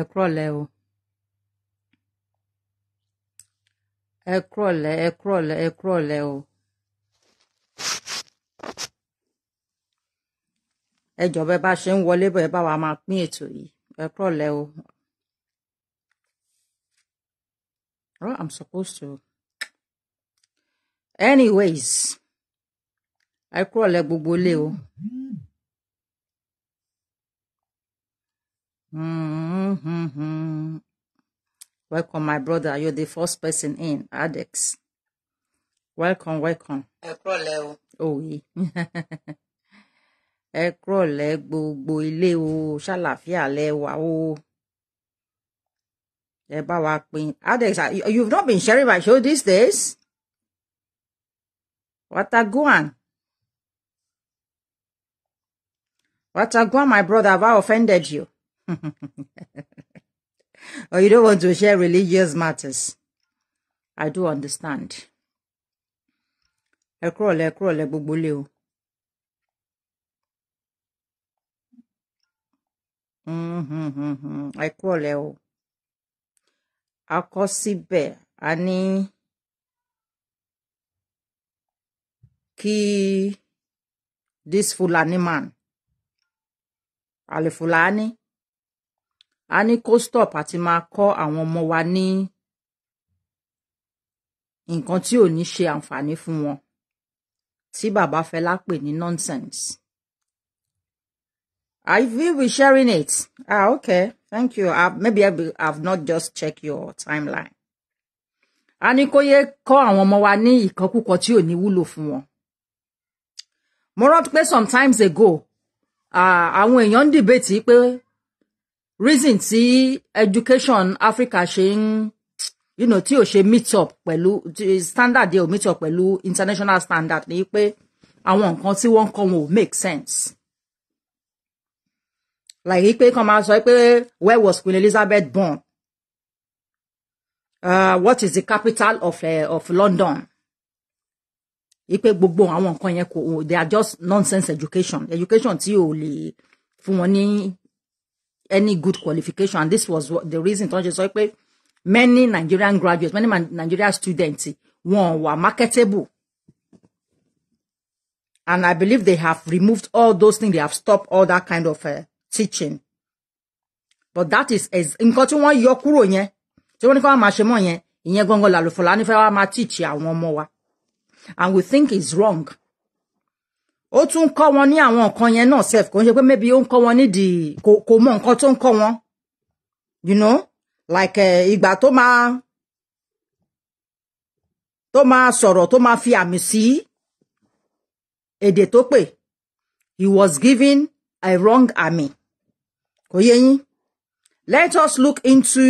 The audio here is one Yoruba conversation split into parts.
Ekrɔlɛ oo, ɛkrɔlɛ, ɛkrɔlɛ, ɛkrɔlɛ oo. Ẹ jọ̀ọ́ bẹ́ẹ̀ bá ṣe ń wọlé bọ̀ ẹ bá wa máa pín ètò yìí. Ẹkrọlẹ oo. Oh, I'm supposed to. Anyways, ẹkrọlẹ gbogbo ilé o. Mm-hmm. Welcome, my brother. You're the first person in, Adex. Welcome, welcome. Ẹ kúrọ̀lẹ́ Oh Òye. Ẹ kúrọ̀lẹ́ gbogbo ilé o, ṣàlàfíà lẹ wà o. Ẹ bá wa pín. Adex, you've not been sharing my show these days. What What a guan. a guan, my brother, have I offended you? or oh, you don't want to share religious matters. I do understand. Ẹ kúrò lẹ́ kúrò lẹ́ gbogbo lé o. Ẹ kúrò lẹ́ o. A kọ síbẹ̀ a ní kí this Fulani man, àlè Fulani a ní kó stop àti máa kọ́ àwọn ọmọ wa ní nǹkan tí ò ní ṣe àǹfààní fún wọn tí bàbá Fẹlá pè ní nonsense. I will be sharing it. Ah, okay. Thank you. Uh, maybe I be, I've not just checked your timeline. A ní kó yẹ kọ́ àwọn ọmọ wa ní ìkọkúkọ tí ò ní wúlò fún wọn. Mo rántí pé sometimes ago, ah, àwọn èèyàn ń dìbètì pé reason tí education Africa ṣe ń you know, tí ò ṣe meet up pẹ̀lú standard yẹn ò meet up pẹ̀lú international standard ni pé àwọn nǹkan tí wọ́n ń wọn ò make sense. like pé kan máa sọ pé where was Queen Elizabeth born? Uh, what is the capital of, uh, of London? ipe gbogbo àwọn nǹkan yẹn ko. they are just nonsense education education tí ò lè fún wọn ní any good qualification and this was the reason tó sọ many Nigerian graduates many Nigerian students one were marketable and I believe they have removed all those things they have stopped all that kind of uh, teaching but that is nǹkan tí wọ́n yọ kúrò yẹn tí wọ́n ní kí wọ́n máa ṣe mọ́ yẹn ìyẹn gangan làlùfọ̀lá nífẹ̀ẹ́ wa máa teach àwọn ọmọ and we think it's wrong ó tún ń kọ́ wọn ní àwọn nǹkan yẹn náà sef kò ń ṣe pé maybe ó ń kọ́ wọn nídìí kò kò mọ nǹkan tó ń kọ́ wọn you know like eh, ìgbà tó máa tó máa sọ̀rọ̀ tó máa fi àmì sí èdè tó pè he was given a wrong army. kò yé yín let us look into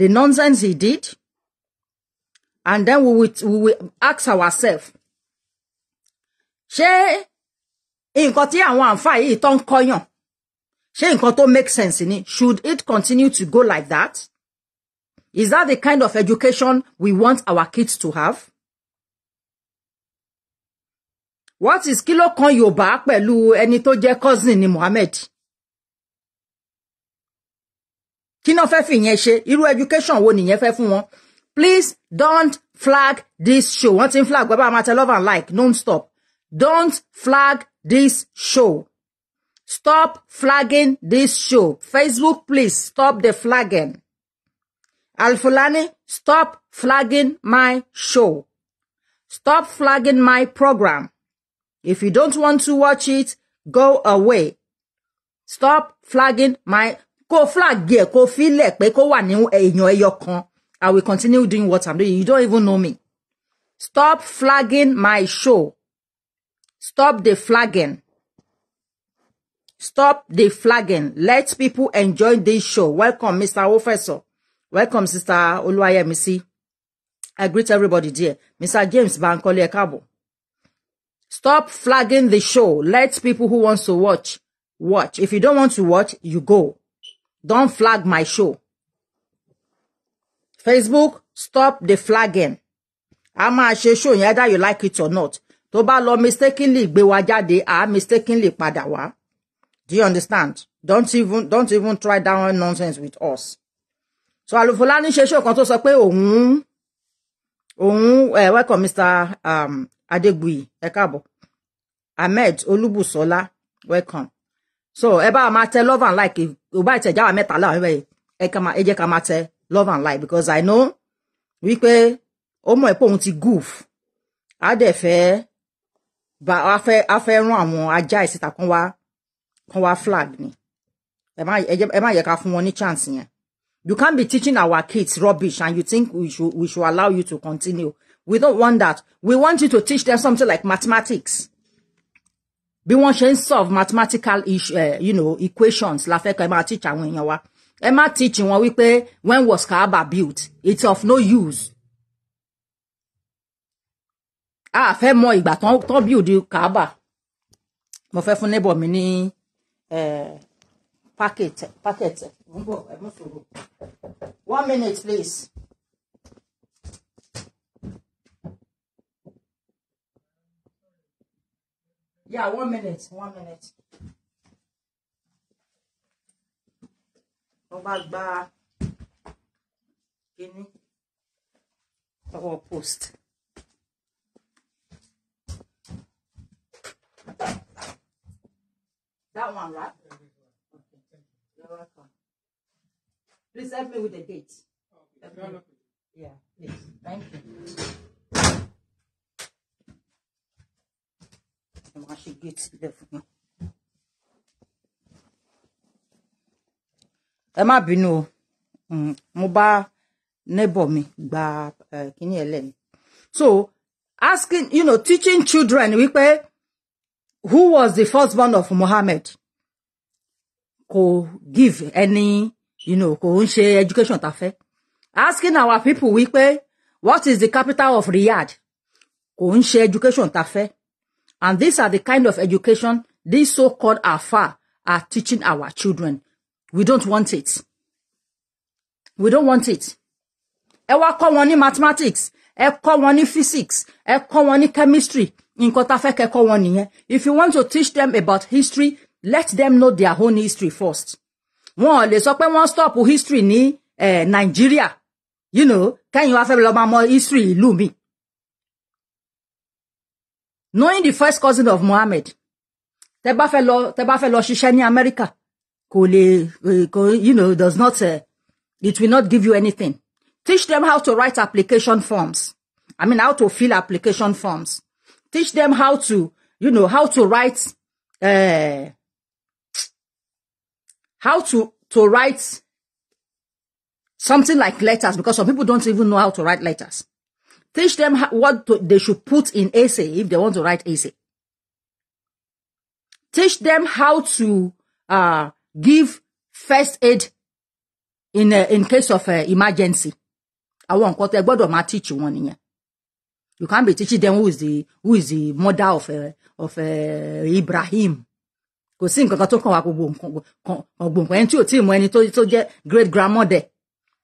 the nonsense he did and then we will, we will ask ourselves ṣé nǹkan tí àwọn àǹfà yìí tó ń kọyàn ṣé nǹkan tó make sense ni should it continue to go like that is that the kind of education we want our kids to have what is kí ló kan Yorùbá pẹ̀lú ẹni tó jẹ́ cousin ni Mohammed kí náà fẹ́ fi ṣe irú education wo nìyẹn fẹ́ fún wọn please don't flag this show wọ́n ti ń flag wẹ́bà máa tẹ love and like non-stop don't flag this show. Stop flagging this show. Facebook, please stop the flagging. Alfulani, stop flagging my show. Stop flagging my program. If you don't want to watch it, go away. Stop flagging my ko flag ko pe ko wa eyan I will continue doing what I'm doing. You don't even know me. Stop flagging my show. Stop the flagging. Stop the flagging. Let people enjoy this show. Welcome, Mr. Officer. Welcome, Sister Oluwayemisi. I greet everybody dear. Mr. James Bankole Akabo. Stop flagging the show. Let people who wants to watch, watch. If you don't want to watch, you go. Don't flag my show. Facebook, stop the flagging. I'm actually show you either you like it or not. tó bá lọ mistakenly gbé wa jáde à mistakenly padà wá do you understand don't even don't even try that one nonsense with us so Alufulani ṣe ṣó kan tó sọ pé òun òun eh, welcome Mr um, Adegbuyi ẹ káàbọ̀ Ahmed Olúbùsọ́lá welcome so ẹ bá máa tẹ love and like ò bá ìtẹ̀jà wa mẹ́ta láwọn ẹ̀ ẹ ká máa ẹ jẹ́ ká máa tẹ love and like because I know wípé ó mọ̀ pé òun ti goof á dẹ̀ fẹ́ bá a fẹ́ a fẹ́ rán àwọn ajá ìsìta kan wá kan wá flag ni ẹ má ẹ má yẹ ká fún wọn ní chance yẹn you can't be teaching our kids rubbish and you think we should we should allow you to continue we don't want that we want you to teach them something like mathematics bí wọ́n ṣe solve mathematical uh, you know, equations la fẹ́ kọ́ ẹ teach àwọn èèyàn wa ẹ má teach wọn when was Kaaba built it's of no use a fẹ́ mọ ìgbà tán tán bí òdi kaaba mo fẹ́ fún neighbor mi ní packet packet one minute please. Yeah, one minute, one minute. Mo bá gba kíní. Ọwọ́ post. That one, right? Okay. You're welcome. Please help me with the date. Okay. Yeah, please. Thank you. I'm actually get the. for you. ẹ má bínú o mm, mo bá neighbor mi gba eh, kíní ẹlẹ́ni so asking you know teaching children wípé who was the firstborn of Muhammad kò give any you know kò ń ṣe education ta fẹ́ asking our people wípé what is the capital of Riyadh kò ń ṣe education ta fẹ́ and these are the kind of education these so-called afa are teaching our children we don't want it we don't want it ẹ wá kọ́ wọn ní mathematics ẹ kọ́ wọn ní physics ẹ kọ́ wọn ní chemistry nǹkan tá a fẹ́ if you want to teach them about history let them know their own history first wọn ò lè sọ pé wọ́n stop history ní eh, Nàìjíríà you know can you have a máa mọ history ìlú knowing the first cousin of Mohammed tẹ́ bá fẹ́ lọ tẹ́ bá fẹ́ eh, you know does not uh, it will not give you anything teach them how to write application forms i mean how to fill application forms teach them how to, you know, how to write, uh, how to, to write something like letters because some people don't even know how to write letters. Teach them how, what to, they should put in essay if they want to write essay. Teach them how to uh, give first aid in uh, in case of uh, emergency. want what tẹ́ gbọ́dọ̀ máa teach one year. You can't be teaching them who is the who is the mother of uh, of uh, Ibrahim. Kò sí nǹkan kan tó kàn wá gbogbo nǹkan ọ̀gbọ̀n ẹni tí ò tí ì mọ ẹni tó jẹ́ great grandmother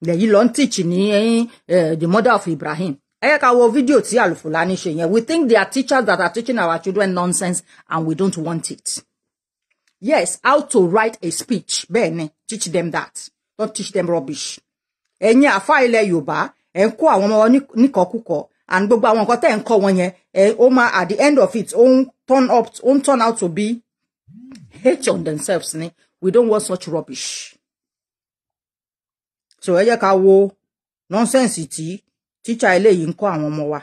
lẹ́yìn ló ń teach ní ẹyin eh, the mother of Ibrahim. Ẹ yẹ ká wo fídíò tí Alufulani ṣe yẹn. We think they are teachers that are teaching our children nonsense and we don't want it. Yes, how to write a speech bẹ́ẹ̀ ni teach them that don't teach them rubbish. Ẹ̀yin àfa ilẹ̀ Yorùbá ẹ̀ ń kó àwọn ọmọ níkọ̀ọ́kùkọ̀ọ́ and gbogbo àwọn nǹkan tẹ́ ń kọ́ wọn yẹn ẹ ó máa at the end of it ó turn up ó turn out to be hate on themselves ni we don't want such rubbish. so ẹ jẹ́ ká wo nọ́nsẹ̀nsì tí tíṣà eléyìí ń kọ́ àwọn ọmọ wa.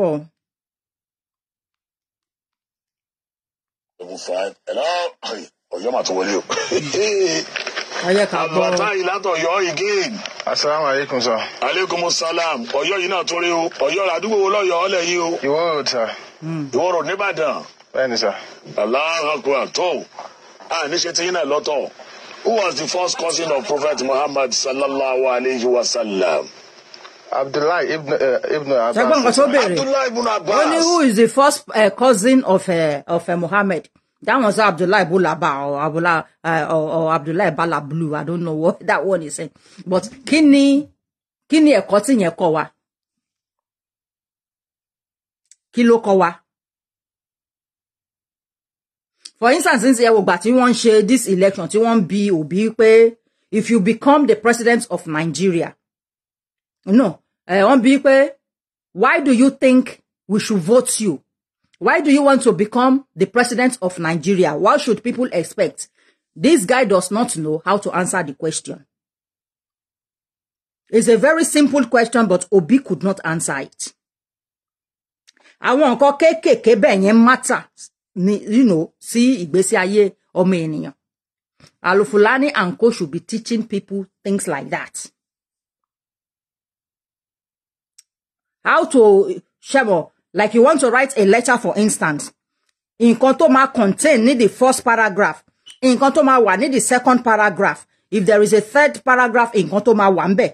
wọ́n Hello, ọ̀yọ́ mà tó wọlé o. ayé ká bọ́. abata ilato Ọ̀yọ́ again. asalaamu aleykum sir. aleykum salam Ọ̀yọ́ yìí náà torí o Ọ̀yọ́ àdúgbò wo lọyọ ọlẹ yìí o. ìwọ hmm. rò ta. ìwọ rò nìbàdàn. bẹ́ẹ̀ni sir. Allahu Akbar tó a níṣe tí yín náà lọ́tọ̀ who was the first cousin of prophet muhammad sallallahu alayhi wa sallam. Abdullahi ibn uh, ibn Abbas. Abdullahi ibn Abbas. Only who is the first uh, cousin of uh, of uh, Muhammad? That one's Abdullah Bulaba or Abdullah uh, or, or Abdullah Bala Blue. I don't know what that one is saying. But kíni kíni ẹ̀kọ́ tí yẹn kọ́ wa? Kí For instance, since you want tí wọ́n this election you want be bi Obi pé if you become the president of Nigeria. No, wọ́n bi pé why do you think we should vote you? Why do you want to become the president of Nigeria? What should people expect? This guy does not know how to answer the question. It's a very simple question, but Obi could not answer it. I want to bẹ́ẹ̀ yẹn matter ni you know, See, ìgbésí ayé Alufulani and co should be teaching people things like that. How to shamo. Like you want to write a letter, for instance. in tó máa contain need the first paragraph. in tó máa need the second paragraph. If there is a third paragraph, in tó máa wà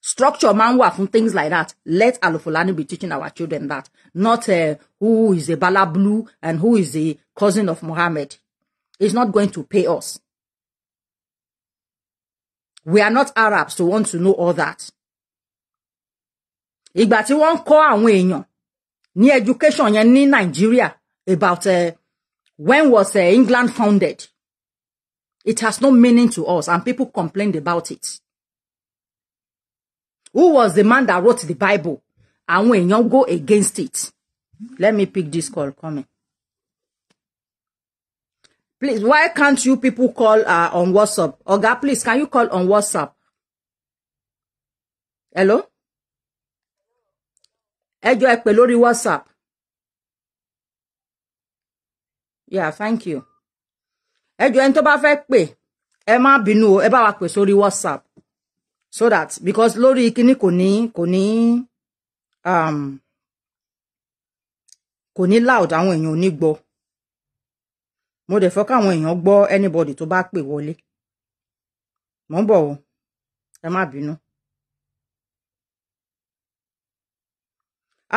Structure manwa from things like that. Let Alufulani be teaching our children that. Not uh, who is a Balablu and who is a cousin of Muhammad. It's not going to pay us. We are not Arabs to want to know all that. Ìgbà won't call ní education yẹn ní Nigeria about uh, when was uh, England founded it has no meaning to us and people complained about it who was the man that wrote the Bible And when you go against it let me pick this call coming please why can't you people call uh, on WhatsApp oga please can you call on WhatsApp hello. ẹjọ́ ẹ pè lórí whatsapp yeah thank you ẹjọ́ ẹni tó bá fẹ́ pè ẹ má bínú o ẹ bá wa pè sórí whatsapp so that because lórí kíní kò ní kò ní um, kò ní loud àwọn èèyàn ò ní gbọ́ mo dẹ̀ fẹ́ káwọn èèyàn gbọ́ anybody tó bá pè wọlé mo ń bọ̀ o ẹ má bínú.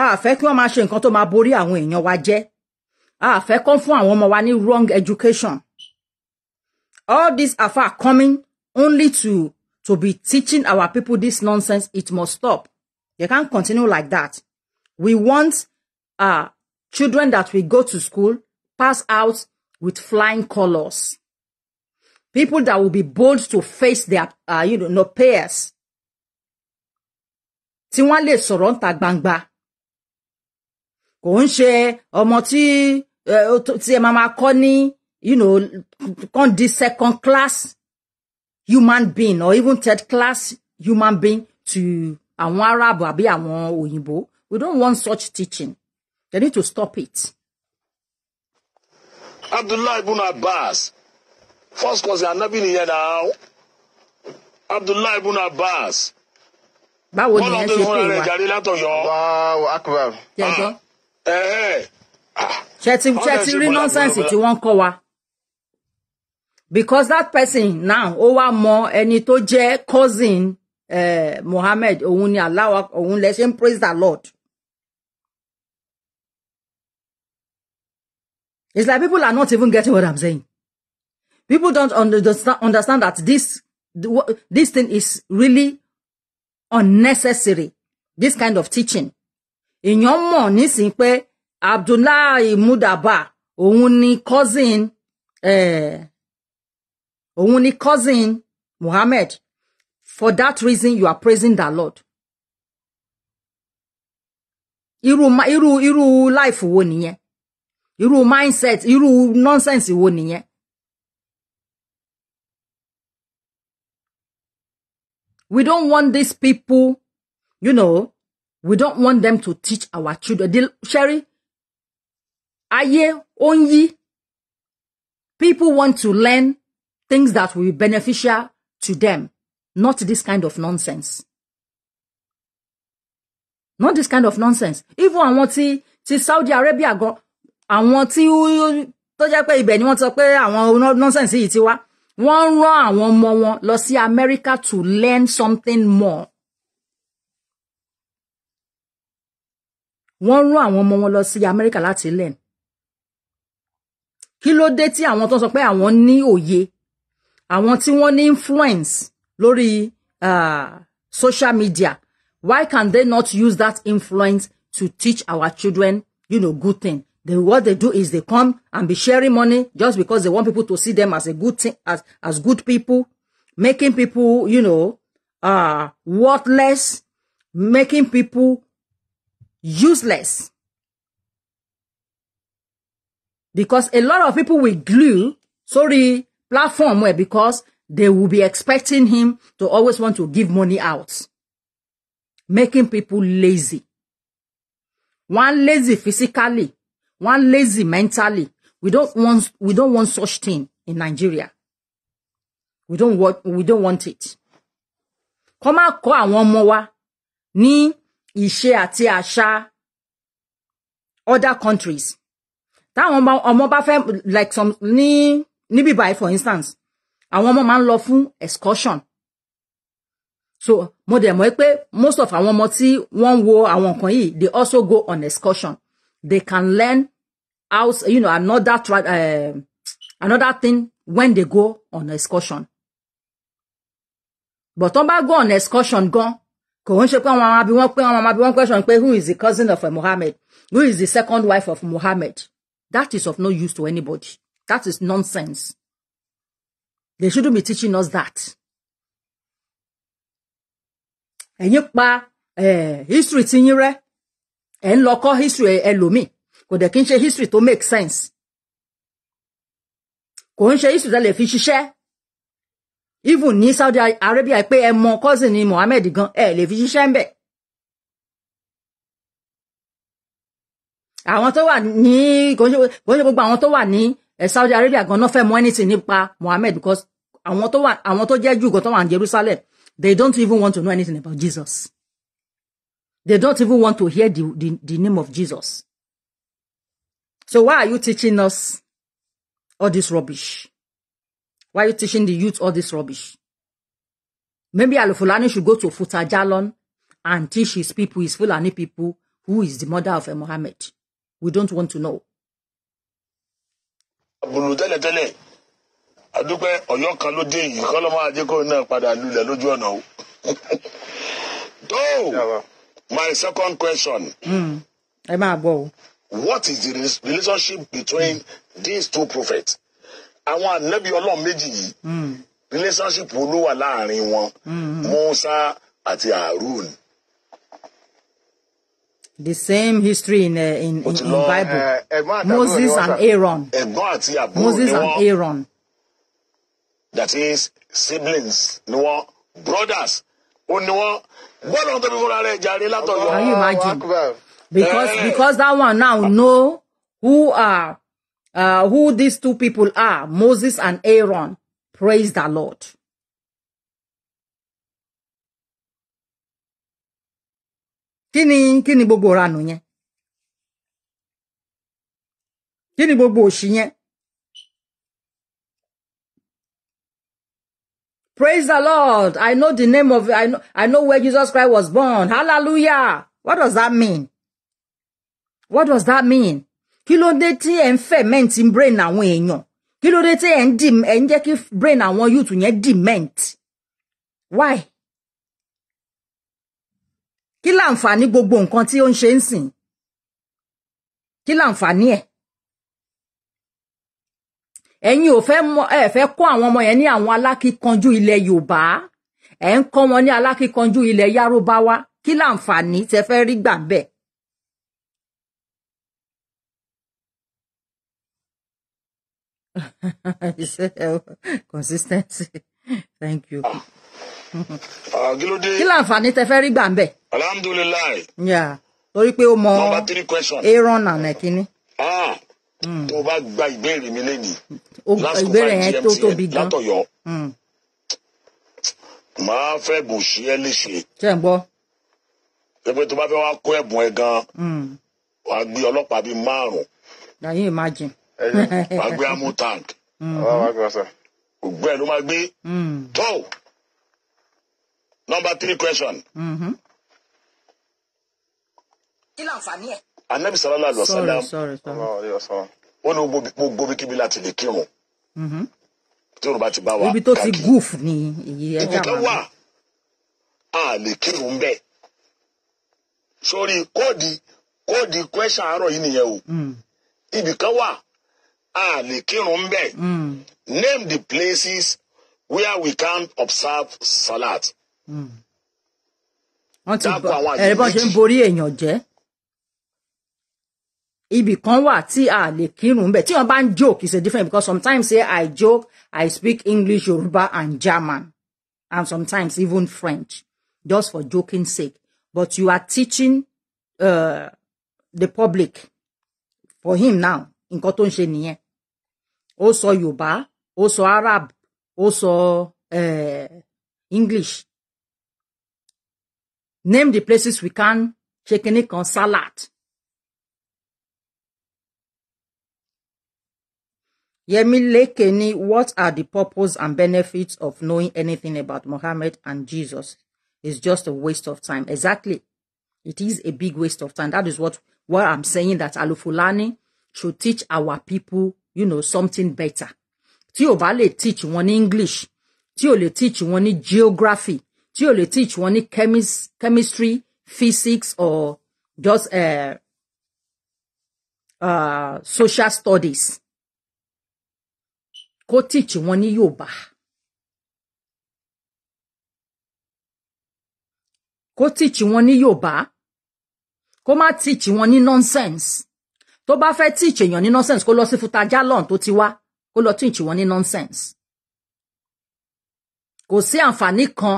a fẹ́ kí wọ́n máa ṣe nǹkan tó máa borí àwọn èèyàn wa jẹ́ a fẹ́ kán fún àwọn ọmọ wa ní wrong education all these afa coming only to to be teaching our people this nonsense it must stop You can't continue like that we want uh, children that will go to school pass out with flying colors people that will be bold to face their uh, you know, peers tí wọ́n lè sọ̀rọ̀ níta gbangba kò ń ṣe ọmọ tí tí ẹ máa máa kọ́ ní you second class human being or even third class human being to àwọn Arab àbí àwọn òyìnbó we don't want such teaching they need to stop it. Abdullahi ibn Abbas first cousin anabi nìyẹn na Abdullahi ibn Abbas báwo ni ẹ ṣe pè wá báwo akbar. Chetty, Chetty, really nonsense It wọ́n kọ́ cover Because that person now, over more. mọ cousin uh, Mohammed, òun ni Allah, òun praise the Lord. It's like people are not even getting what I'm saying. People don't understand, understand that this, this thing is really unnecessary. This kind of teaching. èèyàn mọ̀ nísìnyí pé Abdullahi Mudaba òun ni cousin eh, òun eh, ni cousin Muhammad for that reason you are praising the Lord irú irú irú life wo nìyẹn irú mindset irú nonsense wo nìyẹn. We don't want these people, you know, we don't want them to teach our children they sherry ayé ó ń yí people want to learn things that will be beneficial to them not this kind of nonsense not this kind of nonsense even want to ti Saudi Arabia gan àwọn tí tó jẹ́ pé ibẹ̀ ni wọ́n sọ pé àwọn nonsense yìí ti wá wọ́n ń rán àwọn ọmọ wọn lọ sí America to learn something more wọ́n rán àwọn ọmọ wọn lọ sí Amẹ́ríkà láti learn kí ló dé tí àwọn tó sọ pé àwọn ní òye àwọn tí wọ́n ní influence lórí uh, social media why can they not use that influence to teach our children you know good thing The what they do is they come and be sharing money just because they want people to see them as a good thing as as good people making people you know uh worthless making people useless. Because a lot of people will glue sorry platform where because they will be expecting him to always want to give money out, making people lazy. One lazy physically, one lazy mentally. We don't want we don't want such thing in Nigeria. We don't want we don't want it. Kọ́ máa kọ́ àwọn ọmọ wa ìṣe àti àṣà other countries táwọn ọmọ bá fẹ́ like some ní níbí báyìí for instance àwọn ọmọ máa ń lọ fún excursion so mo dẹ̀ mọ̀ pé most of àwọn ọmọ tí wọ́n ń wo àwọn nǹkan yìí they also go on excursion they can learn how you know another uh, another thing when they go on excursion but tó bá go on excursion gan kò ń ṣe pé àwọn máa bi wọ́n pé àwọn máa bi wọ́n question pé who is the cousin of eh, Muhammad who is the second wife of Muhammad that is of no use to anybody that is nonsense they shouldn't be teaching us that. ẹ̀yin pa eh, history ti yín rẹ́ ẹ̀ ń lọ kọ́ history ẹlòmíì kò dẹ̀ kí n ṣe history tó make sense kò ń ṣe history tó lè fi ṣiṣẹ́ even ní Saudi Arabia pé ẹ mọ cousin ni Mohammed gan ẹ lè fi ṣiṣẹ́ ń bẹ̀. àwọn tó wà ní kò ń ṣe gbogbo àwọn tó wà ní Saudi Arabia gan náà fẹ́ mọ anything nípa Mohammed because àwọn tó wà àwọn tó jẹ́ jù gan tó wà ní Jerusalem they don't even want to know anything about Jesus they don't even want to hear the the, the name of Jesus so why are you teaching us all this rubbish. Why are you teaching the youth all this rubbish? Maybe Alufulani should go to Futajalon and teach his people, his Fulani people, who is the mother of Muhammad. We don't want to know. Àbùrù ọ̀yọ́ kan ló dé yìí, kọ́ ló máa jẹ́ kó náà padà lulẹ̀ lójú ọ̀nà o. Though, my second question. Hmm, ẹ máa gbọ́ o. What is the relationship between these two prophets? àwọn ànábì ọlọ́run méjì yìí hmm. relationship ló wà láàrin wọn Musa hmm. àti Harun. The same history in uh, in, in, in Bible eh, eh, Moses and Aaron Moses and Aaron. that is siblings ni wọ́n brothers ó ní wọ́n gbọ́dọ̀ tó fi fúnra rẹ̀ jàre látọ̀yọ̀. Can you imagine? Because eh. because that one now know who are. uh, who these two people are, Moses and Aaron. Praise the Lord. Kíni kíni ranu Kíni Praise the Lord. I know the name of I know I know where Jesus Christ was born. Hallelujah. What does that mean? What does that mean? kí ló dé tí ẹ ń ferment brain àwọn èèyàn kí ló dé tí ẹ ń dì ẹ ń jẹ́ kí brain àwọn youth yẹn dement why kí láǹfààní gbogbo nǹkan tí ó ń ṣe ń sìn kí láǹfààní ẹ̀ ẹ̀yin ò fẹ́ mọ̀ ẹ fẹ́ kọ́ àwọn ọmọ yẹn ní àwọn alákìkanjú ilẹ̀ Yorùbá ẹ ń kọ́ wọn ní alákìkanjú ilẹ̀ Yarubawa kí láǹfààní tẹ́ fẹ́ rí gbà bẹ́ẹ̀ Oh, consistency thank you. Um, uh, kí ló dé. kí láǹfààní tẹ fẹ́ rí gbà ń bẹ̀. alhamdulilayi. ya torí pé ó mọ aaron àná kínní. tó o bá gba ìbéèrè mi lẹ́yìn. ìbéèrè yẹn tó tóbi gan. látọ̀yọ́ hmm. màá fẹ́ bùn sí ẹ léṣe. ṣé ń gbọ́. pé tó bá fẹ́ wá kó ẹ̀bùn ẹ gan-an hmm. wàá gbé ọlọ́pàá bíi márùn-ún. ayé imagine wàá gbé amú tank mm-hmm. gbogbo ló máa gbé mm-hmm. tó number three question. Mm-hmm. anabi sallallahu alaihi wasallam ó ní gbogbo bíkíbi láti lè kírun tí òun ti bá wa káàkiri ibi wà. á lè kírun bẹ́ẹ̀ sórí kóòdì kóòdì kwẹ́sà àárọ̀ yìí nìyẹn o mm. ibì wà a kírun bẹ́ẹ̀. Hmm. name the places where we can observe salat. Hmm. wọ́n ti bọ̀ ẹ̀rí bọ́n ṣe ń borí èèyàn jẹ́ ibì kan wà tí a lè kírun bẹ́ẹ̀ tí wọ́n bá ń joke is a different because sometimes say I joke I speak English Yoruba and German and sometimes even French just for joking sake but you are teaching uh, the public for him now nǹkan tó ń ṣe nìyẹn ó sọ yorùbá ó sọ arab ó sọ uh, english name the places we can check. kinní kan salad. Yemi Leke ni what are the purpose and benefits of knowing anything about Muhammad and Jesus? It's just a waste of time. Exactly. It is a big waste of time. That is what, what I'm saying that Alufulani should teach our people you know something better tí ò bá lè teach wọn ní English tí ò lè teach wọn ní geography tí ò lè teach wọn ní chemistry physics or just uh, uh, social studies kó teach wọn ní Yorùbá kó teach wọn ní Yorùbá kó má teach wọn ní nonsense tó bá fẹ́ teach èèyàn ní nonsense kó lọ sí Futa Jalon tó ti wá kó lọ teach wọn ní nonsense kò sí àǹfààní kan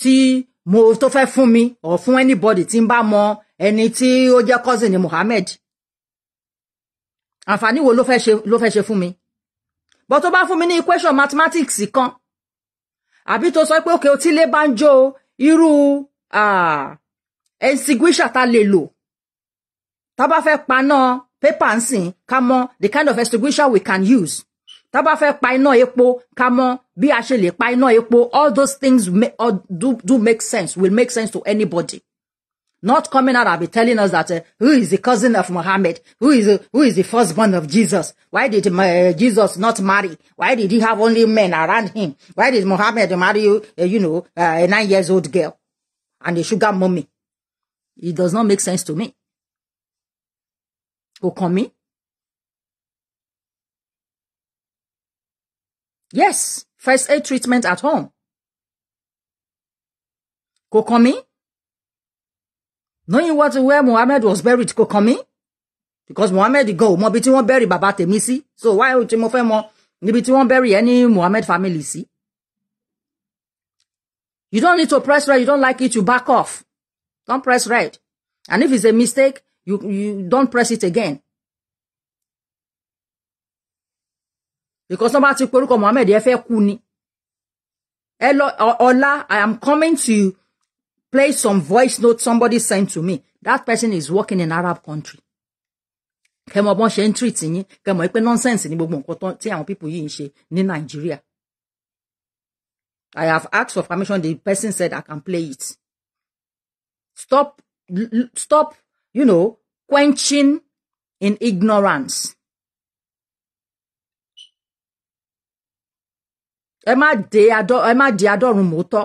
tí mo tó fẹ́ fún mi or fún anybody tí ń bá mọ ẹni tí ó jẹ́ cousin ni Muhammed àǹfààní wo ló fẹ́ ṣe fún mi but tó bá fún mi ní equation mathematics kan àbí tó sọ pé òkè otílé bá ń jó irú ah, extinguisher tá lè lò tá bá fẹ́ paná pépà ń ká mọ the kind of extinguisher we can use tá bá fẹ́ pa iná epo ká mọ bí a ṣe lè pa iná epo all those things may, do, do make sense will make sense to anybody not coming out and be telling us that uh, who is the cousin of Muhammad, who is uh, who is the firstborn of Jesus. Why did uh, Jesus not marry? Why did he have only men around him? Why did Muhammad marry uh, you know uh, a nine years old girl and a sugar mommy? It does not make sense to me. kò kàn mí. yes first aid treatment at home kò kàn mí. knowing what where Muhammad was buried kò kàn mí because Muhammad go mọ ibi tí wọ́n bẹ̀rì so why tí mo fẹ́ mọ níbi tí wọ́n bẹ̀rì ẹni Muhammad family See, you don't need to press right. you don't like it you back off don't press right, and if it's a mistake You, you don't press it again. Because tọ́ bá ti porúkọ Mohammed ẹ fẹ́ kú ni. Ẹ lọ ọ̀la I am coming to play some voice note somebody sent to me. That person is working in Arab country. Kẹmọ bọ́n ṣe ń treat yín kẹmọ pé nonsense ni gbogbo nǹkan tí àwọn people yìí ń ṣe ní Nàìjíríà. I have asked for permission. The person said I can play it. Stop, stop you know, quenching in ignorance. ẹ má de adọ ẹ má di adọrun mòótọ́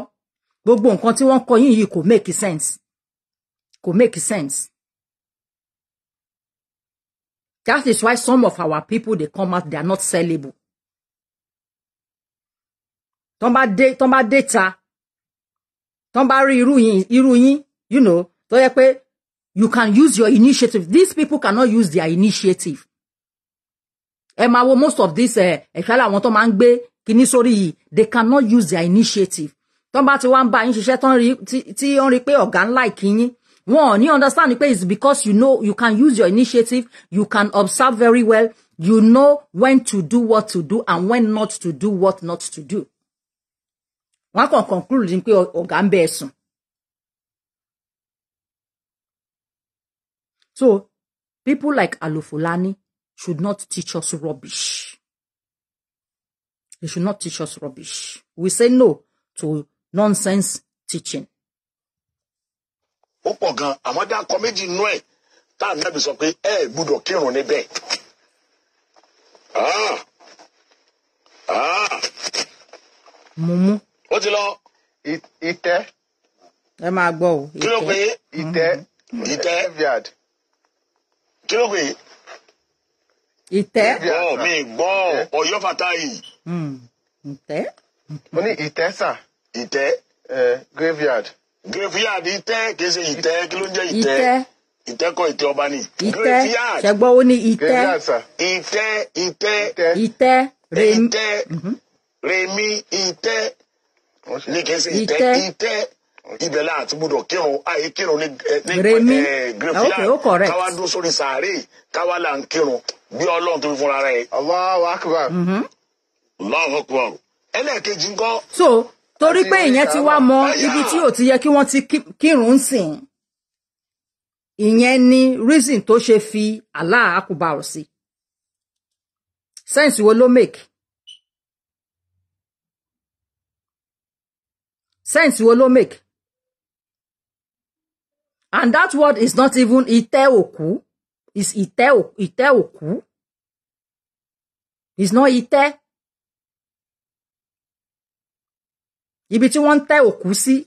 gbogbo nǹkan tí wọ́n kọ yín yìí kò make sense kò make sense that is why some of our people dey come out they are not sellable tọ́n bá dé tọ́n bá dé ta tọ́n bá rí irú yín irú yín you know tó yẹ pé you can use your initiative these people cannot use their initiative ẹ máa wo most of these ẹ̀ṣálẹ̀ eh, àwọn tó máa ń gbé kinní sórí yìí they cannot use their initiative tọ́n bá ti wá ń bá yín ṣiṣẹ́ tí wọ́n rí pé ọ̀gá ńlá ìkíyín wọn ò ní understand pé it's because you know you can use your initiative you can observe very well you know when to do what to do and when not to do what not to do. wọ́n kàn conclude pé ọ̀gá ń bẹ ẹ̀sùn So, people like Alufulani should not teach us rubbish. They should not teach us rubbish. We say no to nonsense teaching. ó pọ̀ gan-an àwọn dákọ̀ méjì nú ẹ̀ tá a nábì sọ pé ẹ gbúdọ̀ kírun níbẹ̀. Ah! Ah! mumu. ó ti lọ. ìtẹ́. ẹ máa gbọ́ o. kí ló pé ìtẹ́. Mm-hmm. ìtẹ́ kí ló pè é. ìtẹ́. gbọ́ mi gbọ́ ọ̀yọ́ fatayi. Hmm, ní ìtẹ́ sà. ìtẹ́. graveyard. graveyard ìtẹ́ kì í kí ló ń jẹ́ ìtẹ́. ìtẹ́ ìtẹ́kọ̀ ìtẹ́ ọba ni. ìtẹ́ ṣẹ̀gbọ́n ó ní ìtẹ́. ìtẹ́ ìtẹ́ ìtẹ́ rèmi ìtẹ́ mhm. rèmi ìtẹ́ ní kì í ṣe ìtẹ́ ibẹ̀ láà ti gbọ́dọ̀ kírun àyè kírun ní gírẹ́fìlà káwá dún sórí sàárè káwá là ń kírun bí ọlọ́run tó fi fúnra rẹ̀. Allahu akbar. Mm-hmm. Allahu akbar. ẹlẹ́ẹ̀kejì ń kọ́. so torí pé ìyẹn ti wá mọ ibi tí ò ti yẹ kí wọ́n ti kírun sìn ìyẹn ni reason tó ṣe fi Allah akbar sí sense wo ló make sense wo ló make And that word is not even iteoku. It's ite iteoku. It's not ite. Ibi tí wọ́n ń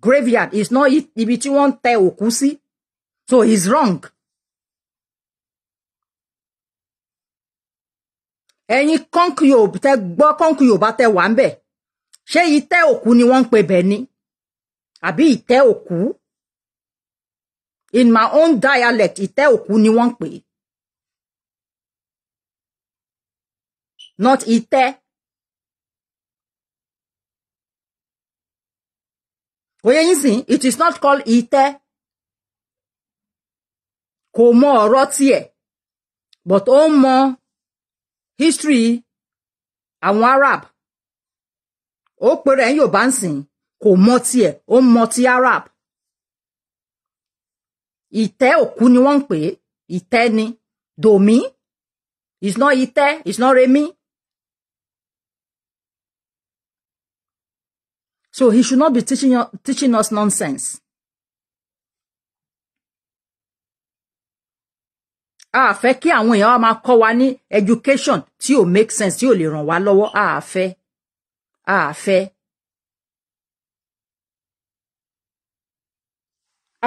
Graveyard is not ibi tí wọ́n ń So he's wrong. Ẹ̀yin kọ́ńkì Yorùbá tẹ gbọ́ kọ́ńkì Yorùbá tẹ wà ń bẹ̀. Ṣé ìtẹ́ òkú ni wọ́n ń pè bẹ̀ ni? Àbí ìtẹ́ òkú? in my own dialect ite òkú ni wọ́n ń not ite. oye yín sìn it is not called ite. kò mọ ọ̀rọ̀ tiẹ̀ but ó mọ history àwọn Arab ó pèrè ń Yorùbá ń sìn kò mọ tiẹ̀ ó mọ ti Arab ìtẹ́ òkú ni wọ́n ń pè é ìtẹ́ ni dòmí it's not ìtẹ́ it's not remi. So he should not be teaching, teaching us nonsense. a fẹ́ kí àwọn èèyàn máa kọ́ wa ní education tí ò make sense tí ò lè ràn wá lọ́wọ́ a fẹ́ a fẹ́.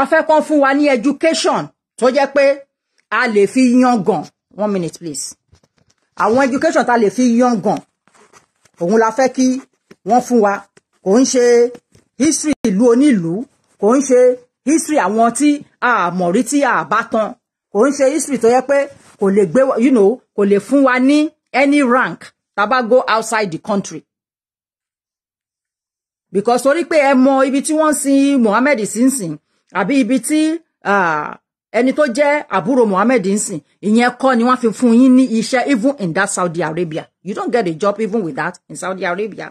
wọ́n fẹ́ kán fún wa ní education tó jẹ́ pé a lè fi yangàn one minute please àwọn education ta lè fi yangàn òun la fẹ́ kí wọ́n fún wa kò ń ṣe history ìlú onílùú kò ń ṣe history àwọn tí a mọ̀ rí tí a bá tán kò ń ṣe history tó yẹ pé kò lè gbé you know kò lè fún wa ní any rank tá bá go outside the country because torí pé ẹ mọ ibi tí wọ́n sin Muhammed sínsìn àbí ibi tí ẹni tó jẹ́ àbúrò Mohammed ń sìn ìyẹn kọ́ ni wọ́n fi fún yín ní iṣẹ́ even in that Saudi Arabia you don't get a job even with that in Saudi Arabia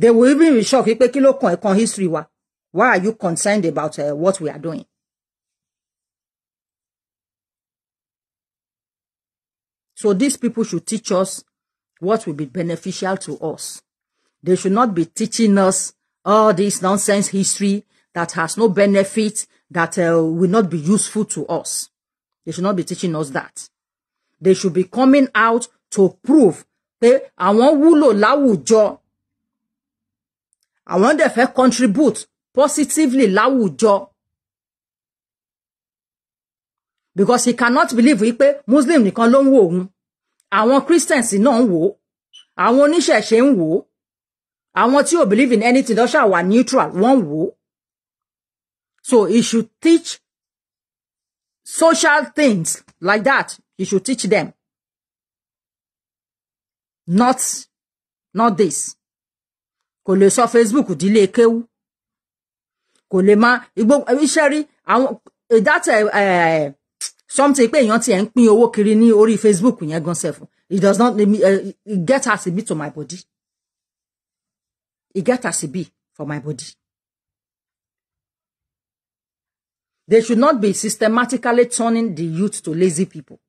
they will even be shocked pé kí ló kan ẹ̀kan history wa why are you concerned about uh, what we are doing. So these people should teach us what will be beneficial to us. They should not be teaching us all this nonsense history that has no benefit, that uh, will not be useful to us. They should not be teaching us that. They should be coming out to prove pé àwọn wúlò láwùjọ. Àwọn dẹ̀ fẹ́ contribute positively láwùjọ. Because he cannot believe wípé Muslim nìkan ló ń wò òun. Christians náà ń wò ó. Àwọn oníṣẹ̀ṣe ń wò ó. Àwọn tí ò believe in anything lọ́ṣà wà neutral wọ́n wò So he should teach social things like that. He should teach them. Not, not this. Kò lè sọ Facebook di ilé kéwú. Kò lè máa igbó iṣẹ́ rí àwọn that eh, eh, something pé èèyàn ti ẹ̀ ń pín owó kiri ní orí Facebook yẹn gan sẹ́fù. It does not uh, get as it be to my body. It get as it be for my body. They should not be systematically turning the youth to lazy people.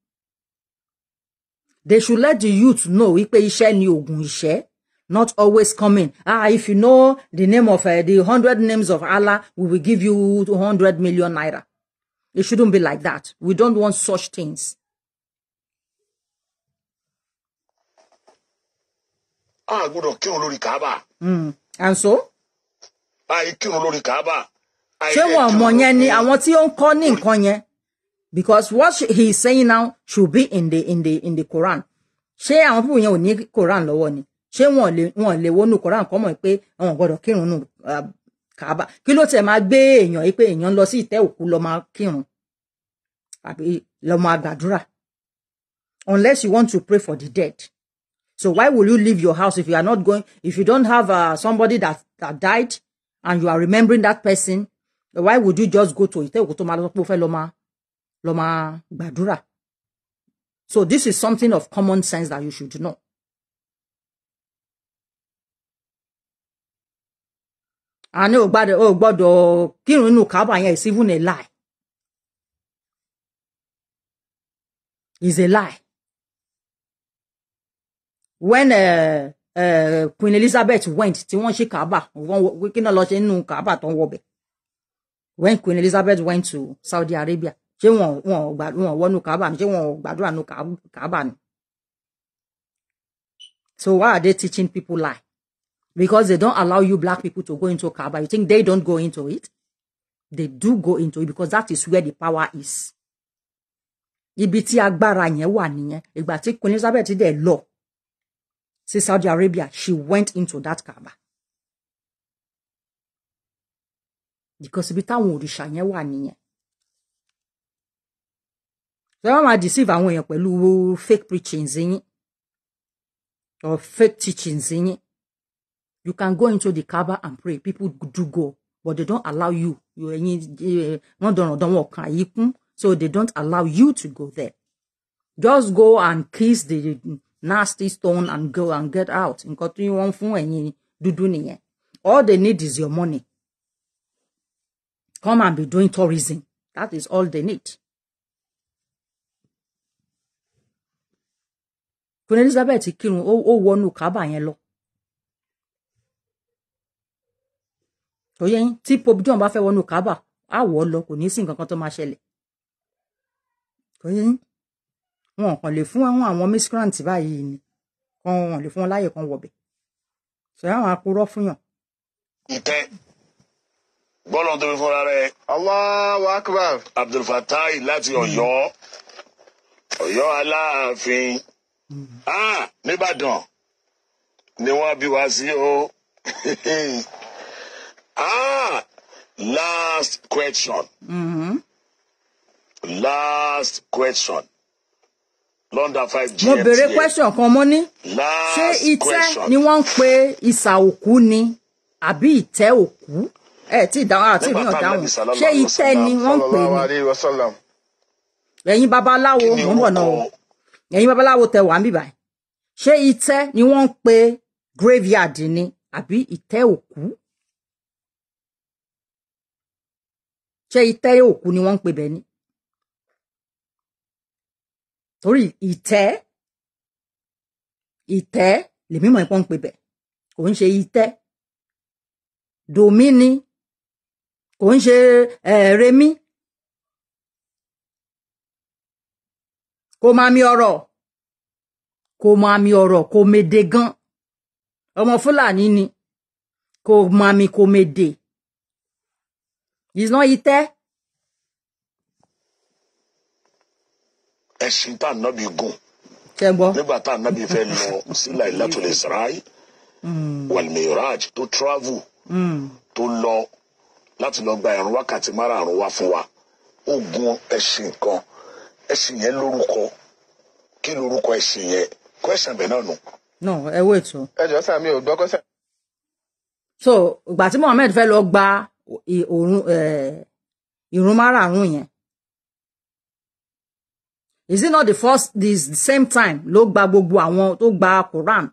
They should let the youth know wípé iṣẹ́ ni oògùn iṣẹ́ not always coming. Ah, if you know the name of uh, the hundred names of Allah, we will give you 200 million naira. It shouldn't be like that. We don't want such things. Ah, good. Mm. And so? ah, kírun lórí Kaaba. Hmm. ṣé wọn mọ yẹn ni àwọn tí ó ń kọ́ ní nǹkan yẹn because what he is saying now should be in the in the in the Quran ṣé àwọn púpọ̀ yẹn ò ní Quran lọ́wọ́ ni ṣé wọn lè wọn lè wọnú Quran kọ́ mọ̀ pé àwọn gbọ́dọ̀ kírun nù Kaaba kí ló tẹ̀ ma gbé èèyàn yìí pé èèyàn lọ sí ìtẹ́ òkú lọ máa kírun àbí lọ máa gbàdúrà unless you want to pray for the dead so why will you leave your house if you are not going if you don't have uh, somebody that that died and you are remembering that person why would you just go to ìtẹ́ òkú tó máa lọ pé ó fẹ́ lọ máa lọ gbàdúrà so this is something of common sense that you should know. I know gbàdọ̀ Oh, gbọ́dọ̀ kírun of Nukaba yẹn is even a lie is a lie when uh, uh, Queen Elizabeth went tí wọ́n ṣe kábà wọ́n kí náà lọ ṣe kábà tó ń when Queen Elizabeth went to Saudi Arabia ṣé wọn wọn wọn wọnú kaaba ni ṣé wọn gbàdúrà nù kaaba so why are they teaching people lie because they don't allow you black people to go into carbon. you think they don't go into it they do go into it because that is where the power is Ibiti agbára yẹn wà nìyẹn Queen Elizabeth a law. See Saudi Arabia she went into that kaaba. because ibi táwọn òrìṣà yẹn wà nìyẹn ṣé wọn máa deceive àwọn èèyàn pẹ̀lú fake preaching, yín or fake teaching, yín you can go into the Kaaba and pray people do go but they don't allow you you ẹyin eh, wọn dọ̀ràn dán wọn kàn yí kún so they don't allow you to go there just go and kiss the nasty stone and go and get out nǹkan tí wọ́n fún ẹ̀yin dúdú nìyẹn all they need is your money Come and be doing tourism. That is all they need. Queen Elizabeth kírun ó wọnú kábà yẹn lọ. tó yẹ yín tí Pope John bá fẹ́ wọnú kábà á wọ̀ ọ́ lọ kò ní sí nǹkan kan tó máa ṣẹlẹ̀. tó yẹ yín wọn kàn lè fún àwọn miscreant báyìí ni kan wọn lè fún wọn láyè kan wọ̀bẹ̀. sọ yà wọn àpòrọ̀ fún yàn gbọ́dọ̀ tóbi fúnra rẹ̀. Allahu akbar. Abdulfatai láti Ọ̀yọ́ Ọ̀yọ́ Aláàfin mm-hmm. ah, nìbàdàn ni wọ́n bí wá sí o. Ah, last question. Mm-hmm. Last question. London five GMT. Mo béèrè question kan mo ní. Ṣé itẹ́ ni wọ́n ń pe ìsà òkú ni àbí ìtẹ́ òkú? ẹ tí ìdáhùn àti ìmíràn dáhùn ṣé itẹ́ ni wọ́n ń pè ní ẹ̀yin babaláwo mò ń náà o babaláwo tẹ wà ń bìbà ṣé itẹ́ ni wọ́n ń pè graveyard ni àbí itẹ́ òkú ṣé itẹ́ òkú ni wọ́n ń pè bẹ́ẹ̀ ni torí itẹ́ itẹ́ lèmi mọ̀ ẹ́ pọ́n ń pè bẹ́ẹ̀ kò ń ṣe itẹ́ domi kò ń ṣe remi kò máa mi ọ̀rọ̀ kò máa mi ọ̀rọ̀ kò mèdè gan ọmọ fúlàní ni kò máa mi kò mèdè ìsàn itẹ́. ẹ̀sìn tá a nábì gùn nígbà tá a nábì fẹ́ lọ sí Lailatul Isra'i hmm. wal Miraj tó travel hmm. tó lọ láti lọ gba ìrun wákàtí márààrún wá fún wa ogun ẹ̀sìn kan ẹ̀sìn yẹn lórúkọ kí lórúkọ ẹ̀sìn yẹn question bẹ̀ náà nù. nù ẹ wò ètò. ẹ jọ sá ò gbọ́ question. so ìgbà tí Mohammed fẹ́ lọ gba ìrun márààrún yẹn is it not the first the same time ló gba gbogbo àwọn tó gba Quran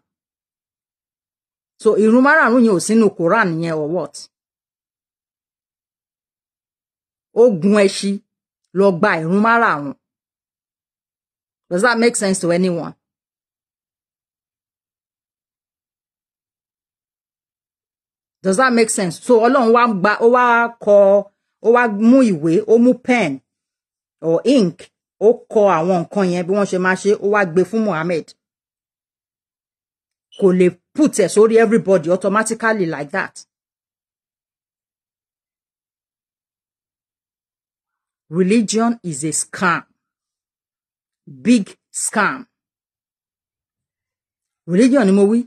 so ìrun márààrún yẹn ò sínú Quran yẹn or what ó gun ẹṣin lọ gba ìrun márààrún does that make sense to anyone. does that make sense so Ọlọ́run wa gba ó wá kọ ó wá mú ìwé ó mú pen or ink ó kọ àwọn nǹkan yẹn bí wọ́n ṣe máa ṣe ó wá gbé fún Muhammad kò lè put ẹ sórí everybody automatically like that Religion is a scam. Big scam. Religion ni mo wí.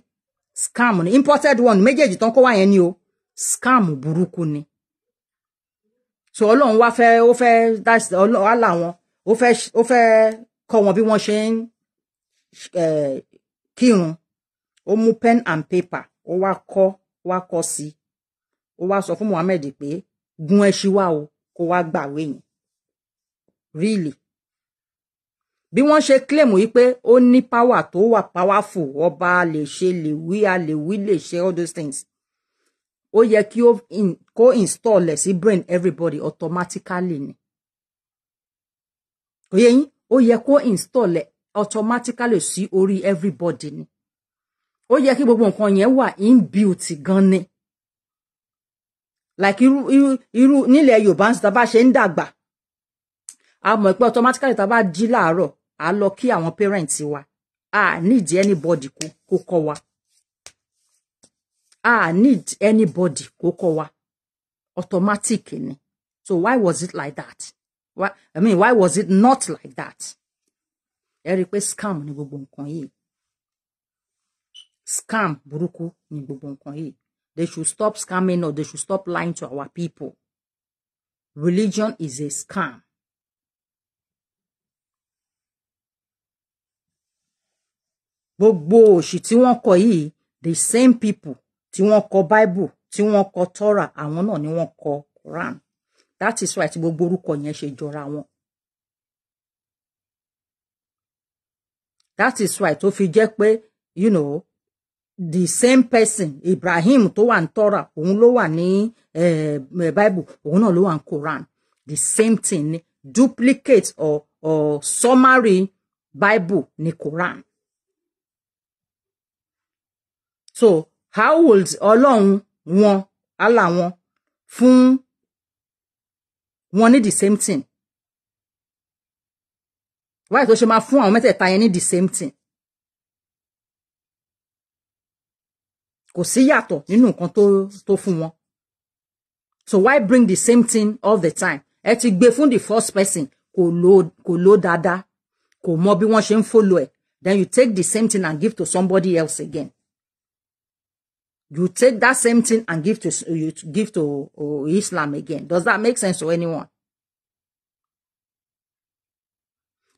Scam ni. Imported one. Méjèèjì tán kó wá yẹn ni o. Scam burúkú ni. So Ọlọ́run wa fẹ́ ó fẹ́ that's Ọlọ́run wá làwọn ó fẹ́ ó fẹ́ kọ́ wọn bí wọ́n ṣe ń kírun ó mú pen and paper ó wá kọ́ wá kọ́ sí i ó wá sọ fún Muhammed pé gun ẹṣin wá o kó wá gbàwé yẹn really bí wọ́n ṣe claim wípé ó ní power tó wà powerful ọba lè ṣe lè wí a lè wí lè ṣe all those things ó yẹ kí ó kó install ẹ̀ sí brain everybody automatically ni kò yẹ yín ó yẹ kó install ẹ̀ automatically sí orí everybody ni ó yẹ kí gbogbo nǹkan yẹn wà inbuilt gan ni like irú irú irú nílẹ̀ Yorùbá ń sábà ṣe ń dàgbà a mọ̀ pé automatically tá a bá jí láàárọ̀ a lọ kí àwọn parent wa a need anybody kó kọ́ wa a need anybody kó kọ́ wa automatic ni so why was it like that why, i mean why was it not like that ẹ rí i pé scam ni gbogbo nǹkan yìí scam burúkú ni gbogbo nǹkan yìí they should stop scamming or they should stop lying to our people religion is a scam gbogbo òṣì tí wọ́n kọ yìí the same people tí wọ́n kọ bible tí wọ́n kọ torah àwọn náà ni wọ́n kọ quran that is why tí gbogbo orúkọ yẹn ṣe jọra wọn. that is why tó fi jẹ́ pé you know the same person ibrahim tó wà ní torah òun ló wà ní eh, bible òun náà ló wà ní quran the same thing duplicate or or summary bible ni quran so how will ọlọ́run wọn àlà wọn fún wọn ní the same thing wáyé tó ṣe máa fún àwọn mẹ́tẹ̀ẹ̀ta yẹn ní the same thing kò sí yàtọ̀ nínú nǹkan tó tó fún wọn so why bring the same thing all the time ẹ ti gbé fún the first person kò lò kò lò dáadáa kò mọ bí wọ́n ṣe ń follow ẹ̀ then you take the same thing and give to somebody else again you take that same thing and give to you give to uh, Islam again. Does that make sense to anyone?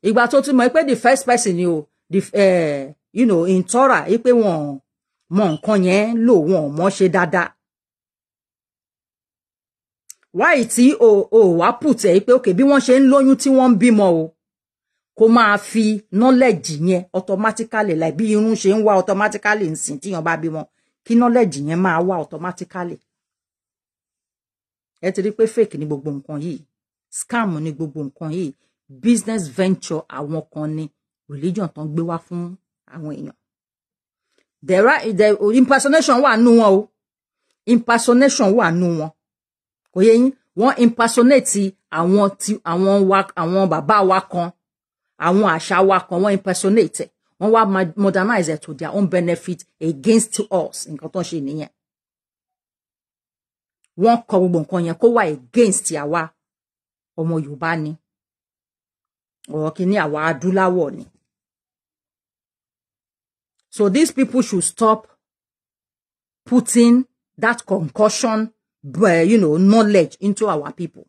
Ìgbà tó ti mọ̀ pé the first person you the uh, you know in Torah if we want nǹkan yẹn lo wọ́n mọ̀ ṣe dáadáa. Why tí o o wa put ẹ pé okay bí wọ́n ṣe ń ti tí wọ́n ń bímọ o kó máa fi knowledge yẹn automatically like bí irun ṣe ń wá automatically nsìn tíyan bá bímọ kí knowledge yẹn máa wá automatically ẹ ti rí pé fake ni gbogbo nǹkan yìí scam ni gbogbo nǹkan yìí business venture àwọn kan ni religion tán gbé wá fún àwọn èèyàn there are impersonation wà nù wọn o impersonation wà nù wọn kò yẹ yín wọ́n impersonate àwọn ti àwọn wa àwọn bàbá wa kan àwọn àṣà wa kan wọ́n impersonate wọ́n wá modernize it to their own benefit against us nǹkan tó ń ṣe nìyẹn wọ́n kọ gbogbo nǹkan yẹn kó wà against àwa ọmọ Yorùbá ni ọ̀rọ̀ kìíní àwa adúláwọ̀ ni so these people should stop putting that concussion uh, you know, knowledge into our people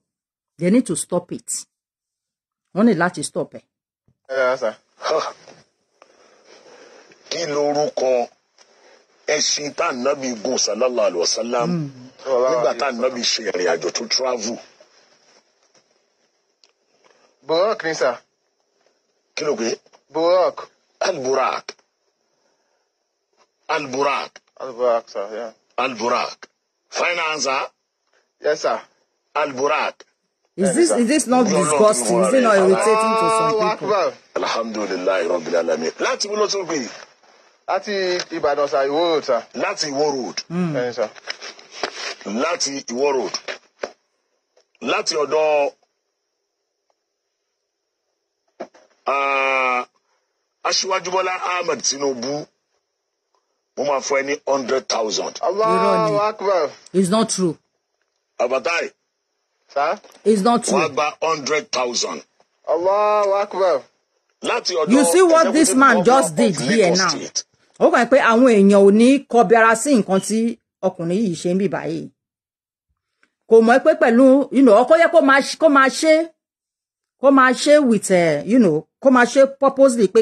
they need to stop it wọ́n ní láti stop ẹ̀. ẹ ẹ kí lorúkọ ẹṣin tá à nábì gùn sallallahu alayhi wa sallam hmm. nígbà tá à nábì ṣe ìrìn àjò tó travel. burak ni sà. kí ló pé. burak. alburak. alburak. alburak sà. Yeah. alburak. final answer. yes sir. alburak. Is this is this not disgusting? Is it not irritating to some people? Alhamdulillah, Rabbil Alamin. Láti mú lọ́tún pé láti ìbàdàn sà ìwó road sà. láti ìwó road. Hmm. ẹyin sà. láti ìwó road. láti ọ̀dọ̀ aṣíwájú bọ́lá ahmed tinubu mo máa fọ ẹ ní hundred thousand. Allah Akbar. it's not true. àbátáì. sà. it's not true. wàá gba hundred thousand. Allah Akbar. láti ọ̀dọ̀ you see what this man just did here now ó kàn pé àwọn èèyàn ò ní kọbi ara sí nǹkan tí ọkùnrin yìí ṣe ń bì báyìí kò mọ̀ pé pẹ̀lú ọkọ yẹ kó máa ṣe kó máa ṣe with eh, you know, kó máa ṣe purposely pé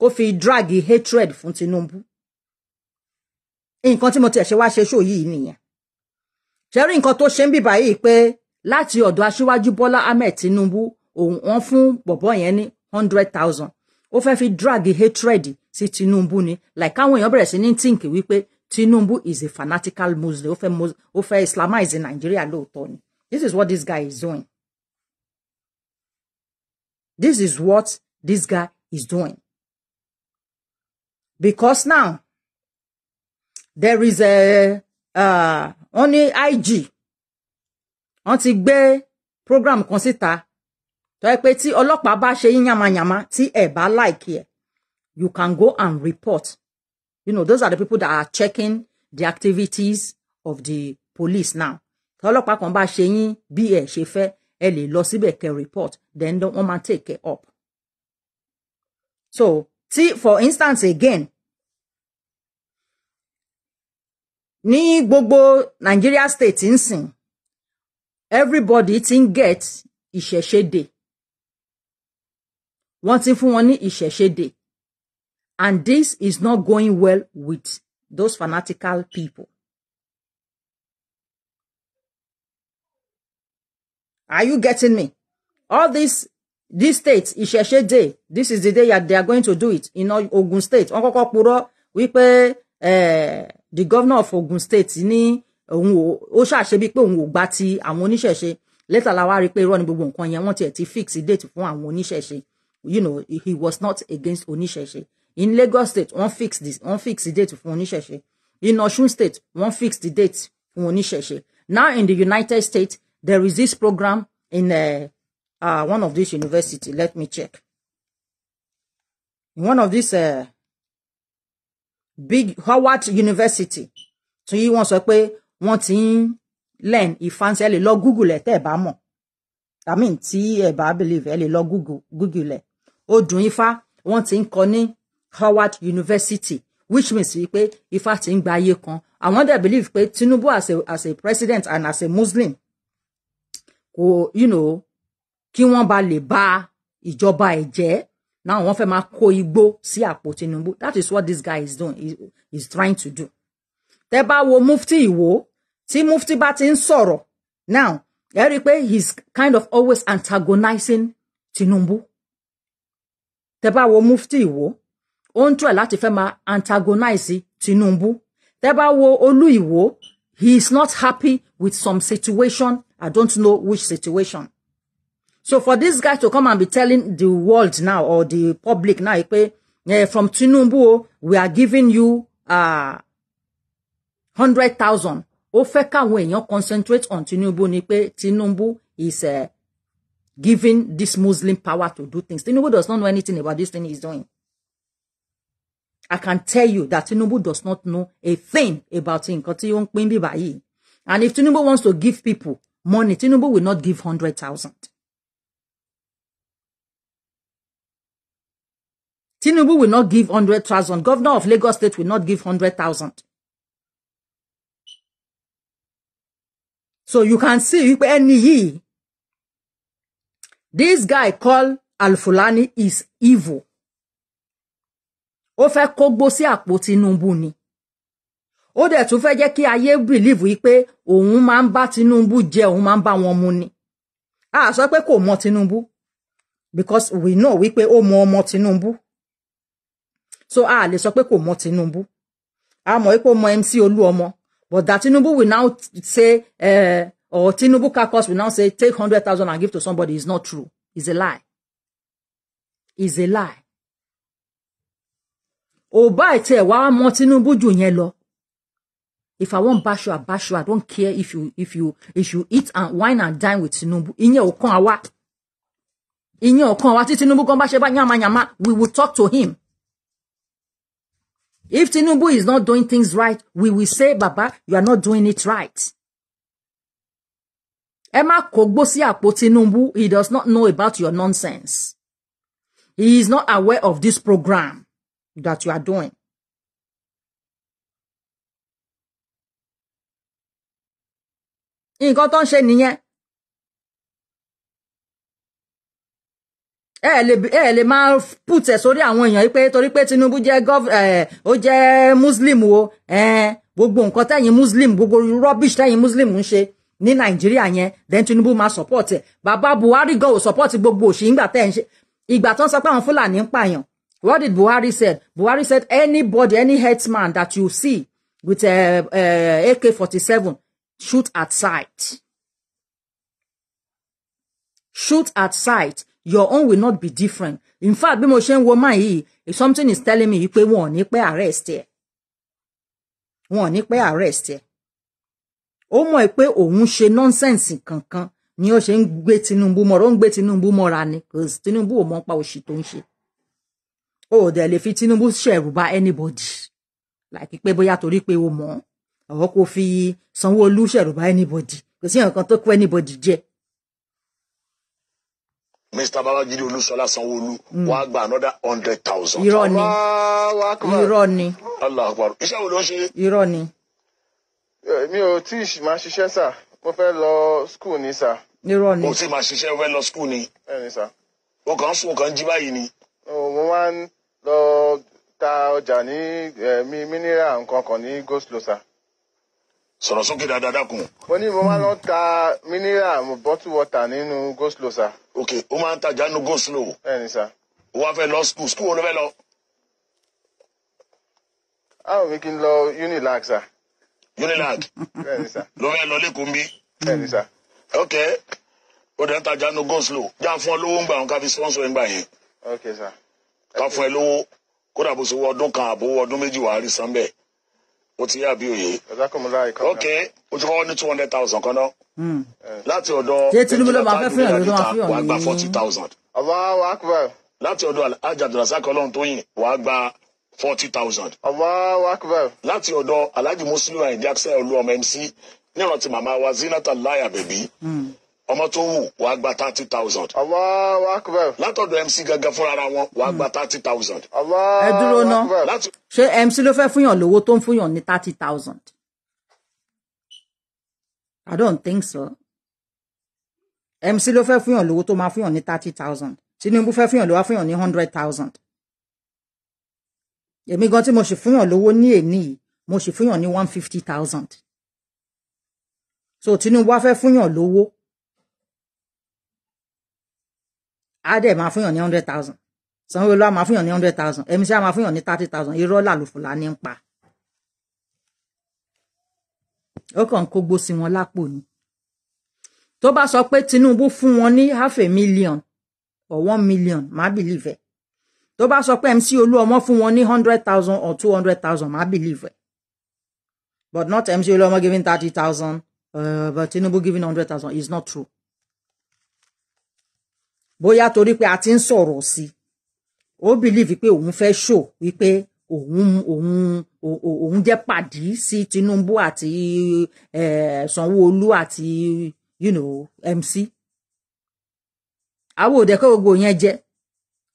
kó fi drag hatred fún Tinubu nǹkan tí mo tiẹ̀ ṣe wá ṣe ṣó yìí nìyẹn ṣẹ́rí nǹkan tó ṣe ń bì báyìí pé láti ọ̀dọ̀ aṣíwájú Bọ́lá Ahmed Tinubu òun wọn fún bọ̀bọ́ yẹn ní hundred thousand ó fẹ́ fi drag hatred sí Tinubu ni like káwọn èèyàn bẹ̀rẹ̀ sí ní tíǹkì wípé Tinubu is a fanatical Muslim ó fẹ́ ó fẹ́ Islamize Nigeria lóòótọ́ ni this is what this guy is doing this is what this guy is doing because now there is a uh, ní IG wọ́n ti gbé program kan síta tó yẹ pé tí ọlọ́pàá bá ṣe yín yàmàyàmà tí ẹ̀ bá láìkí ẹ̀ you can go and report. You know, those are the people that are checking the activities of the police now. tọ́lọ́pàá kan bá ṣe yín bí ẹ ṣe fẹ́ ẹ lè lọ síbẹ̀ kẹ́ report then wọ́n máa take it up. So tí for instance again ní gbogbo Nigeria state ń sìn everybody ti ń get ìṣẹ̀ṣe dè wọ́n ti fún wọn ní ìṣẹ̀ṣe dè And this is not going well with those fanatical people. Are you getting me? All this, this states, Ìṣẹ̀ṣe Day, this is the day that they are going to do it in Ogun State. Wọ́n kọ́kọ́ purọ́ eh, the governor of Ogun State ní òun ó ṣàṣe bíi pé òun ò gba ti àwọn oníṣẹ̀ṣe. Later la wá rí i pé irọ́ ni gbogbo nǹkan yẹn date fún àwọn oníṣẹ̀ṣe. You know, he was not against oníṣẹ̀ṣe in Lagos state wọ́n fix the wọ́n fix the date fún oníṣẹ̀ṣe in Ọ̀ṣun state wọ́n fix the date fún oníṣẹ̀ṣe now in the United States there is this program in uh, uh, one of these university let me check in one of these uh, big Howard University tí wọ́n sọ pé wọ́n ti ń learn ìfànsẹ́ lè lọ Google ẹ̀ tẹ́ ẹ̀ bá mọ̀ i mean tí ẹ̀ bá believe ẹ̀ lè lọ Google Google ẹ̀ odùn ifá wọ́n ti ń kọ́ ní Howard University which means wípé ifá ti ń gba ayé kan àwọn dẹ̀ believe pé Tinubu as a as a president and as a Muslim kò you know kí wọ́n bá lè bá ìjọba ẹ̀ jẹ́ now wọ́n fẹ́ máa kó igbó sí àpò Tinubu that is what this guy is doing he is trying to do tẹ́ bá wo mufti ìwò tí mufti bá ti ń sọ̀rọ̀ now ẹ rí i pé he is kind of always antagonizing Tinubu tẹ́ bá wo mufti ìwò ó ń try láti fẹ́ máa antagonize Tinubu tẹ́ bá wo olú ìwò he is not happy with some situation I don't know which situation so for this guy to come and be telling the world now or the public now pé eh, from Tinubu we are giving you ah, hundred thousand ó fẹ́ káwọn èèyàn concentrate on Tinubu ni pé Tinubu is uh, giving this Muslim power to do things Tinubu does not know anything about this thing he is doing I can tell you that Tinubu does not know a thing about nǹkan tí ó ń pín bíbá yìí. And if Tinubu wants to give people money, Tinubu will not give hundred thousand. Tinubu will not give hundred thousand. Governor of Lagos State will not give hundred thousand. So you can see wípé ẹni this guy called Alfulani is evil. ó fẹ́ kogbo sí àpò Tinubu ni ó dẹ̀ tún fẹ́ jẹ́ kí ayé bìlíìfù yìí pé òun máa ń bá Tinubu jẹ òun máa ń bá wọn mu ni a sọ pé kò mọ Tinubu because we know wípé ó mọ ọmọ Tinubu so a lè sọ pé kò mọ Tinubu a mọ̀ wípé ó mọ MC Olúọmọ but that Tinubu will now say uh, or Tinubu caucus will now say take hundred thousand and give to somebody is not true is a lie is a lie òbá àti ẹ̀wà mọ Tinubu jù yẹn lọ if i want bash you i bash you i don't care if you if you if you eat and wine and dine with Tinubu ìyẹn ò awa. wá ìyẹn ò kàn wá tí bá we will talk to him if Tinubu is not doing things right we will say baba you are not doing it right Emma má àpò Tinubu he does not know about your nonsense he is not aware of this program that you are doing. nǹkan tó ń ṣe nìyẹn ẹ lè ẹ lè máa pùtẹ sórí àwọn èèyàn yìí pé torí pé Tinubu jẹ gov ẹ ó jẹ muslim o ẹ gbogbo nǹkan tẹ̀yin muslim gbogbo rubbish tẹ̀yin muslim ń ṣe ní Nàìjíríà yẹn then Tinubu máa support ẹ bàbá Buhari gan ò support gbogbo òṣì ìgbà tẹ ń ṣe ìgbà tó ń sọ pé àwọn Fúlàní ń pààyàn What did Buhari said? Buhari said anybody, any headsman that you see with uh, uh, a, a AK-47, shoot at sight. Shoot at sight. Your own will not be different. In fact, bimoshen woman ṣe if something is telling me you wọn ò you pẹ́ arrest ẹ̀. Wọn you ní arrest ẹ̀. Ó mọ̀ pé òun ṣe nonsense kankan ni ó ṣe ń gbé Tinubu mọ́ra, ó ń gbé Tinubu mọ́ra ni, cause Tinubu ò mọ̀ pa òṣì tó ń ṣe o ò dẹ̀ lè fi Tinubu ṣẹ̀rù bá anybody láìpí pé bóyá torí pé o mọ̀ ọ̀wọ́ kò fi Sanwó-Olú ṣẹ̀rù bá anybody kò sí nǹkan tó kó anybody jẹ. Mr. Babajide Olúṣọlá Sanwó-Olú hmm. wàá gba another hundred thousand. irọ́ ni irọ́ ni iṣẹ́ wo ló ń ṣe. irọ́ ni. mi ò tí ì máa ṣiṣẹ́ sà mo fẹ́ lọ school ni sà. irọ́ ni. mo ti máa ṣiṣẹ́ fẹ́ lọ school ni. bẹ́ẹ̀ ni sà. o kàn ń sùn o kàn ń jí báyìí ni. mo máa ń lọ ta ọjà ní ẹ̀mí mineral nǹkan kan ní goslo sir sọ̀rọ̀ sókè dáadáa dákun. mo ní mo máa ń lọ hmm. ta mineral bottle water nínú goslo sir. ok o máa ń tajà nínú goslo. bẹ́ẹ̀ni sir. o wá fẹ́ lọ school school wo ló fẹ́ lọ. a ò ní kí n lọ unilag sir. unilag. bẹ́ẹ̀ni sir. ló fẹ́ lọ lẹ́kọ̀ọ́ mi. bẹ́ẹ̀ni sir. ok o dẹ̀ ń tajà nínú goslo jáà fún ọ lówó ń gbà wọn ká fi sponsor ń gbà yẹn. ok sir ká fún ẹ lówó kódà bó ṣe wọ ọdún kan àbówó ọdún méjì wàá rí san bẹ́ẹ̀ ó ti yá bí òye. ok o ti kọ́kọ́ ní two hundred thousand kan náà. Hmm. láti ọ̀dọ̀ nàìjíríà táàbù nàìjíríà wàá gba forty thousand. Allahu Akbar. láti ọ̀dọ̀ alhaji abdulrasaq ọlọ́run tó yìn wàá gba forty thousand. Allahu Akbar. láti ọ̀dọ̀ alhaji muslim ayinde aksa olú ọmọ mc ní ọ̀rọ̀ ti màmá wa zinata láyà bèbí ọmọ tó wù wàá gba thirty thousand. Allahu Akbar. látọ̀dọ̀ MC gangan fúnra wọn wàá gba hmm. thirty thousand. Allahu Akbar. ẹ dúró ná ṣé MC ló fẹ́ fúnyàn lówó tó ń fúnyàn ní thirty thousand. I don't think so. MC ló fẹ́ fúnyàn lówó tó máa fúnyàn ní thirty thousand Tinubu fẹ́ fúnyàn lówó fúnyàn ní hundred thousand. èmi gan tí mo sì fúnyàn lówó ní èní yìí mo sì fúnyàn ní one fifty thousand. so Tinubu wá fẹ́ fúnyàn lówó á dẹ̀ máa fún yàn ní hundred thousand Sanwó-Olú á máa fún yàn ní hundred thousand MC á máa fún yàn ní thirty thousand irọ́ làlùfòlà ní ń pa ó kàn ń kógbó sí wọn lápò ni tó bá sọ pé Tinubu fún wọn ní half a million or one million má believe ẹ̀ tó bá sọ pé MC Olúọmọ fún wọn ní hundred thousand or two hundred thousand má believe ẹ̀ but not MC Olúọmọ giving thirty thousand uh, but Tinubu giving hundred thousand is not true bóyá torí pé a ti ń sọ̀rọ̀ sí i ó bìlíìfì pé òun fẹ́ ṣò wípé òun òun òun jẹ́ pàdí sí Tinubu àti Sanwó-Olú àti you know, MC àwọn òde kó gbogbo yẹn jẹ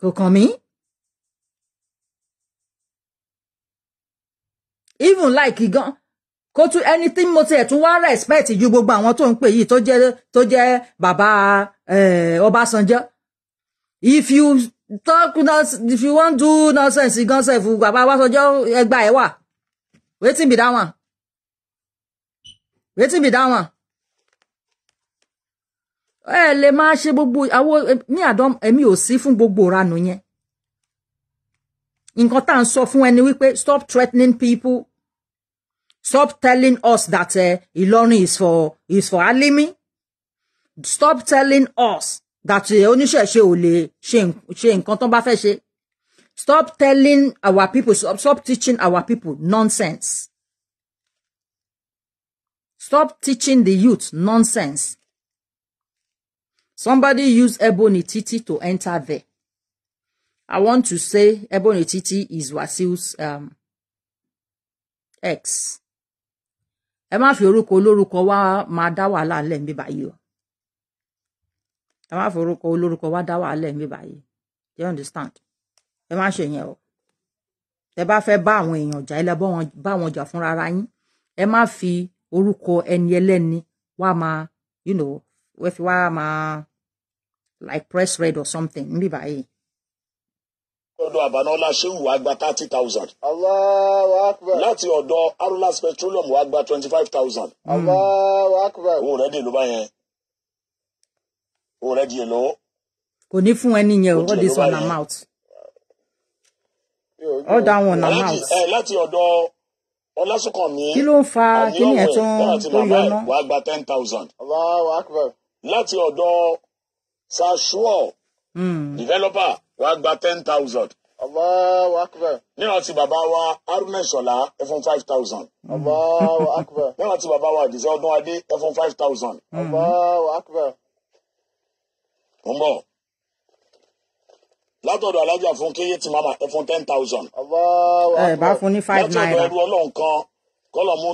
kò kàn mí. even like gan kó tún anything mo tiẹ̀ tún wá respect ju gbogbo àwọn tó ń pè yìí tó jẹ́ tó jẹ́ bàbá Ọbásanjọ́ if you talk nonsense, if you wan do nonsense you gan sef baba Obasanjo ẹgba ẹ wà wetin be that one wetin be that one ẹ lè máa ṣe gbogbo àwọn mi àdán èmi ò sí fún gbogbo ìranù yẹn nǹkan tá à ń sọ fún ẹni wípé stop threatening people stop telling us that uh, is for is for Alimi stop telling us that oníṣẹ̀ṣe ò lè ṣe nǹkan tó bá fẹ́ ṣe stop telling our people stop, stop teaching our people nonsense stop teaching the youth nonsense somebody use Ebony Titi to enter there I want to say Ebony Titi is Wasiu's um, ex ẹ má fi orúkọ olórúkọ wá máa dá wàhálà lẹ́ẹ̀mí báyìí o ẹ má forúkọ olórúkọ wá dá wàhálà ẹ̀ báyìí you understand ẹ má ṣe yẹn o ẹ bá fẹ́ bá àwọn èèyàn jà ẹ lọ bá wọn jà fúnra ara yín ẹ má fi orúkọ ẹni ẹlẹ́ni wá máa you know wẹ́ fi wá máa like press red or something ń bí báyìí ọ̀dọ̀ àbánọ́lá ṣéwù wá gba thirty thousand. Allahu Akbar. láti ọ̀dọ̀ arúlá petroleum wá gba twenty five thousand. Allahu Akbar. owó rẹ̀ dè ló bá yẹn. Already rẹ díẹ̀ lọ́wọ́. kò ní fún all this one am out all that one am out. Let your door. kí ló ń fa kí ni ẹ̀ tó ń tó yọ ná. wàá gba ten thousand. Allahu Akbar. láti ọ̀dọ̀ sasuo hmm. developer wàá gba ten thousand. Allahu akbar. Nínú ti bàbá wa Haruna Ìṣọ̀lá ẹ fún five thousand. Allahu akbar. Nínú ti bàbá wa Àdìsẹ́ Ọdúnadé ẹ fún five thousand. Allahu akbar ó ń bọ̀ látọ̀dọ̀ alájà fún kéye tí màmá ẹ fún ten thousand. ẹ bá fún ní five naira látọ̀dọ̀ ẹrú ọlọ́run kan kọ́lọ̀mù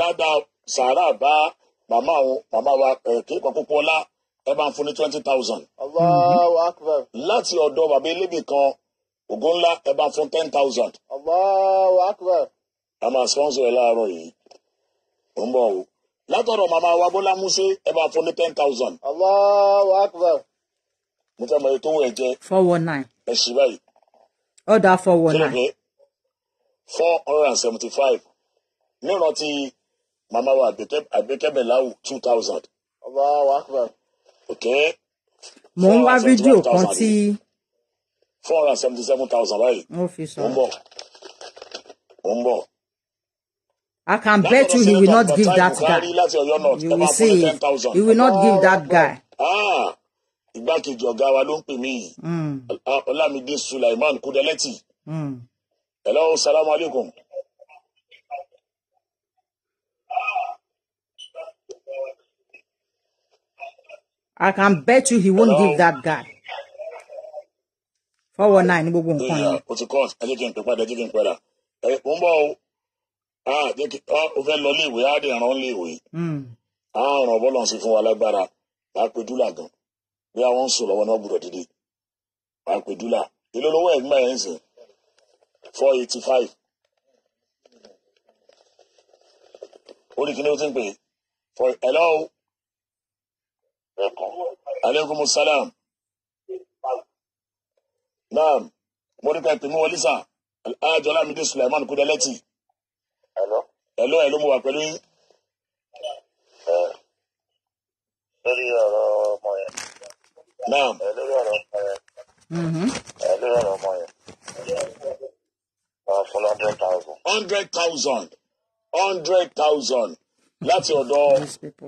ládàá sàárà bá màmá àwọn màmá wa kéèkọ́ púpọ̀ ọlá ẹ bá ń fún ní twenty thousand. Allahu Akbar. láti ọ̀dọ̀ bàbá elébi kan ògùn ńlá ẹ bá ń fún ten thousand. Allahu Akbar. a máa sponsor ẹ láàárọ̀ yìí ń bọ̀ o látọ̀dọ̀ màmá wa bọ́lá musé ẹ bá ń fún ní ten thousand mo fẹ́ mọ iye tó four one nine. ẹ ṣì báyìí. ọ̀dà four one nine. four hundred and seventy five mìíràn ti màmá wa àgbékẹ́bẹ̀ láwù two thousand. ọba wa kúrò. ok. mo ń wá fídíò kan tí. four hundred and seventy seven thousand báyìí. mo fi sọ. mo ń bọ̀ mo ń bọ̀. I can that bet you he will not give that guy. You will see. He will not give that guy. Ah igbákejì ọ̀gá wa ló ń pè mí yìí hmm. ọlámídé sulaiman kudeleti hmm. hello salamu aleykum. I can bet you he won't give that guy. four one nine gbogbo nǹkan yẹn. o ti kọ́ ẹ jẹ́ kí n pè padà jẹ́ kí n padà ẹ mo ń bọ̀ o o fẹ́ lọ léèwé á dẹ̀ ràn léèwé á hmm. ràn bọ́lọ̀ sí fún wa lágbára á pé dúlà gan bí àwọn ń sùn lọ́wọ́ náà gbúdọ̀ dìde wà á pè dúlà èló lọ́wọ́ ẹ̀ ń bá yẹn ń sìn four eighty five ó ní kíni ó ti ń pè for hello aleykum salaam naam mo ní ká ìpè mú wọlé sà alájọ lámìdí suleiman kúdẹ́lẹ́tì hello hello mo wà pẹ̀lú yín. Naam. Ẹ eh, lórí ọ̀rọ̀ mm-hmm. eh, ah, hundred thousand. hundred thousand hundred thousand láti ọ̀dọ̀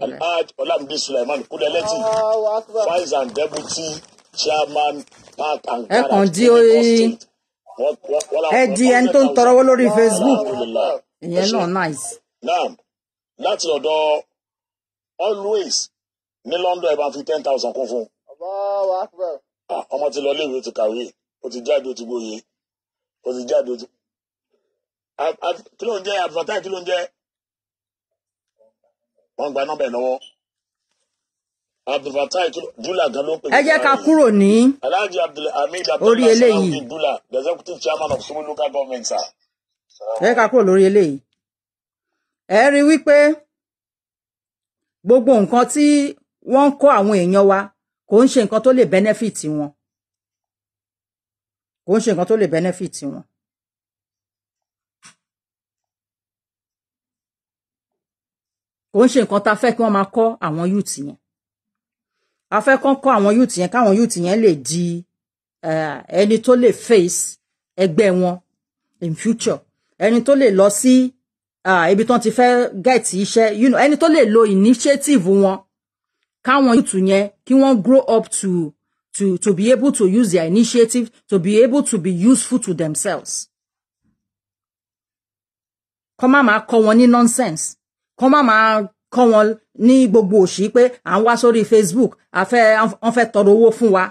Alhaj Olamide Sulaiman Kudeleti ah, vice and deputy chairman park and garage. Ẹ kàn di oyin ẹ di ẹni tó ń tọrọwọ́ lórí ah. Facebook ìyẹn náà nice. Naam láti ọ̀dọ̀ always ní London ẹ̀ bá fi ten thousand kún fún un. Allahu Akbar. Ah, ọmọ ti lọ léèwé ó ti kàwé ó ti jáde ó ti gbóyè ó ti jáde ó ti. kí ló ń jẹ́ advertise kí ló ń jẹ́ wọ́n gba nọ́mbà ẹ̀ lọ́wọ́ advertise kí ló dúlà gan ló ń pè. ẹ jẹ́ ká kúrò ní orí eléyìí dúlà the executive chairman of Sumu local government sir. ẹ jẹ́ ká kúrò lórí eléyìí ẹ rí wípé gbogbo nǹkan tí wọ́n ń kọ́ àwọn èèyàn wa kò ń ṣe nǹkan tó lè benefit wọn kò ń ṣe nǹkan tó lè benefit wọn. kò ń ṣe nǹkan tá a fẹ́ kí wọ́n máa kọ́ àwọn youth yẹn a fẹ́ kán kọ́ àwọn youth yẹn káwọn youth yẹn lè di ẹni tó lè face ẹgbẹ́ wọn in future ẹni tó lè lọ sí ibi tí wọ́n ti fẹ́ get iṣẹ́ you know ẹni tó lè lo initiative wọn káwọn youth yẹn kí wọ́n grow up to to to be able to use their initiative to be able to be useful to themselves. kọ́ má máa kọ́ wọn ní nonsense kọ́ má máa kọ́ wọn ní gbogbo òṣì pé à ń wá sórí Facebook àfẹ́ wọ́n fẹ́ tọrọ owó fún wa.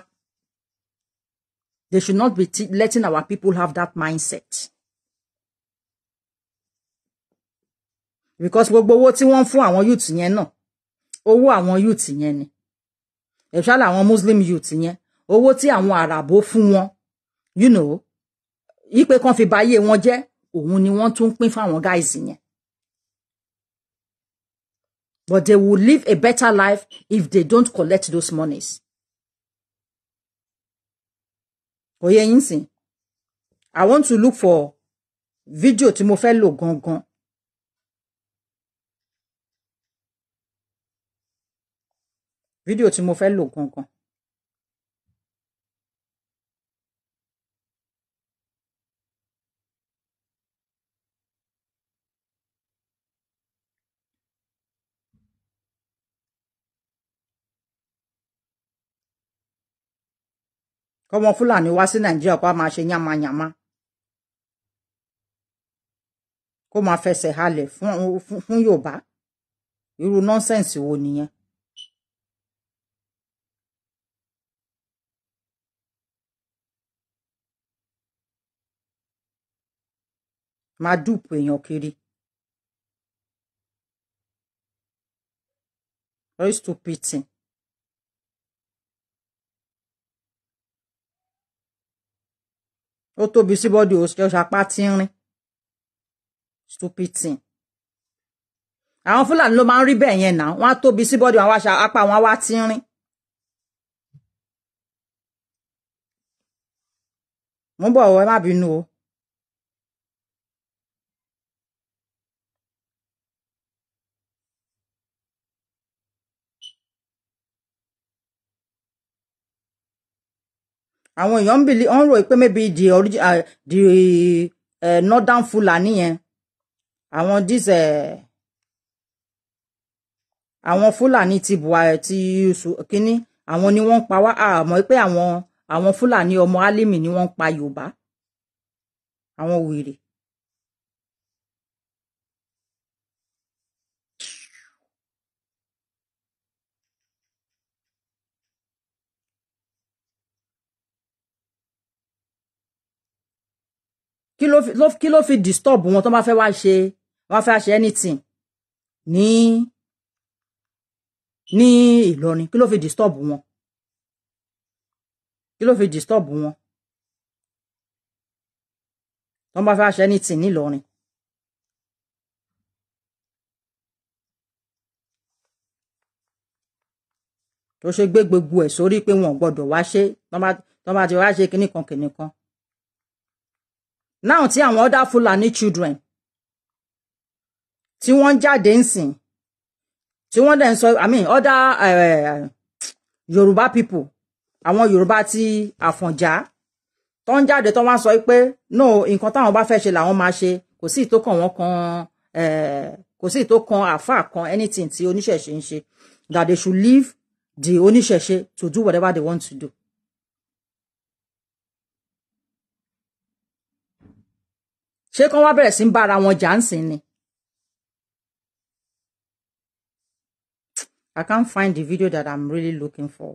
They should not be letting our people have that mindset. Because gbogbo owó tí wọ́n fún àwọn youth yẹn náà owó àwọn youth yẹn ni especially àwọn muslim youth yẹn owó tí àwọn àràbò fún wọn you know ipe kan fi báyé wọn jẹ́ òun ni wọ́n tún pín fáwọn guys yẹn but they will live a better life if they don't collect those monies. Oyeyinsin, I want to look for video tí mo fẹ́ lò gangan fídíò tí mo fẹ́ lò gangan. kọ́mọ fúlàní wá sí nàìjíríà kó a máa ṣe yánmayànmá kó máa fẹsẹ̀ halẹ̀ fún yorùbá irú nọ́nsẹ̀nsì wo nìyẹn máa dùpù èèyàn kiri. very stupid thing. ó tóbi sí bọ́dì ọ̀ṣapá tí ń rìn stupid thing. àwọn fúlàní ló máa ń rí bẹ́ẹ̀ yẹn náà wọ́n á tóbi sí bọ́dì àwọn apá wọn wá tí ń rìn. mo ń bọ̀ ọ́ ẹ má bínú o. àwọn èèyàn ń bìlí ọ̀n rò pé maybe the origin uh, the uh, northern Fulani yẹn àwọn this uh, àwọn Fulani ti bua uh, ti kínní àwọn ni wọ́n ń pa wá àmọ́ pé àwọn àwọn Fulani ọmọ Álímì ni wọ́n ń pa Yorùbá àwọn wèrè kí ló fi kí ló fi disturb wọn tó bá fẹ́ wá ṣe wọ́n fẹ́ ṣe anything ní ní Ìlọrin kí ló fi disturb wọn kí ló fi disturb wọn tó bá fẹ́ ṣe anything ní Ìlọrin. tó ṣe gbé gbogbo ẹ̀ sórí pé wọn ò gbọ́dọ̀ wá ṣe tó bá ti wá ṣe kinní kan kinní kan now tí àwọn other Fulani children tí wọ́n jáde ń sìn tí wọ́n dẹ̀ ń sọ i mean other uh, eh, Yorùbá people àwọn Yorùbá ti Àfọ̀njá tó ń jáde tó wá sọ pé no nǹkan táwọn bá fẹ́ ṣe làwọn máa ṣe kò sí ìtó kan wọn kan eh, kò sí ìtó kan àáfàá kan anything tí oníṣẹ̀ṣe ń ṣe that they should leave the oníṣẹ̀ṣe to do whatever they want to do ṣé kán wá bẹ̀rẹ̀ sí ń bára wọn jà ń sìn ni. I can't find the video that I'm really looking for.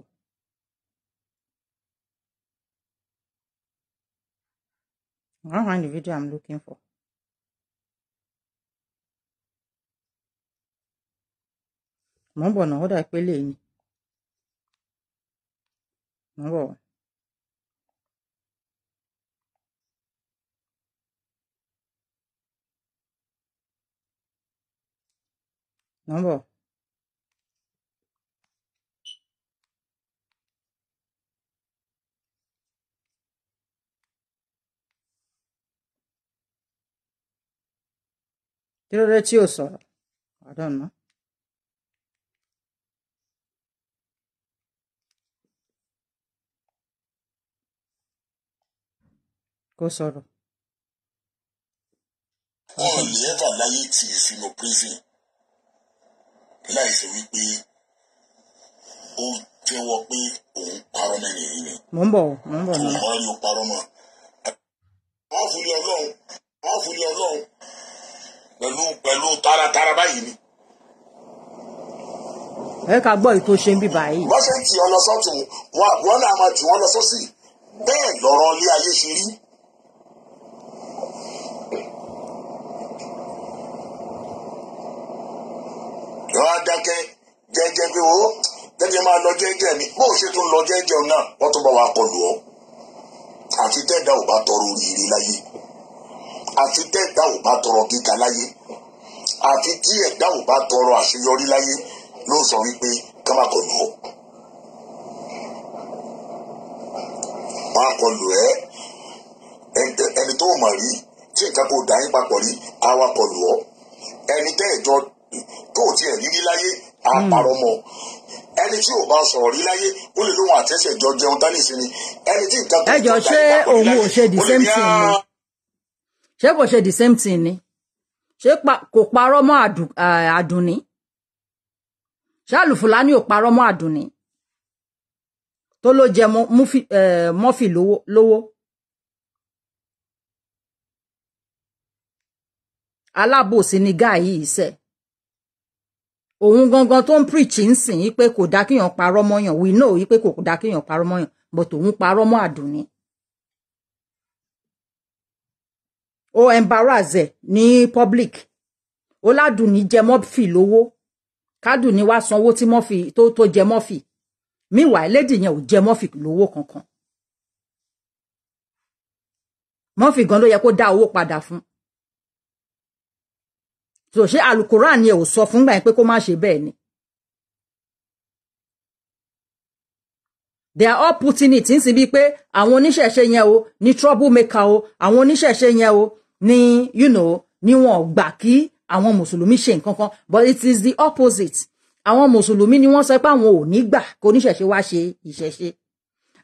I can't find the video I'm looking for. Mo ń bọ̀ náà ó dà pé lè ní. Mo ń bọ̀ wá. なんだ Pero r e l i g o s o I don't k o w Go s o h the t h e r lady is in prison. láìsí wípé ó jẹ́wọ́ pé òun parọ́ mẹ́rin yìí ni. mò ń bọ̀ mò ń bọ̀ náà. òun máa ń yọ parọ́ mọ́. wọ́n fún ilé ọlọ́run wọ́n ọlọ́run pẹ̀lú pẹ̀lú taratara báyìí ni. ẹ ká gbọ́ ètò ṣe ń bíbá yìí. wọ́n ṣe ń tì ọ lọ sọ́tún wọn náà máa tì wọ́n lọ sọ́sì bẹ́ẹ̀ lọ́rọ̀ ilé ayé ṣe rí. ìwọ́n á dákẹ́ jẹ́jẹ́ pé o jẹ́jẹ́ máa lọ jẹ́jẹ́ mi bó o ṣe tún lọ jẹ́jẹ́ náà wọ́n tún bá wa kọlù ọ́ àti tẹ́ẹ̀dá ò bá tọrọ oríire láyé àti tẹ́ẹ̀dá ò bá tọrọ gíga láyé àti tí ẹ̀dá ò bá tọrọ àṣeyọrí láyé ló sọ wípé ká má kọlù ọ́ wọ́n á kọlù ẹ́ ẹni tó mọ̀ rí tí nǹkan kò dà yín papọ̀ rí á wá kọlù ọ́ ẹni tẹ́ tó o tiẹ̀ rírí láyé àpàrọ̀ hmm. mọ́ ẹni tí ò bá sọ̀rọ̀ rí ó lè lóhun àtẹ́sẹ̀ jọ jẹun tání ìsinmi ẹni tí nǹkan tó ń jọ ṣé òun ò ṣe the same thing ah. ṣé kò ṣe the same thing ni ṣé kò parọ́ mọ́ àdùnní eh, ṣé àlùfùlání ò parọ́ mọ́ àdùnní tó ló jẹ eh, mọ́fì lówó. alábòsí ni gáà yìí sẹ́ẹ̀ òun gangan tó ń preach ń sìn yí pé kò dá kíyàn parọ́ mọ́yàn we know yí pé kò dá kíyàn parọ́ mọ́yàn but òun parọ́ mọ́ àdùnní. ó embarrass ẹ̀ ní public ó ládùnní jẹ mọ́fì lówó kádùnní wá sanwó tí mọ́fì tó tó jẹ mọ́fì meanwhile lady yẹn ò jẹ mọ́fì lówó kankan mọ́fì gan ló yẹ kó dá owó padà fún un so ṣé alukoran ni ẹ ò sọ fúngbà yẹn pé kó má ṣe bẹ́ẹ̀ ni. they are all putting it ń sin bíi pé àwọn oníṣẹ̀ṣe yẹn o ni trouble maker o àwọn oníṣẹ̀ṣe yẹn o ni you know ni wọn gbà kí àwọn mùsùlùmí ṣe nǹkan kan but it is the opposite àwọn mùsùlùmí ni wọ́n sọ pé àwọn ò ní gbà kó oníṣẹ̀ṣe wá ṣe ìṣẹ̀ṣe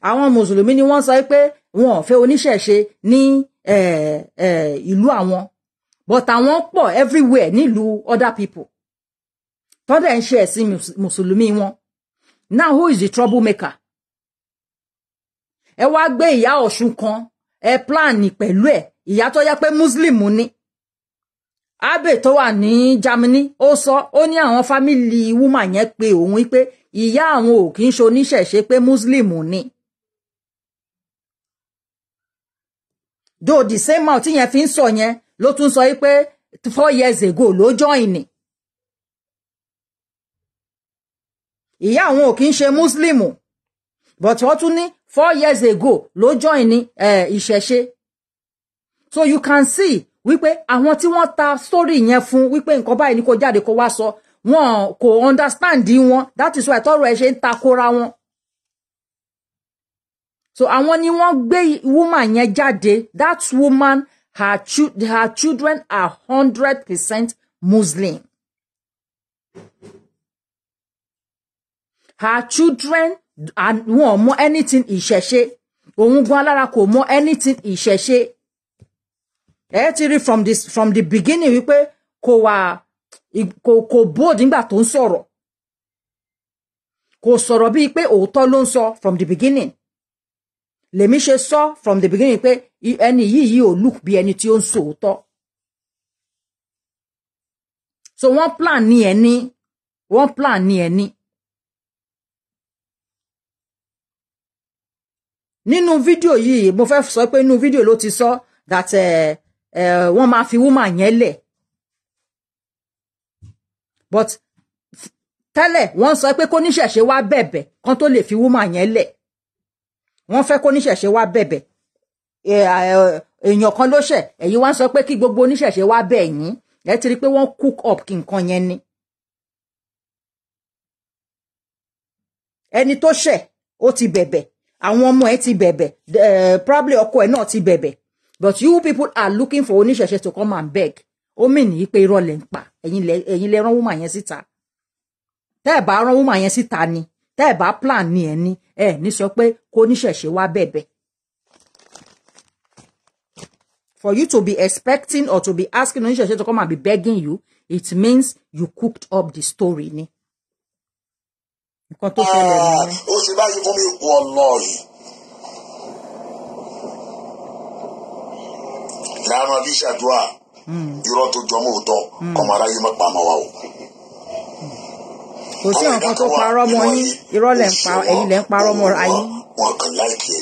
àwọn mùsùlùmí ni wọ́n sọ pé wọn ò fẹ́ oníṣẹ̀ṣe ní eh, eh, ìlú àwọn but àwọn pọ̀ everywhere nílùú other people tọ́dẹ̀ ń ṣe ẹ̀sìn mùsùlùmí wọn now who is the troublemaker ẹ wá gbé ìyá ọ̀ṣun kan ẹ plan pẹ̀lú ẹ̀ ìyá tó yẹ pé muslim ni abe tó wà ní Germany ó sọ ó ní àwọn fámìlì woman yẹn pe òun wípé ìyá àwọn ò kì í ṣe oníṣẹ̀ṣe pé muslim ni. do the same mouth yen yẹn fi ń sọ yẹn ló tún sọ pé four years ago ló join ni. ìyá àwọn ò kí ń ṣe muslim but wọ́n tún ní four years ago ló join ni eh, ìṣẹ̀ṣe so you can see wípé àwọn tí wọ́n ta story yẹn fún wípé nǹkan báyìí ni kò jáde kó wá sọ wọn kò understand wọn that is why tọrọ ẹ ṣe ń takora wọn so àwọn ni wọ́n gbé woman yẹn jáde that woman Her, cho- her children are 100% Muslim. Her children are wọ́n mọ anything ìṣẹ̀ṣe. Òun gan alára kò mọ anything ìṣẹ̀ṣe. Ẹ ti rí from this from the beginning wípé kò wà kò kò bold nígbà tó ń sọ̀rọ̀. Kò sọ̀rọ̀ bíi pé òótọ́ ló ń sọ from the beginning. Lèmi ṣe sọ from the beginning pé ẹni yìí yìí ò look bí ẹni tí ó ń sòótọ́ so wọ́n plan ní ẹni wọ́n plan ní ẹni. nínú fídíò yìí mo fẹ́ sọ pé nínú fídíò ló ti sọ that eh, eh, wọ́n máa fi wúmà yẹn lẹ̀ but tẹ́lẹ̀ wọ́n sọ pé kóníṣẹ̀ṣe wá bẹ̀bẹ̀ kan tó lè fi wúmà yẹn lẹ̀ wọ́n fẹ́ kóníṣẹ̀ṣe wá bẹ̀bẹ̀ èèyàn kan ló ṣẹ̀ ẹ̀yin wá ń sọ pé kí gbogbo oníṣẹ̀ṣe wá bẹ̀ yín ẹ ti rí i pé wọ́n cook up kí nǹkan yẹn ni. ẹni tó ṣẹ̀ ó ti bẹ̀bẹ̀ àwọn ọmọ ẹ̀ ti bẹ̀bẹ̀ probably ọkọ ẹ̀ náà ti bẹ̀bẹ̀ but you people are looking for oníṣẹ̀ṣe to come and beg ó mì ní pé irọ́ lẹ̀ ń pa ẹ̀yin lẹ rán wúmà yẹn síta tẹ́ ẹ̀ bá rán wúmà yẹn síta ni tẹ́ ẹ̀ bá plan ni ẹ̀ ni ẹ̀ ní sọ pé kó oníṣẹ̀ṣe wá bẹ̀bẹ̀ for you to be expecting or to be asking oníṣẹ̀ṣe to come and be begging you it means you cooked up the story ne? Ah, tó ṣẹlẹ̀ ah, nìyẹn. ó ṣe báyìí fún mi wọ lọ yìí. ìlànà bí ṣàdúrà hmm. irọ́ tó jọ mọ́ òótọ́ hmm. ọmọ aráyé pa ọmọ wa o. kò sí nǹkan tó parọ́ mọ́ yín irọ́ lẹ̀ ń pa ẹ̀yin lẹ̀ ń parọ́ mọ́ ara yín. wọn kàn láìkì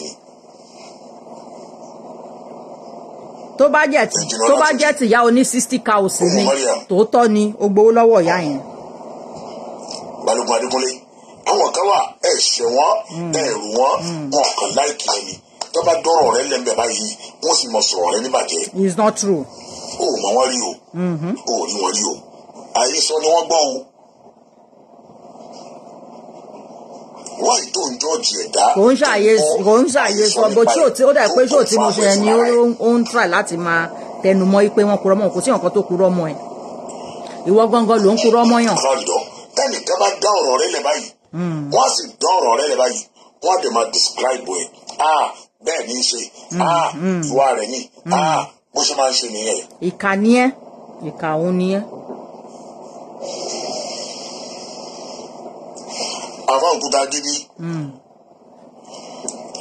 tó bá jẹ́ ti tó bá jẹ́ ti ìyá oní sixty cows ni tòótọ́ ni ó gbowó lọ́wọ́ ìyá yẹn. balógun adékúnlé àwọn kan wà ẹ ṣẹ wọn hmm. ẹ rù wọn hmm. wọn kàn láìkì ẹ tó bá dọ̀rọ̀ rẹ lẹ́nbẹ̀ẹ́ báyìí wọ́n sì mọ sọ̀rọ̀ rẹ níbàjẹ́. it's not true. o ò mọ wọn rí o mm-hmm. o ò rí wọn rí o àhesọ ni wọ́n gbọ́ o wọ́n yìí tó ń jọ́ọ̀jì ẹ̀dá. kò ń ṣàyè kò ń ṣàyè sọ bó tí ò tí ó dà pé tí ò tí mo ṣe ẹ ni ó ń try láti máa tẹnu mọ́ pé wọ́n kúrọ́ mọ́ kò sí nǹkan tó kúrọ́ mọ́ ẹ̀ ìwọ gangan ló ń kúrọ́ mọ́ yàn. tẹnìkan bá dá ọ̀rọ̀ rẹ lẹ báyìí hmm. wọ́n sì dá ọ̀rọ̀ rẹ lẹ báyìí wọ́n á dẹ̀ máa describe ẹ̀ ah bẹ́ẹ̀ ni í ṣe ah ìwà rẹ̀ ni ah bó ṣe máa ń ṣe nìyẹn. ìkà àfa òkúta gidi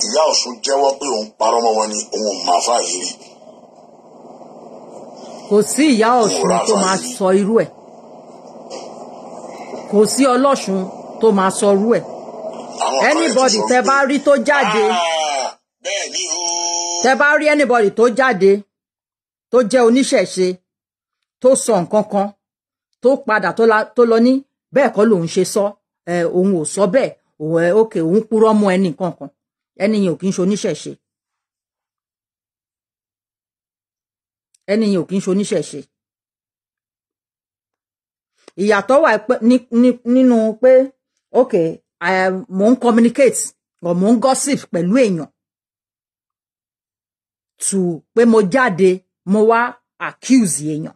ìyá ọ̀ṣun jẹ́wọ́ pé òun parọ́ mọ́ wọn ni òun máa fà yìí rí. kò sí ìyá ọ̀ṣun tó máa sọ irú ẹ̀ kò sí ọlọ́ṣun tó máa sọ irú ẹ̀ anybody tẹ bá rí tó jáde ah, tẹ bá rí anybody tó jáde tó jẹ́ oníṣẹ̀ṣe tó sọ nǹkan kan tó padà tó lọ ní bẹ́ẹ̀ kọ́ lòun ṣe sọ. So òun ò sọ bẹ́ẹ̀ òun ẹ ókè òun purọ́ mọ́ ẹnì kankan ẹni yẹn ò kí ń ṣe oníṣẹ̀ṣe ẹni yẹn ò kí ń ṣe ìyàtọ̀ wà nínú pé ókè mò ń communicate or mò ń gossip pẹ̀lú èèyàn tù pé mo jáde mo wá accuse èèyàn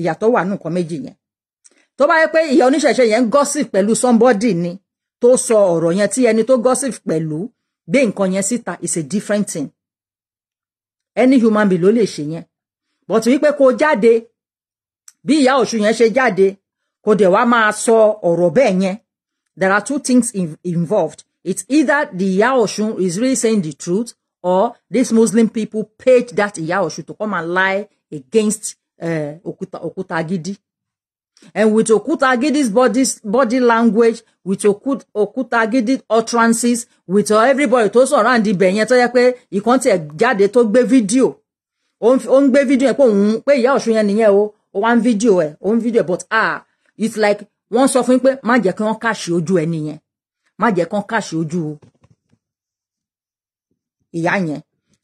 ìyàtọ̀ wà nù nǹkan méjì yẹn tó bá yẹ pé ìyá oníṣẹ̀ṣe yẹn ń gossip pẹ̀lú somebody ni tó sọ ọ̀rọ̀ yẹn tí ẹni tó gossip pẹ̀lú gbé nǹkan yẹn síta is a different thing any human being ló lè ṣe yẹn but wípé kó jáde bí ìyá ọ̀ṣun yẹn ṣe jáde kó dẹ̀ wá máa sọ ọ̀rọ̀ bẹ́ẹ̀ yẹn there are two things involved it's either the ìyá ọ̀ṣun is really saying the truth or these muslim people paid that ìyá ọ̀ṣun to come and lie against uh, òkúta gidi and with Okutagidi's body, body language, with Okut, Okutagidi utterances, with everybody tó sọ̀rọ̀ àǹdí ibẹ̀ yẹn tó yẹ pé ìkan tiẹ̀ jáde tó gbé fídíò ó ń gbé fídíò yẹn pé òun pé ìyá ọ̀ṣun yẹn nìyẹn o ó wá ń fídíò ẹ̀ ó ń fídíò ẹ̀ but ah it's like wọ́n sọ fún pé má jẹ́ kí wọ́n káàṣì ojú ẹ nìyẹn má jẹ́ kí wọ́n káàṣì ojú ìyá yẹn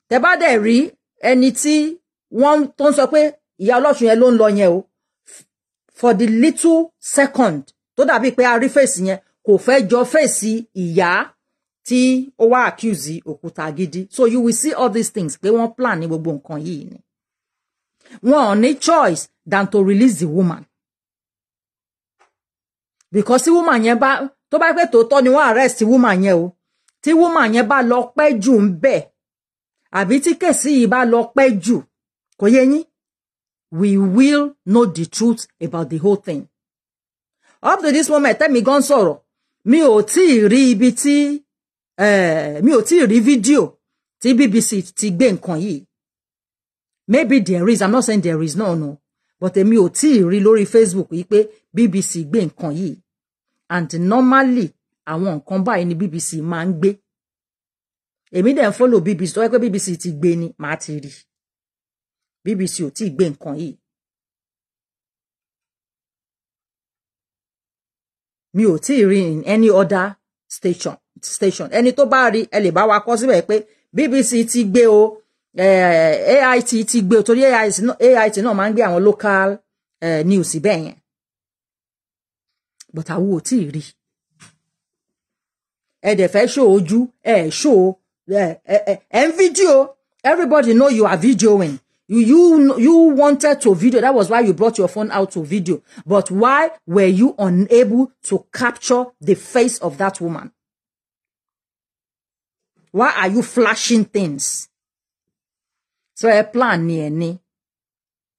tẹ bá dẹ̀ rí ẹni tí wọ́n tó ń sọ pé ìyá ọlọ́ṣun yẹn ló ń lọ yẹn o for the little second tó dàbí pé a rí fèsì yẹn kò fẹ́ jọ fèsì ìyá tí ó wá accuse òkúta gidi so you will see all these things pé wọ́n plan ní gbogbo nǹkan yìí ni wọn ò ní choice than to release the woman because tí woman yẹn bá tó bá pẹ́ tòótọ́ ni wọ́n arrest woman yẹn o tí woman yẹn bá lọ pẹ́ jù ń bẹ̀ àbí tí kèsì yìí bá lọ pẹ́ jù kò yé yín we will know the truth about the whole thing. Up to this moment, tẹ́mi gan sọ̀rọ̀, mi ò tí ì rí ibi tí eh, mi ò tí ì rí fídíò tí BBC ti gbé nǹkan yìí. Maybe there is, I'm not saying there is, no, no. But èmi ò tí ì rí lórí Facebook yìí pé BBC gbé nǹkan yìí. And normally, àwọn nǹkan báyìí ni BBC máa ń gbé. Èmi dẹ̀ ń follow BBC, tó yẹ pé BBC ti gbé ni, màá ti rí i. BBC ò tí ì gbé nǹkan yìí mi ò tí ì rí in any other station station ẹni tó bá rí ẹ lè bá wa kọ síbẹ̀ pé BBC ti gbé o eh, AIT ti gbé o torí AIT náà no, máa ń gbé àwọn local eh, news bẹ́ẹ̀ yẹn but àwọn ò tí ì rí ẹ dẹ̀ fẹ́ ṣó ojú ẹ ṣó ẹ eh, ẹ eh, eh, ẹ ń fídíò everybody know you are videoing You, you, you wanted to video. That was why you brought your phone out to video. But why were you unable to capture the face of that woman? Why are you flashing things? So a plan ni ẹ ní.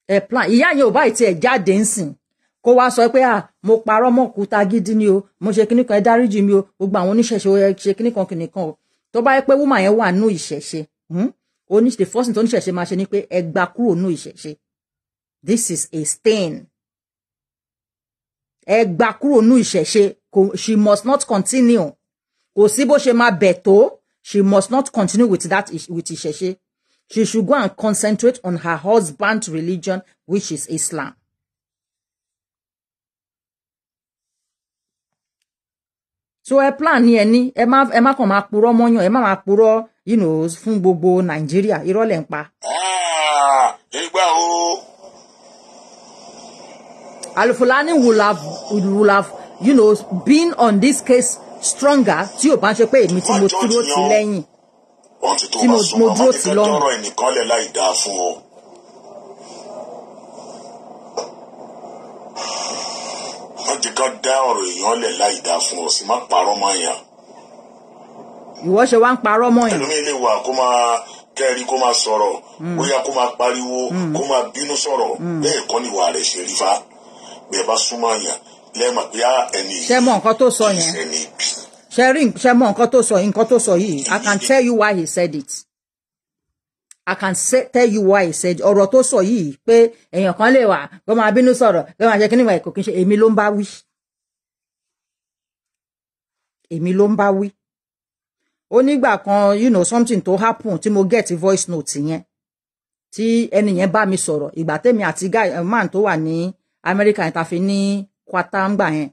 Ẹ plan. Ìyá yo bá ìtì ẹ̀ jáde ń Kó wá sọ pé à ah, mo parọ́ mọ́ gidi ni o. Mo ṣe kíní kan ẹ dáríjì mi o. Gbogbo àwọn oníṣẹ̀ṣe ẹ ṣe kíní kan kìnìkan o. Tó bá pé yẹn wà nú ìṣẹ̀ṣe. Hmm? oní the first tó ń ṣẹ̀ṣe máa ṣe ni pé ẹ gba kúrò nù ìṣẹ̀ṣe this is a stain ẹ gba kúrò nù ìṣẹ̀ṣe she must not continue kò sí bó ṣe máa bẹ̀ tó she must not continue with that with ìṣẹ̀ṣe she should go and concentrate on her husband's religion which is Islam so ẹ plan ní ni ẹ má ẹ má kàn máa ẹ má máa you know, fún gbogbo nàìjíríà irọ́ lẹ̀ ń pa. Ah, ìgbà wo. alufulani will have will have you know, been on this case stronger tí o bá ń ṣe pé èmi tí mo dúró ti lẹ́yìn tí mo dúró ọ̀rọ̀ ẹnìkan lẹ̀ wọ́n ti ká dá ọ̀rọ̀ èèyàn lẹ̀ láì dá fún ọ sí má parọ́ mọ́ èèyàn. ìwọ ṣe wá ń parọ́ mọ́ èèyàn. ẹlòmíín lè wà kó máa kẹ́rin kó máa sọ̀rọ̀ bóyá kó máa pariwo kó máa bínú sọ̀rọ̀ bẹ́ẹ̀ kọ́ ni ìwà rẹ̀ ṣe rí fa bẹ́ẹ̀ bá súnmọ́ èèyàn lẹ́ẹ̀mọ̀ pé ẹni yìí ṣe mọ nǹkan tó sọ ṣe mọ nǹkan tó sọ yìí nǹkan tó sọ yìí I can tell you why he said it. I can say, tell you why he said ọ̀rọ̀ tó sọ yìí pé èèyàn kan lè wà kó máa bínú sọ̀rọ̀ kó máa jẹ́ kí níwọ̀n ẹ̀kọ́ kí ṣe èmi ló ń bá wí. èmi ló ń bá wí. ó nígbà kan you know something to happen tí mo get voice note yẹn tí ẹni yẹn bá mi sọ̀rọ̀ ìgbà tèmi àti guy eh, man tó wà ní Amẹ́ríkà yẹn ta fi ní kwata ń gbà yẹn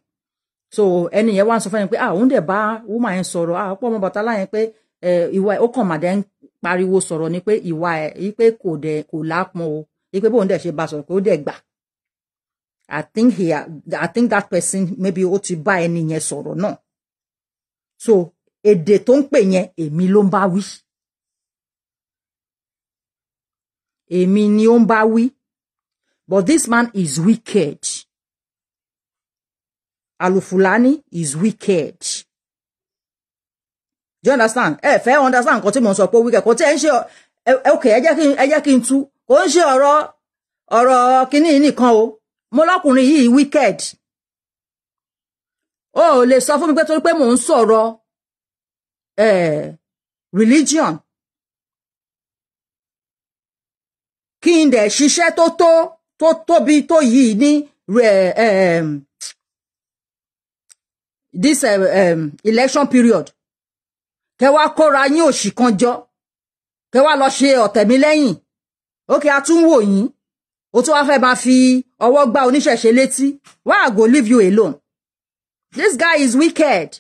so ẹni yẹn wá ń sọ fún mi pé ah òun dẹ̀ bá woman yẹn sọ̀rọ̀ ah ọ̀pọ̀ ọmọ bàtà láyẹn pé eh, ìwà ó kàn màdẹ́ ń pariwo sọ̀rọ̀ ni pé ìwà ẹ̀ yí pé kò dẹ̀ kò lápọn o yí pé bóun dẹ̀ ṣe bá sọ̀rọ̀ pé ó dẹ̀ gbà I think he I think that person maybe ó ti bá ẹni yẹn sọ̀rọ̀ náà so èdè tó ń pè yẹn èmi ló ń bá wí èmi ni ó ń bá wí but this man is wicked Alufulani is wicked do you understand ẹ fẹ́ understand nǹkan tí mo ń sọ pé wíkẹ̀ kò tí ẹ ń ṣe ok ẹ jẹ́ kí n tú kò ń ṣe ọ̀rọ̀ ọ̀rọ̀ kínní nìkan o mo lọ́kùnrin yìí wicked o ò lè sọ fún mi pé torí pé mò ń eh, religion kí n dẹ̀ ṣiṣẹ́ tó tó tó tóbi tó yìí ní this um, election period kẹ wá kóra yín òṣì kan jọ kẹ wá lọ ṣe ọ̀tẹ̀ mi lẹ́yìn ókè a yín o tún wá fẹ́ máa fi ọwọ́ gbá oníṣẹ̀ṣe létí why I go leave you alone this guy is wicked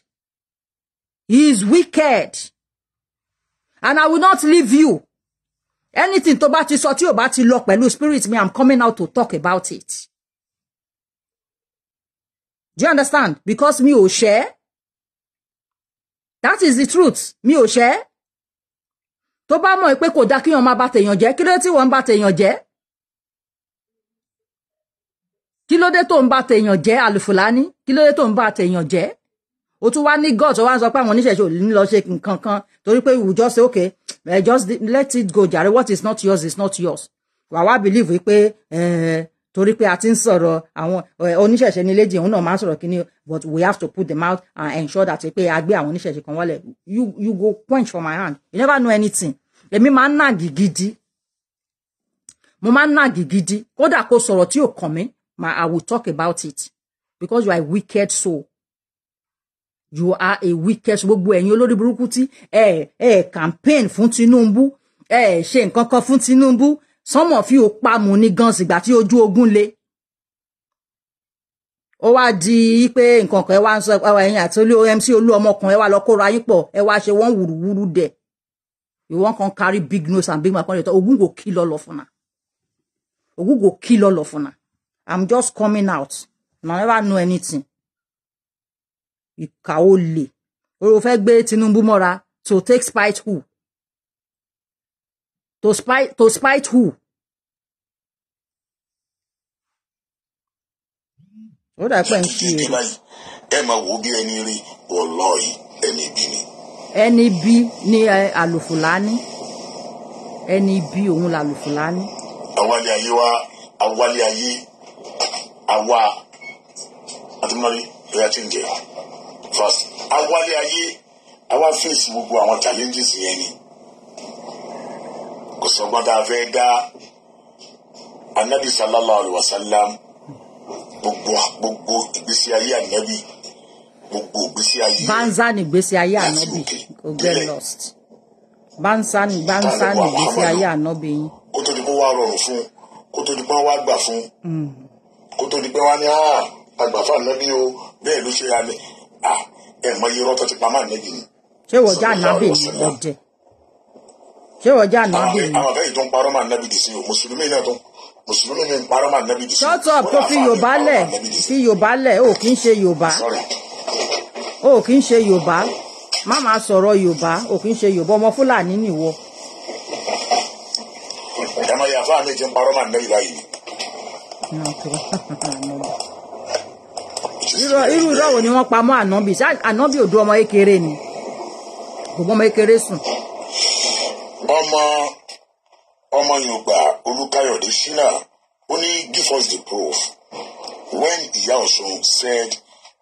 he is wicked and I will not leave you anything tó bá ti sọ tí ò bá ti lọ pẹ̀lú spirit mi I'm coming out to talk about it do you understand because mi ò share that is the truth mi ò ṣẹ́ tó bá mọ̀ pé kò dáa kíyàn máa bà tèèyàn jẹ́ kí ló dé tí wọ́n ń bà tèèyàn jẹ́ kí ló dé tó ń bà tèèyàn jẹ́ àlùfùlání kí ló dé tó ń bà tèèyàn jẹ́ o tún wá ní god tó wá sọ pé àwọn oníṣẹ̀ṣe ò ní lọ ṣe nǹkan kan torí pé you just say okay eh, just let it go jàre what is not yours is not yours wàá wá believe pé torí pé a ti ń sọ̀rọ̀ àwọn eh, oníṣẹ̀ṣẹ̀ ní léjì òun náà máa ń sọ̀rọ̀ kíní but we have to put them out and ensure that pé a gbé àwọn oníṣẹ̀ṣẹ̀ kan wọlé you you go quench for my hand you never know anything èmi máa ń nàgì gidi mo máa ń nàgì gidi kódà kó sọ̀rọ̀ tí ò kàn mí I will talk about it because you are a wicked soul you are a wicked soul gbogbo ẹ̀yin olórí burúkú tí ẹ̀ ẹ̀ campaign fún Tinubu ẹ̀ ṣe nǹkan kan fún Tinubu some of you pa mu ní gan sígbà tí ojú ogun le ó wá di pé nǹkan kan ẹ wá ń sọ ẹwà ẹ̀yin àti olú mc olú ọmọkùnrin ẹ wá lọ kóra yín pọ̀ ẹ wá ṣe wọ́n wùrùwùrù dẹ̀ you wan come carry big nose and big mouth come dey ogun go kill all of una ogun go kill all of una i'm just coming out na never know anything ìkà ó le o fẹ́ gbé Tinubu mọ́ra to take spite who to spite to spite who ó dà pẹ́ ń kí o. ẹ máa wo bí ẹni rí wọlọ́ọ̀yì ẹni ibi ni. ẹni ibi ni àlùfùlání ẹni ibi òun làlùfùlání. awálé ayé wa awálé ayé awa àtúmọ̀rí ẹ̀yà tí ń jẹ first awálé ayé awa fèsì gbogbo àwọn challenges yẹn ni kò sọ́gbọ́n tá a dá anabi sallallahu alayhi wa sallam gbogbo gbogbo ìgbésí ayé ànábì gbogbo ìgbésí ayé. banza ni ìgbésí ayé ànábì kò get lost banza ni banza ni ìgbésí ayé ànábì yín. kó tó di pé wàá rọrùn fún kó tó di pé wàá gbà fún mm. kó tó di pé wàá ní àgbàfà ah, ànábì o bẹ́ẹ̀ ló ṣe àná ẹ̀ mọ iye rọ́tọ́ ti pa máa nẹ́bì ni. ṣé wọ́n já ànábì ni ọ̀dẹ̀ ṣé wọ́n já ànábì ni. àwọn akẹ́yìn tó ń parọ́ máa nẹ́bì dì sí o mùsùlùmí náà tó ń mùsùlùmí mi ń parọ́ máa nẹ́bí fi yorùbá lẹ̀ fi o kì í ṣe o kì í ṣe yorùbá má máa o kì í ṣe ọmọ fúlàní nìwọ. ìdáná yà ni wọ́n pa ànábì ọmọ ekere ni ọmọ ekere sùn. ọmọ. ọmọ yorùbá olùkàyọ̀dé ṣínà ó ní give us the proof when ìyá ọ̀ṣun said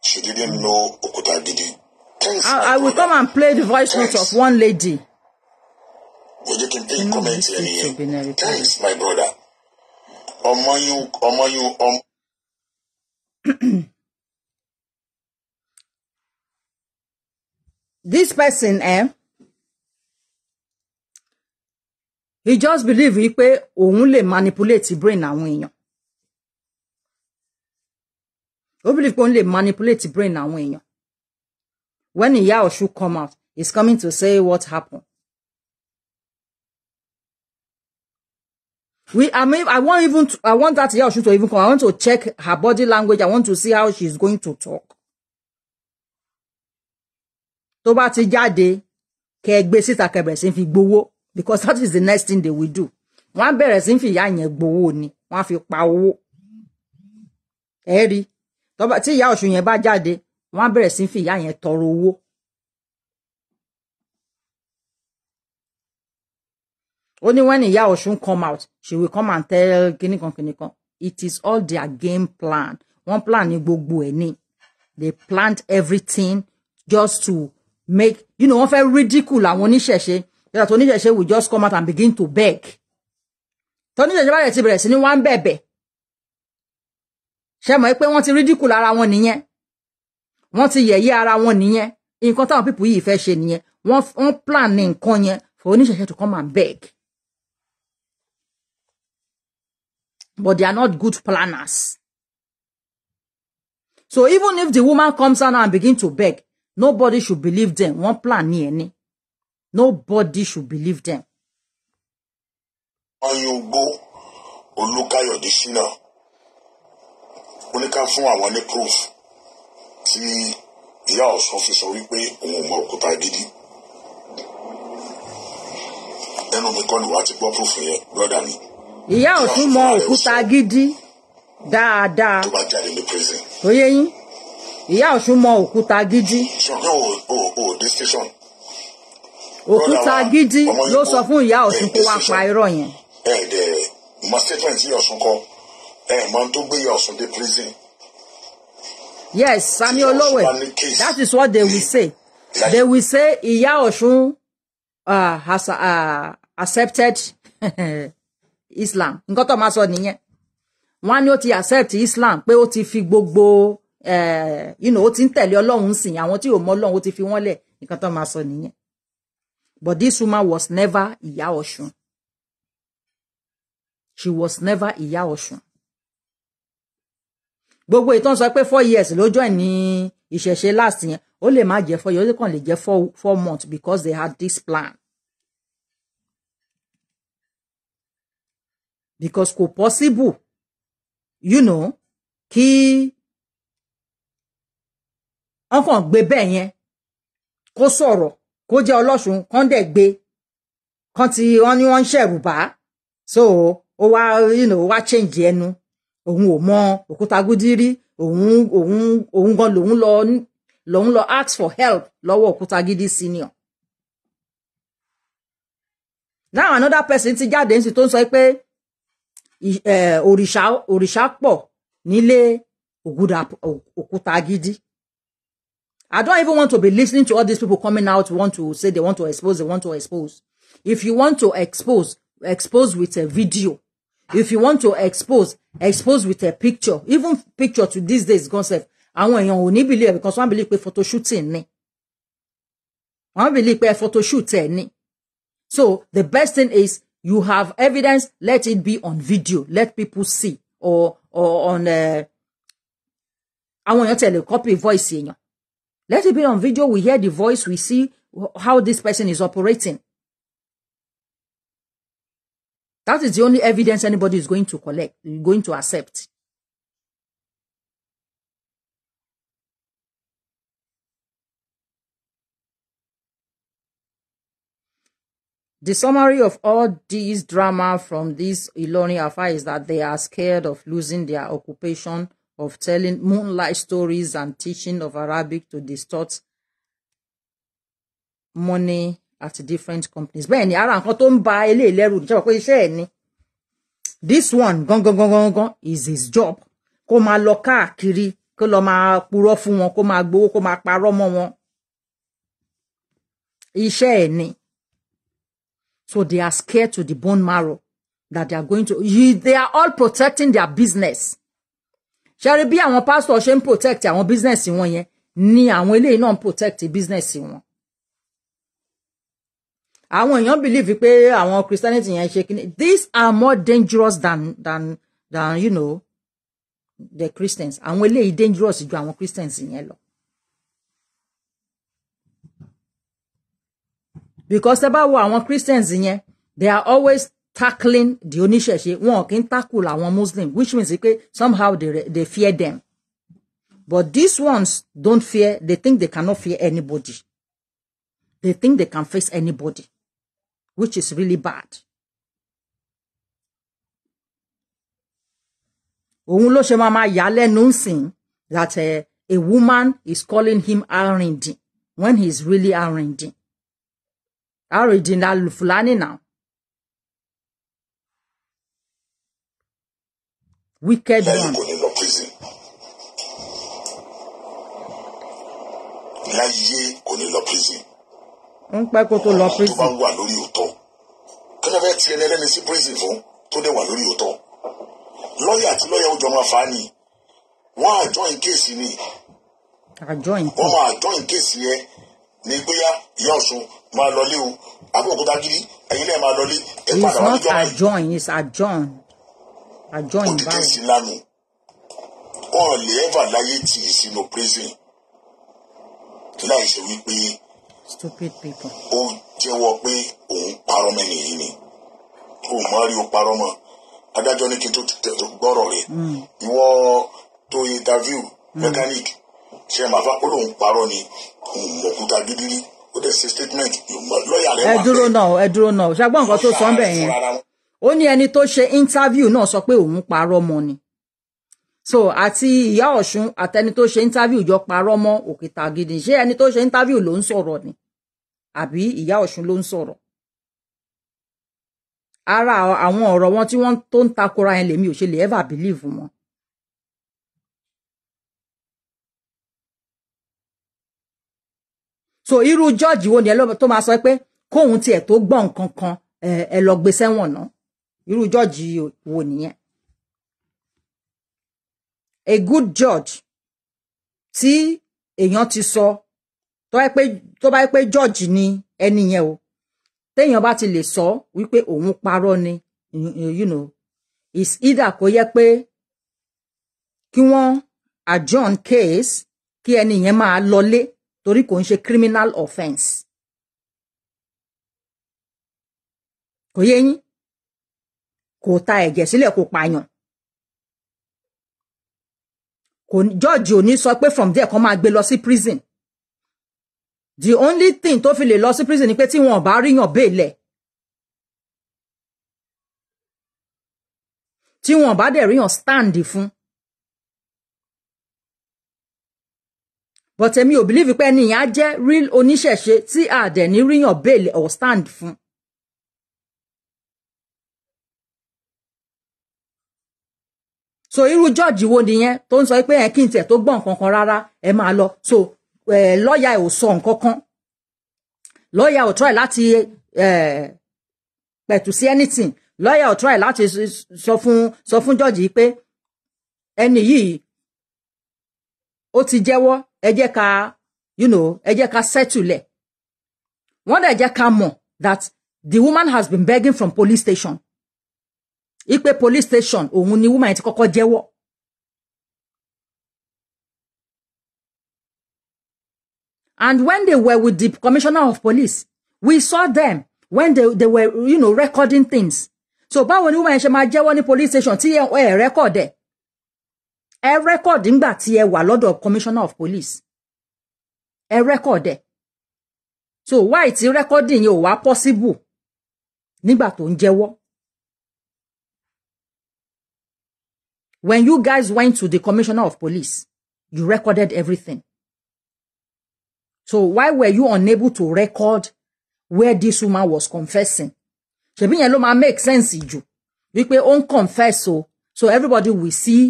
she didn't know òkúta gidi. I, ah, I will come and play the voice note of one lady. Ẹ kí n pín kọ́mẹ́ntì ẹni yẹn. Thanks my brother. Ọmọ yín ọmọ yín ọmọ. This person, eh? he just believe wípé òun lè manipulate brain àwọn èèyàn ó believe pé òun lè manipulate brain àwọn èèyàn when Ìyá Ọ̀ṣun come out he's coming to say what happened. We, I mean, I want even, to, I want that Iya to even come. I want to check her body language. I want to see how she's going to talk. Tó bá ti jáde, kẹ́ gbé síta kẹ́ bẹ̀rẹ̀ fi gbowó because that is the next thing they will do wọ́n á bẹ̀rẹ̀ sí fi ìyá yẹn gbowó ni wọ́n á fi pa owó ẹ rí tí ìyá ọ̀ṣun yẹn bá jáde wọ́n á bẹ̀rẹ̀ sí fi ìyá yẹn tọrọ owó. ó ní when ìyá ọ̀ṣun come out she will come and tell kìnìkan kìnìkan it is all their game plan One plan ní gbogbo ẹ̀ ní they planned everything just to make you know wọ́n fẹ́ ridicule àwọn oníṣẹ̀ṣe that oníṣẹ̀ṣe will just come out and begin to beg tóníṣẹ̀ṣe bá rẹ̀ ti bẹ̀rẹ̀ sí ní wọ́n ń bẹ̀bẹ̀ ṣe mọ̀ pé wọ́n ti ridicule ara wọn nìyẹn wọ́n ti yẹ̀yẹ́ ara wọn nìyẹn nǹkan táwọn pípù yìí fẹ́ ṣe nìyẹn wọ́n plan ní nǹkan yẹn for oníṣẹ̀ṣe to come and beg but they are not good planners so even if the woman comes out now and begin to beg nobody should believe them wọ́n plan ní ẹni. Nobody should believe them. wọ́n yóò gbó Olúkáyọ̀dé Ṣínà ó ní ká fún àwọn ní proof tí ìyá Ọ̀ṣun fi sọ wípé òun ò mọ òkúta gidi ẹnu mi kọ́ ni wàá ti gbọ́ proof yẹn brọ́dà mi. ìyá Ọ̀ṣun mọ òkúta gidi dáadáa tó bá jáde ní prison. ó yé yín ìyá Ọ̀ṣun mọ òkúta gidi. ṣùgbọ́n o ò dé station òkúta gidi ló sọ fún ìyá ọ̀ṣun kó wá pa irọ́ yẹn. ẹ ẹ dẹ mọ statement yìí ọ̀ṣun kọ ẹ mọ tó gbé ìyá ọ̀ṣun dé prison. yes Sami Olowe that is what they will say they will say ìyá ọ̀ṣun uh, has uh, accepted islam nǹkan tó máa sọ nìyẹn wọ́n ní ó ti accept islam pé ó ti fi gbogbo eh, ó ti ń tẹ̀lé ọlọ́run sìn àwọn tí ò mọ ọlọ́run ó ti fi wọ́n lẹ̀ nǹkan tó máa sọ nìyẹn. But this woman was never Iya Osun. She was never Iya Osun. Gbogbo ìtàn sọ pé four years ló join ní ìṣẹ̀ṣe last yẹn. Ó lè má jẹ́ four years, ó kàn lè jẹ́ four, four months because they had this plan. Because kò possible, you know, kí wọ́n kàn gbé bẹ́ẹ̀ yẹn kó kó jẹ́ ọlọ́ṣun kán dẹ̀ gbé kán ti wọ́n ní wọ́n ń ṣẹ̀rùbá so ó wá you know wá change ẹnu òun ò mọ Òkútagúdí rí òun òun òun gan lòun lọ lòun lọ ask for help lọ́wọ́ Òkútagídí senior now another person ti jáde ní ti tó ń sọ pé eh, òrìṣà òrìṣà pọ̀ nílé Òkútagídí I don't even want to be listening to all these people coming out, want to say they want to expose, they want to expose. If you want to expose, expose with a video. If you want to expose, expose with a picture. Even picture to these days is gone safe. I want you ní believe because one believe with photo shooting I believe pé photo shooting. So the best thing is you have evidence, let it be on video, let people see or or on to tell a copy voice èèyàn. Let it be on video. We hear the voice. We see how this person is operating. That is the only evidence anybody is going to collect, going to accept. The summary of all these drama from this Iloni Afa is that they are scared of losing their occupation of telling moonlight stories and teaching of Arabic to distort money at different companies. This one is his job. wọn, wọn. So they are scared to the bone marrow that they are going to. they are all protecting their business. ṣẹ́rí bí àwọn pásítọ̀ ṣe ń protect àwọn business wọn yẹn ni àwọn eléyìí náà ń protect business wọn. àwọn èèyàn believe pé àwọn Christianity yẹn ṣe kíni these are more dangerous than than than you know the Christians àwọn eléyìí dangerous ju àwọn Christians yẹn lọ. because ẹ bá wo àwọn Christians yẹn they are always tackling the oníṣẹ̀ṣe wọn kì í tackle àwọn muslim which means okay. somehow they, they fear them but these ones don't fear they think they cannot fear anybody they think they can face anybody which is really bad. òun ló yà that a eh, a woman is calling him arindin when he is really arindin arindin na now wicked one. kò ní kó tó lọ prison. tó bá wà lórí òótọ́ kí ló fẹ́ ti sí prison fún tó dẹ̀ wà lórí òótọ́ lọ́ọ̀yà àti lọ́ọ̀yà òjò máa fà ni wọ́n á join case ni wọ́n máa join case yẹn ní gbéyà ìyá ọ̀sùn máa lọlé o àbí òkúta gidi ẹ̀yin náà máa lọlé it's not adjoin it's adjoin àjọyìn báwo. kò lè ẹ́fà láyé tì í sínú prison láì ṣe wípé stupid people. ó jẹ́wọ́ pé òun parọ́ mẹ́nìyí ni òun mọ́ rí o parọ́ mọ́ adájọ́ ní kí n tó gbọ́rọ̀ rẹ̀ hmm. ìwọ tó interview hmm. mechanic ṣe máa fà pé òun parọ́ ni òun mọ̀kúta gidi ó dẹ̀ ṣe statement lọ́ọ̀yà rẹ̀ wà ẹ dúró náà ẹ dúró náà ṣàgbọ́n nǹkan tó sọ ń bẹ̀ yẹn ó ní ẹni tó ṣe interview náà sọ pé òun parọ́ mọ́ ni so àti ìyá ọ̀ṣun àtẹni tó ṣe interview jọ parọ́ mọ́ òkìtà gidi ṣé ẹni tó ṣe interview ló ń sọ̀rọ̀ ni àbí ìyá ọ̀ṣun ló ń sọ̀rọ̀ ara àwọn ọ̀rọ̀ wọn tí wọ́n tó ń takora yẹn lèmi ò ṣe lè ever believe wọn. so irú jọ́ọ̀jì wo ni ẹ tó máa sọ pé kóun tiẹ̀ tó gbọ́ nǹkan kan ẹ lọ gbé sẹ́wọ̀n náà irú jọ́ọ̀jì wo nìyẹn a good judge tí èèyàn ti sọ tó bá pé jọ́ọ̀jì ni ẹni yẹn o téèyàn bá ti lè sọ wípé òun parọ́ ni you know is either kó yẹ pé kí wọ́n adjourn case kí ẹni yẹn máa lọlé torí kò ń ṣe criminal offence kò yé yín kò ta ẹ̀jẹ̀ sílẹ̀ kò pààyàn George jọ́ọ̀jì ò ní sọ pé from there kan máa gbé lọ sí prison the only thing tó fi lè lọ sí prison ni pé tí wọn ò bá ríyàn béèlẹ̀ tí wọn ò bá dẹ̀ ríyàn stand fún but èmi ò believe pé ẹni yẹn á jẹ́ real oníṣẹ̀ṣe tí a dẹ̀ ní ríyàn béèlẹ̀ or stand fún. so irú judge wo nìyẹn tó ń sọ pé ẹ kí n tiẹ̀ tó gbọ́ nǹkan kan rárá ẹ máa lọ so lọ́ọ̀yà ẹ̀ ò sọ nǹkan kan lọ́ọ̀yà ò try láti pẹ̀tù sí anything lọ́ọ̀yà ò try láti sọ fún sọ fún judge yìí pé ẹni yìí ó ti jẹ́wọ́ ẹ jẹ́ ká you know ẹ jẹ́ ká settle ẹ̀ wọ́n dẹ̀ jẹ́ ká mọ̀ that the woman has been begging from police station ipe police station òun ni woman ti kọ́kọ́ jẹ́wọ́. And when they were with the commissioner of police, we saw them when they, they were, you know, recording things. So báwo ni woman ṣe máa jẹ́wọ́ ní police station tí ẹ ẹ record ẹ̀? Ẹ record nígbà tí ẹ wà lọ́dọ̀ commissioner of police. Ẹ record ẹ̀. So why tí recording yẹn ò wá possible nígbà tó ń jẹ́wọ́? When you guys went to the commissioner of police, you recorded everything. So why were you unable to record where this woman was confessing? Ṣebí yẹn ló máa make sense jù wípé ó ń confess o. So everybody will see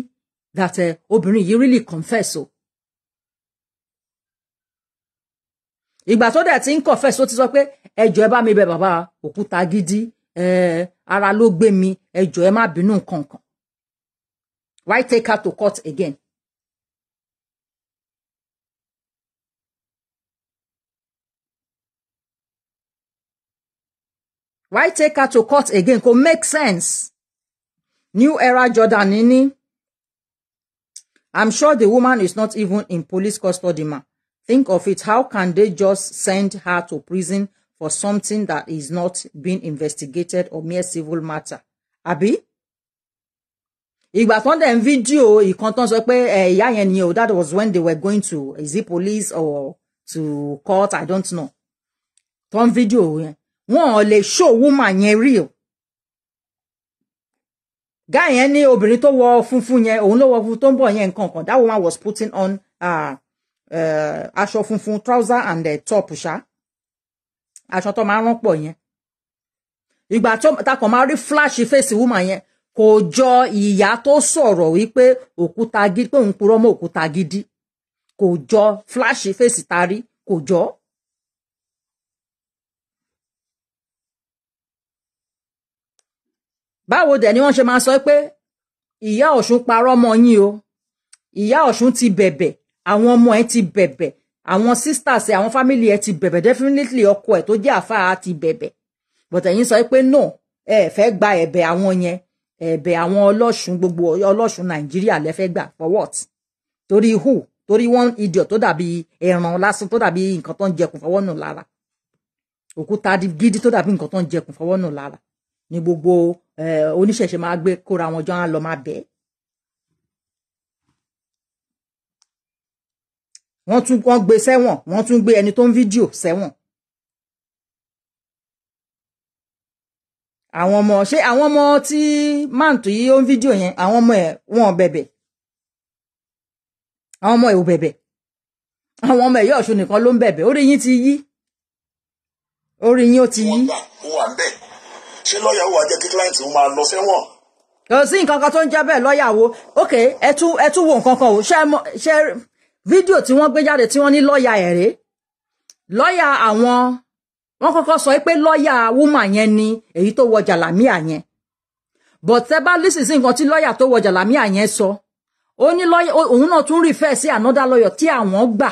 that uh, obìnrin you really confess so. Igba tó dẹ̀ ti ń confess ó ti sọ pé ẹjọ́ ẹ bá mi be bàbá òkúta gidi eh, ara ló gbé mi ẹjọ́ ẹ má bínú nǹkan kan. Why take her to court again? Why take her to court again? Could make sense. New Era Jordanini. I'm sure the woman is not even in police custody, ma. Think of it. How can they just send her to prison for something that is not being investigated or mere civil matter? Abi? ìgbà tó ń dẹ̀ ń fídíò ìkan tó ń sọ pé eh, ìyá yẹn ni o that was when they were going to is it police or to court i don't know tó ń fídíò yẹn wọn ò lè show woman yẹn real guy yẹn ní obìnrin tó wọ funfun yẹn òun ló wọ funfun tó ń bọ̀ yẹn nǹkan kan that woman was putting on uh, uh, aṣọ funfun trouser and uh, top ṣá aṣọ tó máa ń rán pọ̀ yẹn ìgbà tó ta kàn máa rí flash face woman yẹn kò jọ ìyá tó sọ̀rọ̀ wípé òkúta gidi tó ń purọ́ mọ́ òkúta gidi kò jọ fúláṣì fèsì tarí kò jọ. báwo dẹ̀ ni wọ́n ṣe máa sọ pé ìyá ọ̀ṣun parọ́ mọ́ yín o ìyá ọ̀ṣun ti bẹ̀bẹ̀ àwọn ọmọ ẹ̀ ti bẹ̀bẹ̀ àwọn sisters ẹ̀ àwọn family ẹ̀ ti bẹ̀bẹ̀ definitely ọkọ ẹ̀ tó jẹ́ àfáà ti bẹ̀bẹ̀ bọ̀tẹ̀yìn sọ pé no ẹ fẹ́ gba ẹ̀bẹ̀ àwọn yẹn ẹ̀bẹ̀ àwọn ọlọ́ṣun gbogbo ọlọ́ṣun nàìjíríà lẹ́fẹ́ gbà for what torí who torí one idiot tó dàbí ẹran lásán tó dàbí nǹkan tó ń jẹkùn fọwọ́ nù lára òkúta gidi tó dàbí nǹkan tó ń jẹkùn fọwọ́ nù lára ni gbogbo oníṣẹ̀ṣe máa gbé kóra wọn jọ á lọ máa bẹ́ẹ̀. wọ́n tún wọ́n gbé sẹ́wọ̀n wọ́n tún gbé ẹni tó ń fídíò sẹ́wọ̀n àwọn ọmọ ṣé àwọn ọmọ tí máǹtù yìí ó ń fídíò yẹn àwọn ọmọ ẹ̀ wọn bẹ̀bẹ̀ àwọn ọmọ ẹ̀ ò bẹ̀bẹ̀ àwọn ọmọ ẹ̀yọ́ ọ̀ṣun nìkan ló ń bẹ̀bẹ̀ orí yín ti yí orí yín ó ti yí. ó wà ń bẹ̀ ṣé lọ́ọ̀yà ó wà kí client ó máa lọ sẹ́wọ̀n. kò sí nǹkan kan tó ń jẹ́ bẹ́ẹ̀ lọ́ọ̀yà wo ok ẹ tún ẹ tún wo nǹkan kan o ṣe fídíò tí wọ́n gbé jáde tí wọ́n ní lọ́ọ̀yà ẹ̀rẹ́ lọ́ọ̀yà àwọn wọ́n kọ́kọ́ sọ pé lọ́ọ̀yà wúmà yẹn ni èyí tó wọ jàlámíà yẹn but tẹ́ bá lísì sí nǹkan tí lọ́ọ̀yà tó wọ jàlámíà yẹn sọ ó ní lọ́ọ̀yà òun náà tún refer sí another lawyer tí àwọn gbà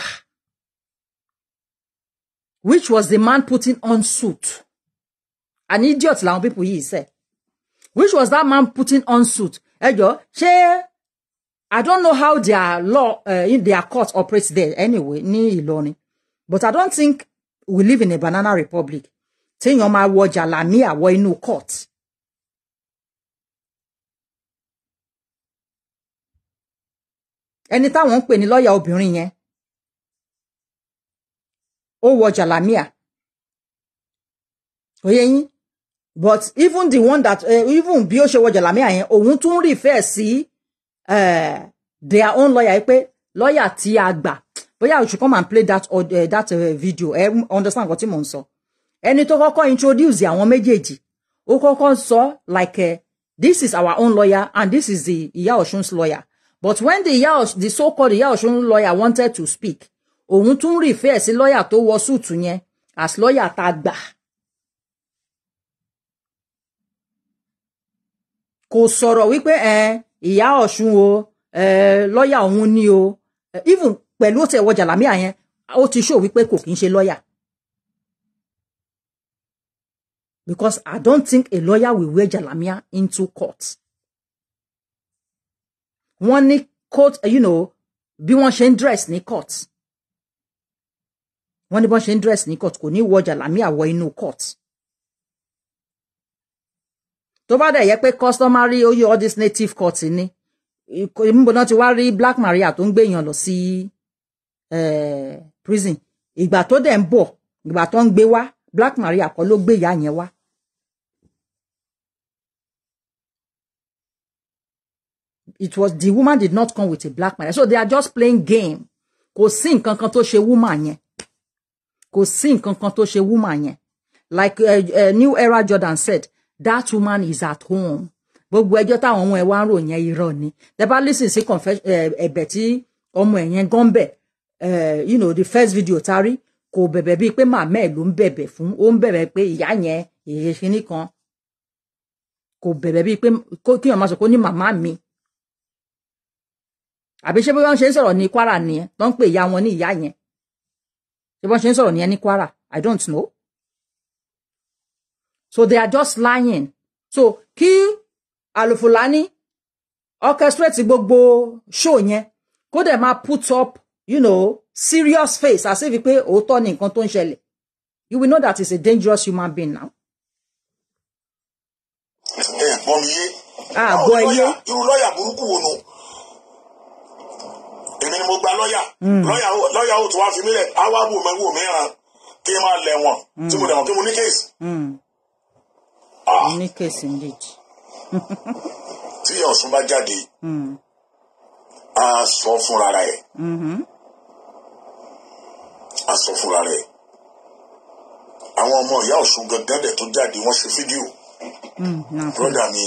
which was the man putting on suit an idiot làwọn people yìí sẹ which was that man putting on suit ẹjọ ṣé I don't know how their law uh, in their court operates there anyway ní Ìlọrin but I don't think we live in a banana republic téèyàn máa wọ jàlámíà wọ inú court. ẹni táwọn ń pè ní lọ́ọ̀yà obìnrin yẹn ó wọ jàlámíà òye yín but even the one that uh, even bí ó ṣe wọ jàlámíà yẹn òun tún rí fẹ́ sí eh, their own lawyer pé lọ́ọ̀yà tí a gbà bóyá you should come and play that, uh, eh, that uh, video ẹ eh, understand nǹkan tí mò ń sọ ẹni tó kọ́kọ́ introduce àwọn méjèèjì ó kọ́kọ́ sọ like uh, this is our own lawyer and this is the ìyá ọ̀ṣun's lawyer but when the ìyá the so called ìyá ọ̀ṣun lawyer wanted to speak òun tún refer sí lawyer tó wọ suit yẹn as lawyer tá a gbà. kò sọ̀rọ̀ wípé ìyá ọ̀ṣun o lọ́ọ̀yà òun ni o even pẹ̀lú ọ̀sẹ̀ ìwọ jàlámíà yẹn ó ti ṣó wípé kò kí ń ṣe lọ́ọ̀yà because I don't think a lawyer will wear jàlámíà into court wọ́n ní court you know bí wọ́n ṣe ń dress ní court wọ́n ní bọ́n ṣe ń dress ní court kò ní wọ jàlámíà wọ inú court tó bá dẹ̀ yẹ pé customary ó yọ all this native court ni ìbọn náà ti wá rí Black Maria tó ń gbèyàn lọ sí. Si, Eh, prison ìgbà tó dẹ̀ ń bọ̀ ìgbà tó ń gbé wá Black Maria kọ́ ló gbé ìyá yẹn wá. it was the woman did not come with a Black Maria so they are just playing game kò sí nǹkan kan tó ṣe woman yẹn kò sí nǹkan kan tó ṣe woman yẹn like uh, uh, New Era Jordan said that woman is at home gbogbo ẹjọ́ táwọn ọmọ ẹ wá ń ròyìn irọ́ ni tẹ́ bá lísìn sí ẹ̀bẹ̀ tí ọmọ ẹ yẹn gan bẹ́ẹ̀ Eh, you know the first video tari kò bẹ̀bẹ̀ bíi pé màmá ẹ̀ ló ń bẹ̀bẹ̀ fún ó ń bẹ̀bẹ̀ pé ìyá yẹn èyí kìíní kan kò bẹ̀bẹ̀ bíi pé kíyàn máa sọ kó ní màmá mi àbí ṣé bí wọ́n ṣe ń sọ̀rọ̀ ní Kwara nìyẹn tó ń pè ìyá wọn ní ìyá yẹn ṣé bí wọ́n ṣe ń sọ̀rọ̀ nìyẹn ní Kwara I don't know so they are just lying so kí Alufulani orchestrate gbogbo show yẹn kó dẹ̀ máa put up you know serious face as if pé òótọ́ ni nǹkan tó you will know that he's a dangerous human being now. ẹ gbọ́ mi lawyer, àgọ́ lawyer, lawyer, lọ́ọ̀yà burúkú wo nu èmi ni mo gba lọ́ọ̀yà hmm. lọ́ọ̀yà lọ́ọ̀yà ò tún wá fi mí lẹ̀ á wá wò mí wò mí ràn kí n máa lẹ̀ wọ̀n hmm. tí mo dẹ̀ wọ̀n kí mo ní kéèsì. Hmm. Ah. mo ní kéèsì indeed. tí ìyá ọ̀sùn bá jáde a sọ fúnra rẹ̀. Mm-hmm a sọ àwọn ọmọ ìyá ọ̀ṣun gangan dẹ̀ tó jáde wọ́n ṣe fídíò mm, broda mi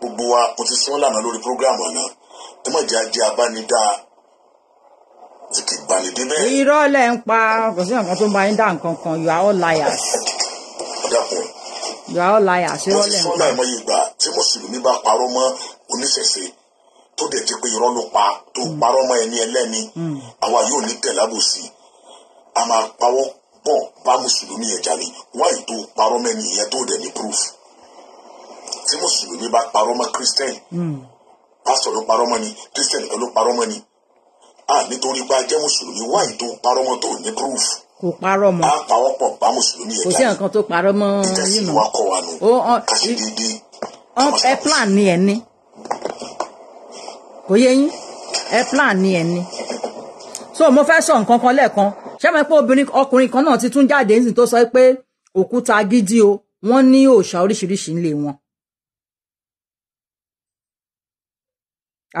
gbogbo wa mo ti sọ lánàá lórí program àná ẹ mọ̀ jẹ́ ajé abánidá ti kì irọ́ lẹ̀ ń pa kò sí nǹkan tó máa ń dá nǹkan kan you are all liars. ọ̀dàpọ̀ you are all liars irọ́ lẹ̀ ń pa. mo ti sọ láìmọye ìgbà tí mùsùlùmí bá parọ́ mọ́ oníṣẹ̀ṣe tó dẹ̀ ti pé irọ́ ló pa tó mm. parọ́ mọ́ ẹni ẹlẹ́ni mm. àwa yóò ní tẹ̀lábùsì a máa pawọ́ pọ̀ bá mùsùlùmí yẹn jalè wáyé tó parọ́ mẹ́ni yẹn tó dẹ̀ ní proof tí mùsùlùmí bá parọ́ mọ́ kírísítẹ́nì hmm. pásítọ̀ ló parọ́ mọ́ ni kírísítẹ́nì kan ló parọ́ mọ́ ni a nítorí pé a jẹ́ mùsùlùmí wáyé tó parọ́ mọ́ tó ní proof kò parọ́ mọ́. a pawọ́ pọ̀ bá mùsùlùmí yẹn jalè kò sí nǹkan tó parọ́ mọ́ yìí nù. kàṣí dídí. ẹ plan ni ẹ ní kò yẹ yín ẹ plan ni ẹ ní so mo fẹ́ sọ nǹkan kan lẹ́ẹ̀kan ṣẹ́mi pé obìnrin ọkùnrin kan náà ti tún jáde nísìn tó sọ pé òkúta gidi o wọ́n ní òòṣà oríṣiríṣi nílé wọn.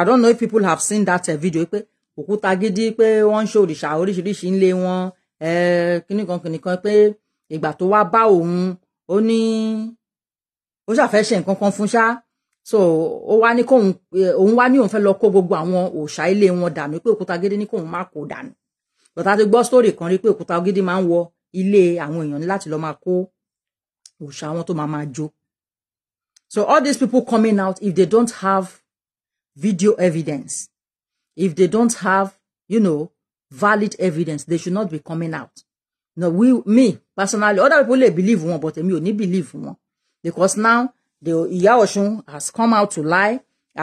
I don't know if people have seen that uh, video pé òkúta gidi pé wọ́n ń ṣe òrìṣà oríṣiríṣi nílé wọn kíníkan kíníkan pé ìgbà tó wá bá òun ó ní ó ṣàfẹ́ nǹkan kan fún ṣá so ó wá ní kóun òun wá ní òun fẹ́ lọ kó gbogbo àwọn òòṣà ilé wọn dànù pé òkúta gidi ní kóun má kó dànù bọ̀tà ti gbọ́ sórí kan rí pé òkúta ògidì máa ń wọ ilé àwọn èèyàn ní láti lọ máa kó òòṣà àwọn tó máa máa jó so all these people coming out if they don't have video evidence if they don't have you know valid evidence they should not be coming out no we me personally other people lè believe wọn but èmi ò ní believe wọn because now the ìyá Ọ̀ṣun has come out to lie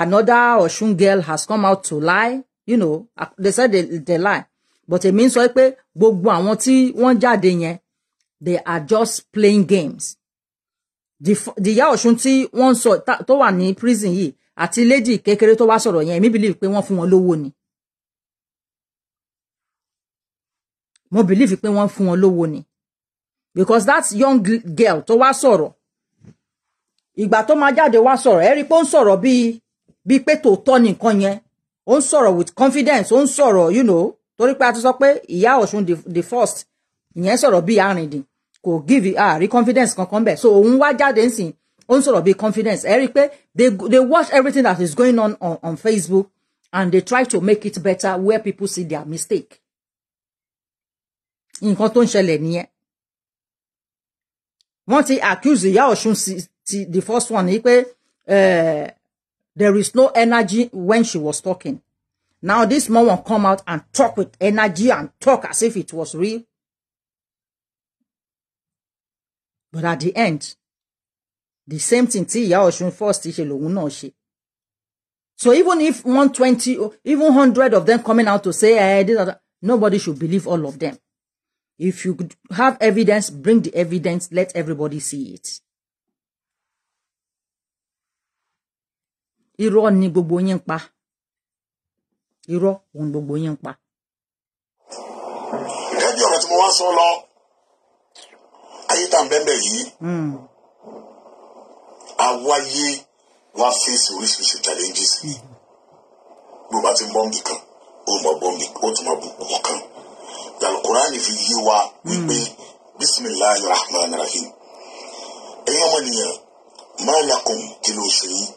another Ọ̀ṣun girl has come out to lie you know they said they, they lie but èmi ń sọ pé gbogbo àwọn tí wọ́n jáde yẹn they are just playing games The dìyá ọ̀ṣun tí wọ́n sọ tó wà ní prison yìí àti lady kékeré tó wá sọ̀rọ̀ yẹn èmi believe pé wọ́n fún wọn lówó ni mo believe pé wọ́n fún wọn lówó ni because that young girl tó wá sọ̀rọ̀ ìgbà tó máa jáde wá sọ̀rọ̀ ẹ rí i pé ó ń sọ̀rọ̀ bíi bíi pé tòótọ́ nìkan yẹn ó ń sọ̀rọ̀ with confidence ó ń sọ̀rọ̀ you know torí pé a ti sọ pé ìyá ọ̀ṣun the first ìyẹn sọ̀rọ̀ bíi àrìndìn kò give àrí confidence kankan bẹ́ẹ̀ so òun wá jáde nsìn ó ń sọ̀rọ̀ bíi confidence ẹ pé they they watch everything that is going on, on on Facebook and they try to make it better where people see their mistake nǹkan tó ń ṣẹlẹ̀ nìyẹn wọ́n ti accuse ìyá ọ̀ṣun ti the first one yìí pé uh, there is no energy when she was talking Now this man will come out and talk with energy and talk as if it was real. But at the end, the same thing tí ìyá Ọ̀ṣun first ṣe lòun náà ṣe. So even if 120, even 100 of them coming out to say, eh, this, that, nobody should believe all of them. If you have evidence, bring the evidence, let everybody see it. Irọ́ ni gbogbo yín pa irọ́ òun gbogbo yín ń pa. ẹbí ọ̀rọ̀ tí mo wá sọ lọ ayé tá à ń bẹ́ẹ̀ yìí hmm. àwáyé wá fèsì oríṣiríṣi challenges yìí hmm. bí o bá ti ń bọ́ǹbì kan o mọ̀ bọ́ǹbì o tún mọ̀ bùkún kan Al-Qur'ani fi yé wa wípé hmm. bisimilahi rahman rahim ẹ̀yin ọmọ nìyẹn máa lakùn kí ló ṣe yìí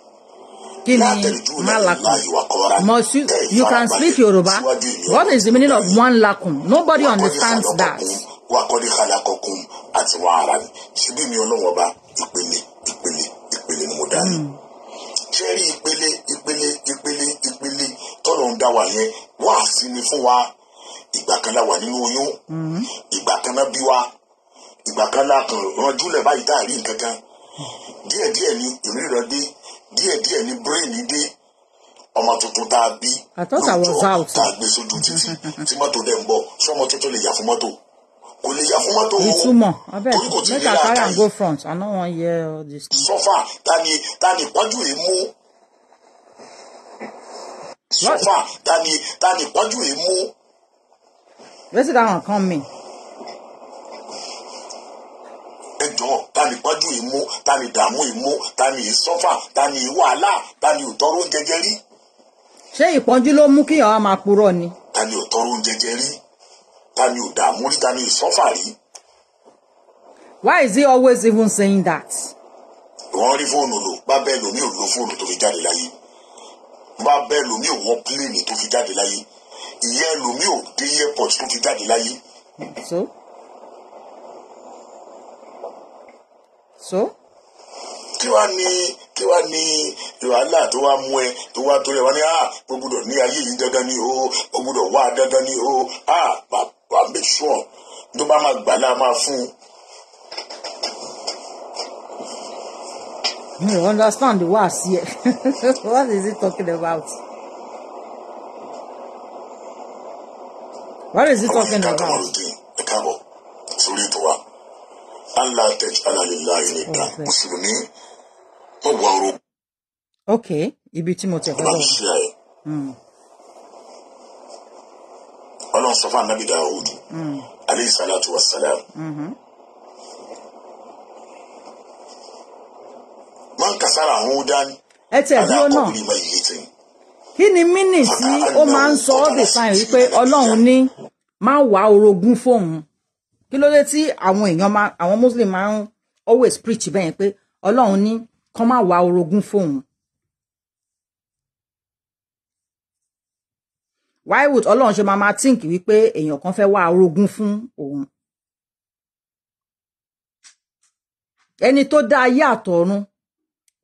kí ni malakun must you can speak Yoruba what is the meaning of one lakun nobody understands that. wakọ́dí halakọ̀kun àti wàhálà ni ṣíbí mi ọlọ́wọ́n bá ìpele ìpele ni mo dá ní. Hmm. ṣé rí ìpele ìpele ìpele ìpele tọ́lọ̀ ń dá wa yẹn wá wa ìgbà kan wà nínú oyún hmm. ìgbà bí wa ìgbà kan la kàn ránjú lẹ̀ báyìí tá a rí nǹkan kan hmm. díẹ̀díẹ̀ ni ìrírí rẹ dé díẹ̀díẹ̀ ni bírèènì dé ọmọ tuntun tá a bí lóòjọ́ tá a gbé sójú títì tí mọ́tò dẹ̀ ń bọ̀ sọmọ tuntun lè yà fún mọ́tò kò lè yà fún mọ́tò owó ìtumọ̀ abẹ́ make I carry am go front I no wan hear all this. sọfà tani tani pọ́njú èémú sọfà tani tani pọ́njú èémú. wetin dat one come mean. ẹjọ́ ta ni ìmú ta dààmú ìmú ta ìsọ́fà ta ìwàhálà ta òtọ́rọ́ oúnjẹ rí. ṣé ìpọ́njú ló mú kí àwa máa purọ́ ni. ta òtọ́rọ́ oúnjẹ rí ta òdààmú rí ta ìsọ́fà rí. why is he always even saying that. wọ́n rí fóònù lò bá bẹ́ẹ̀ lómi ò lo fóònù tó fi jáde láyé bá bẹ́ẹ̀ lómi ò wọ pílẹ̀nì tó fi jáde láyé ìyá ẹlòmíì ò dé airport tó fi jáde láyé. so. kí wàá ní kí wàá ní wàhálà tó wàá mú ẹ tó wàá tó rẹ wàá ní à ah, mo gbọ́dọ̀ ní ayé yìí dandan ni o mo gbọ́dọ̀ wá dandan ni o à bàbá mi sùn ọ tó bá máa gbà náà máa fún un. You understand the words here. What is he talking about? What is he talking about? Allah ok ibi tí mo ti ọ̀gá lọ. Hmm. ọlọ́run sọ fún anabi dawud hmm. aleyhi salatu wa hmm. ni mínì tí ó kí ló dé tí àwọn èèyàn máa àwọn muslim máa ń always preach bẹ́ẹ̀ pé ọlọ́run ní kán má wá orogún fóun why would ọlọ́run ṣe máa máa think wípé èèyàn kan fẹ́ wá orogún fún òun ẹni tó dá ayé àtọ̀run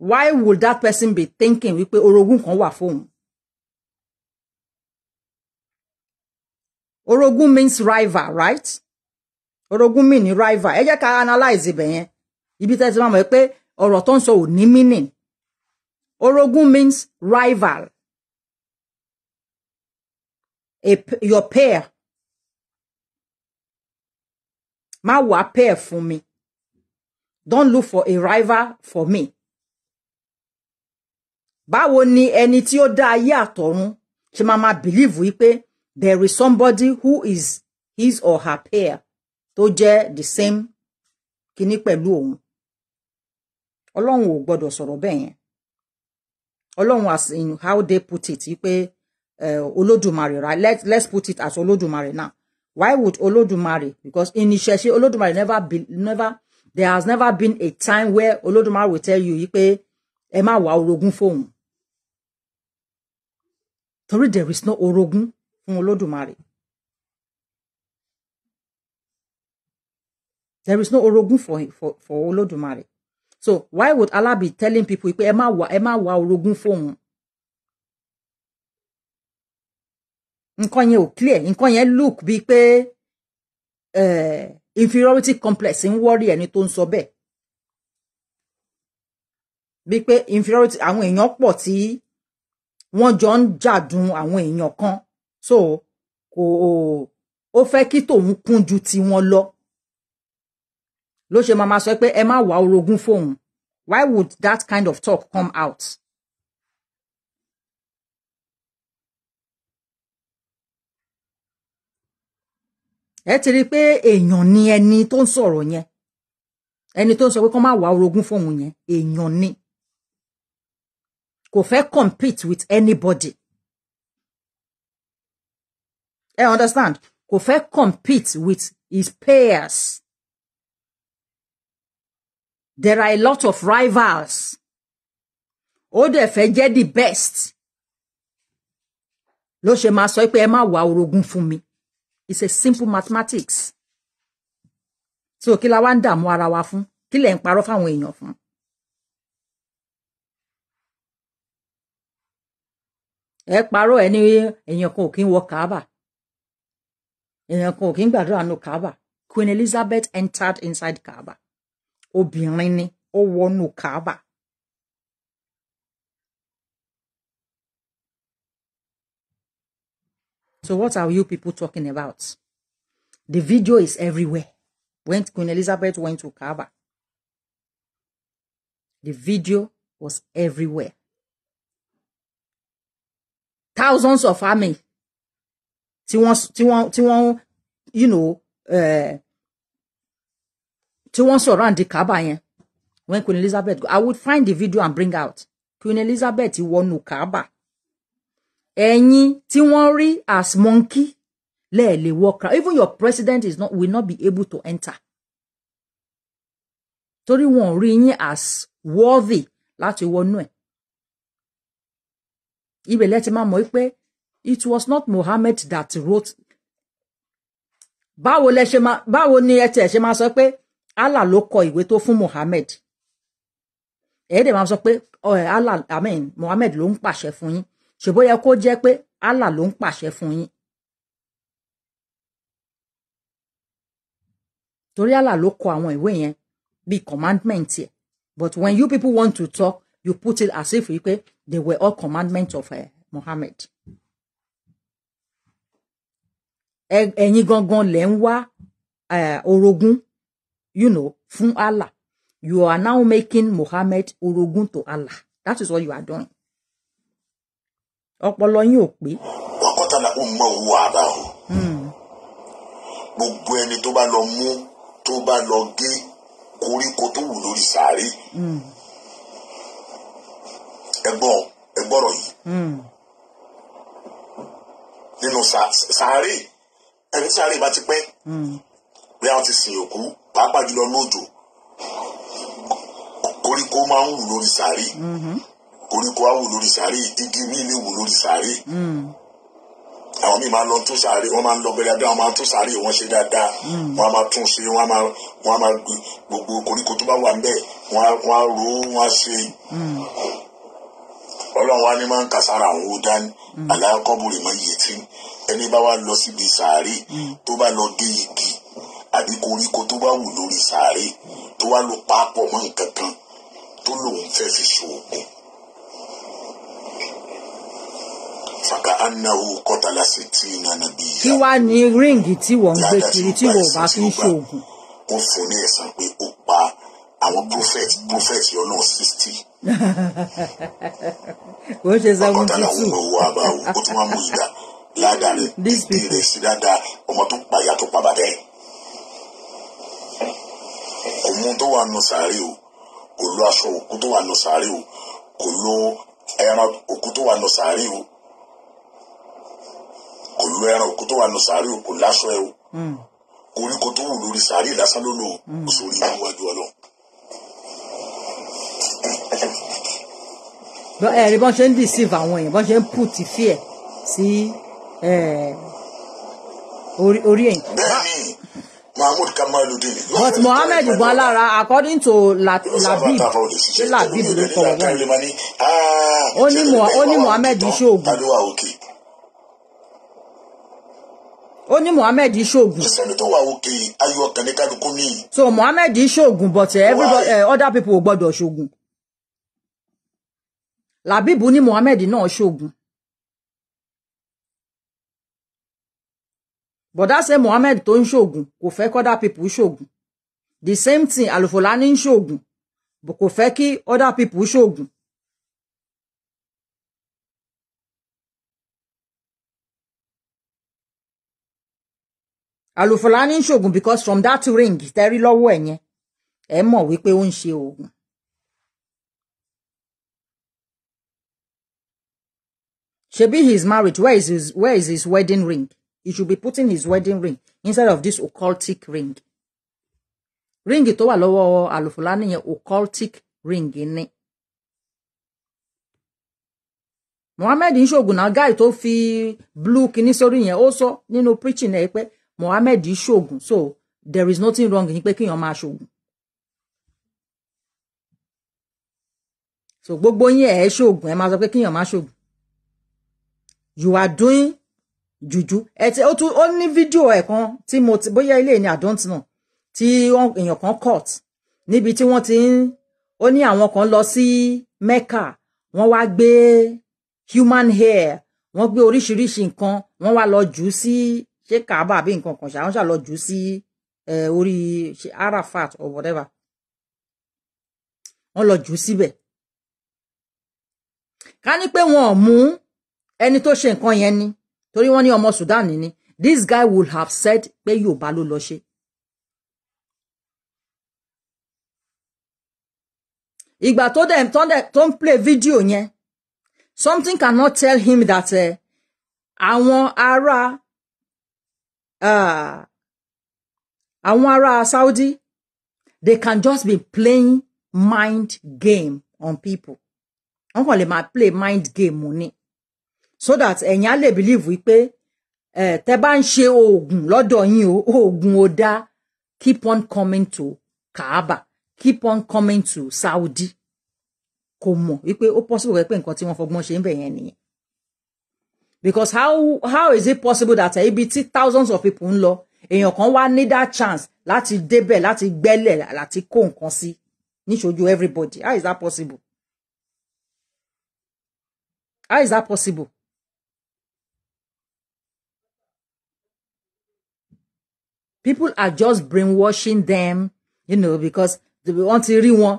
why would that person be thinking wípé orogún kan wà fóun orogún means rival right orogúnmí ní rival ẹ jẹ́ ká analyze ibẹ̀ yẹn ibi tẹ́ ti máa mọ̀ pé ọ̀rọ̀ tó ń sọ ò ní meaning orogún means rival a, your pair má wá pair fún mi don't look for a rival for me báwo ni ẹni tí ó dá ayé àtọ̀run ṣe máa máa believe wípé there is somebody who is his or her pair tó jẹ́ the same kinní pẹ̀lú òun ọlọ́run ò gbọ́dọ̀ sọ̀rọ̀ bẹ́ẹ̀ yẹn ọlọ́run as in how they put it wípé uh, olódùmarè right Let, let's put it as olódùmarè now why would olódùmarè because in ìṣẹ̀ṣe olódùmarè never be never there has never been a time where olódùmarè will tell you wípé ẹ má wá orogún fóun torí there is no orogún fún olódùmarè. there is no orogun for for for Olódùmarè so why would Allah be telling people pé ẹ má wá ẹ má orogun orogún fóun nǹkan yẹn ò clear nǹkan yẹn look bíi pé uh, inferiority complex ń worry ẹni tó ń sọ bẹ́ẹ̀ bíi pé inferiority àwọn èèyàn pọ̀ ti, wọ́n jọ ń jàdùn àwọn èèyàn kan so ko o fẹ́ kí tòun kún ju tiwọn lọ ló ṣe máa sọ pé ẹ má wá orogún fóun why would that kind of talk come out. ẹ ti rí i pé èèyàn ni ẹni tó ń sọ̀rọ̀ yẹn ẹni tó ń sọ pé kó má wá orogún fóun yẹn èèyàn ni kò fẹ́ compete with anybody ẹ understand kò fẹ́ compete with his peers there are a lot of rivals ó dẹ̀ fẹ́ jẹ́ the best ló ṣe máa sọ pé ẹ má wá orogún fún mi it's a simple mathematics so kí la wá ń dààmú ara wa fún kí lẹ̀ ń parọ́ fáwọn èèyàn fún. ẹ parọ́ ẹ ní èèyàn kan ò kí ń wọ kaaba èèyàn kan ò kí ń gbàdúrà nù kaaba Queen Elizabeth entered inside kaaba obìnrin ni ó wọnú Kaaba. So what are you people talking about? The video is everywhere. When Queen Elizabeth went to Kaaba, the video was everywhere. Thousands of army. Tí wọ́n, tí you know, uh, tí wọ́n sọ̀rọ̀ àǹdí kábà yẹn when Queen Elizabeth go I would find the video and bring out Queen Elizabeth wọnú kábà ẹ̀yin tí wọ́n rí as monkey lẹ́ẹ̀lẹ̀ wọ kábà even your president is not will not be able to enter torí wọn ò rí yín as worthy láti wọnú ẹ̀ ibẹ̀ lẹ́tí máa mọ̀ pé it was not Mohammed that wrote báwo lẹ ṣe máa ni ẹ tiẹ̀ ṣe máa sọ pé Allah ló kọ ìwé tó fún Muhammad ẹ̀ẹ́dẹ̀ máa sọ pé Allah amen Muhammad ló ń pàṣẹ fún yín ṣùgbọ́n kó jẹ́ pé Allah ló ń pàṣẹ fún yín torí Allah ló kọ àwọn ìwé yẹn bíi commandment yẹ but when you people want to talk you put it as if wípé they were all commandments of uh, eh, Muhammad ẹ̀yin gangan lẹ́ ń wá eh, orogún you know, fún Allah. You are now making Muhammad orogún to Allah. That is what you are doing. Ọpọlọ yín ò pé. Wọ́kọ́tà náà ó mọ owó àbá o. Gbogbo ẹni tó bá lọ mú tó bá lọ gé koríko tó wù lórí sàárè. Hmm. Ẹgbọ́n ẹgbọ́rọ̀ yìí. Hmm. Nínú sàárè ẹni sàárè bá ti pẹ́. Hmm. Bí a ti sìn òkú pàápàá jùlọ lójò koríko máa ń wù lórí sàárì mhm. koríko á wù lórí sàárì igi míì lè wù lórí sàárì mm. àwọn míì máa lọ tún sàárì wọn máa ń lọ bẹ̀rẹ̀ dáadáa wọn máa tún sàárì wọn ṣe dáadáa mm. wọn máa tún ṣe wọn máa wọn máa gbogbo koríko tó bá wà níbẹ̀ wọn á ro wọn á ṣe mm. ọlọ́run wa ni máa ń kà àwọn owó dání aláàkọ́bùrì máa yẹ tí ẹni bá wá lọ síbi sàárì tó bá lọ dé igi àbí koríko tó bá wù lórí sàárè tó wá lò pápọ̀ mọ́ nǹkan kan tó lòun fẹ́ fi ṣoògùn. fàkà anáwó kọ́tàlá sí tí nana bí ìyá. kí wàá ní ríǹgì tí wọ́n ń gbé kiri tí wọ́n bá fi ń ṣoògùn. ó fún ní ẹ̀san pé ó pa àwọn prophet prophet ọlọ́run sixty. kò ṣe seventy two. ọkọ̀tàlá òun ò wá bá ó tún wá mú ìdá ládàá rẹ̀ dídì rẹ̀ sí dáadáa ọmọ tó pa ìyá tó pa bàbá kò mú tó wà nù sàárè o kò lo aṣọ òkú tó wà nù sàárè o kò lo ẹran òkú tó wà nù sàárè o kò lo ẹran òkú tó wà nù sàárè o kò láṣọ ẹ o hmm. koríko tó wù lórí sàárè lásán ló lò ó hmm. sórí iwájú ọlọ. ẹ̀rí bọ́n ṣe ń deceive àwọn èèyàn bọ́n ṣe ń put fear sí eh, orí èèyàn mahmood kamaludin. but mohammed bọ́ lára according to labib ṣé labib ló kọ̀ wọ́n ó ní mohammed ṣoògùn ó ní mohammed ṣoògùn. sẹ́ni so mohammed ṣoògùn but eh, everybody uh, other people ò gbọ́dọ̀ Labib, labibu ní mohammed náà ṣoògùn. bọ̀dá ṣe Mohammed tó ń ṣoògùn kò other people ṣoògùn the same thing Alùfòlání ń ṣoògùn kò fẹ́ kí other people ṣoògùn. Alùfòlání ń ṣoògùn because from that ring tẹ́rí lọ́wọ́ ẹ̀ yẹn ẹ mọ̀ wípé ó ń ṣe oògùn. Ṣebí he is married where is his where is his wedding ring? he should be putting his wedding ring inside of this occultic ring ring tó wà lọ́wọ́ Alufulani yẹn occultic ring ni Mohammed Nṣògùn náà guy tó fi blue kinní sórí yẹn ó sọ nínú preaching ẹ pé Mohammed Nṣògùn so there is nothing wrong in pé kéèyàn máa ṣògùn so gbogbo yín ẹ ṣògùn ẹ máa sọ pé kéèyàn máa ṣògùn you are doing jùjú ẹ ti ó tún ó ní fídíò ẹ̀ kan tí mo ti bóyá ilé ní àdóǹtì náà tí èèyàn kan court níbi tí wọ́n ti ń ó ní àwọn kan lọ sí Mecca wọ́n wá gbé human hair wọ́n gbé oríṣiríṣi nǹkan wọ́n wá lọ jù ú sí ṣé Kaaba àbí nǹkan kan ṣá wọ́n ṣá lọ jù ú sí orí Arafat or whatever wọ́n lọ jù ú síbẹ̀ ká ní pé wọn ò mú ẹni tó ṣe nǹkan yẹn ni torí wọ́n ní ọmọ Sudan ni this guy would have said pé Yorùbá ló lọ ṣe. ìgbà tó dẹ̀ tó ń play video yẹn something cannot tell him that eh, àwọn ará ah, àwọn ará Saudi they can just be playing mind game on people wọ́n kàn lè máa play mind game ní so that ẹ̀yin á lè believe wípé ẹ̀ tẹ́ bá ń ṣe oògùn lọ́dọ̀ yín o oògùn ò dáa keep on coming to Kaaba keep on coming to Saudi kò mọ̀ wípé ó possible rẹ nǹkan tí wọ́n fọgbọ́n ṣe ń bẹ̀ yẹn nìyẹn because how how is it possible that ibi tí thousands of people ń lọ èèyàn kan wá ní that chance láti débẹ̀ láti gbẹ́lẹ̀ láti kó nǹkan sí níṣojú everybody how is that possible how is that possible people are just brainwashing them you know because wọ́n ti rí wọn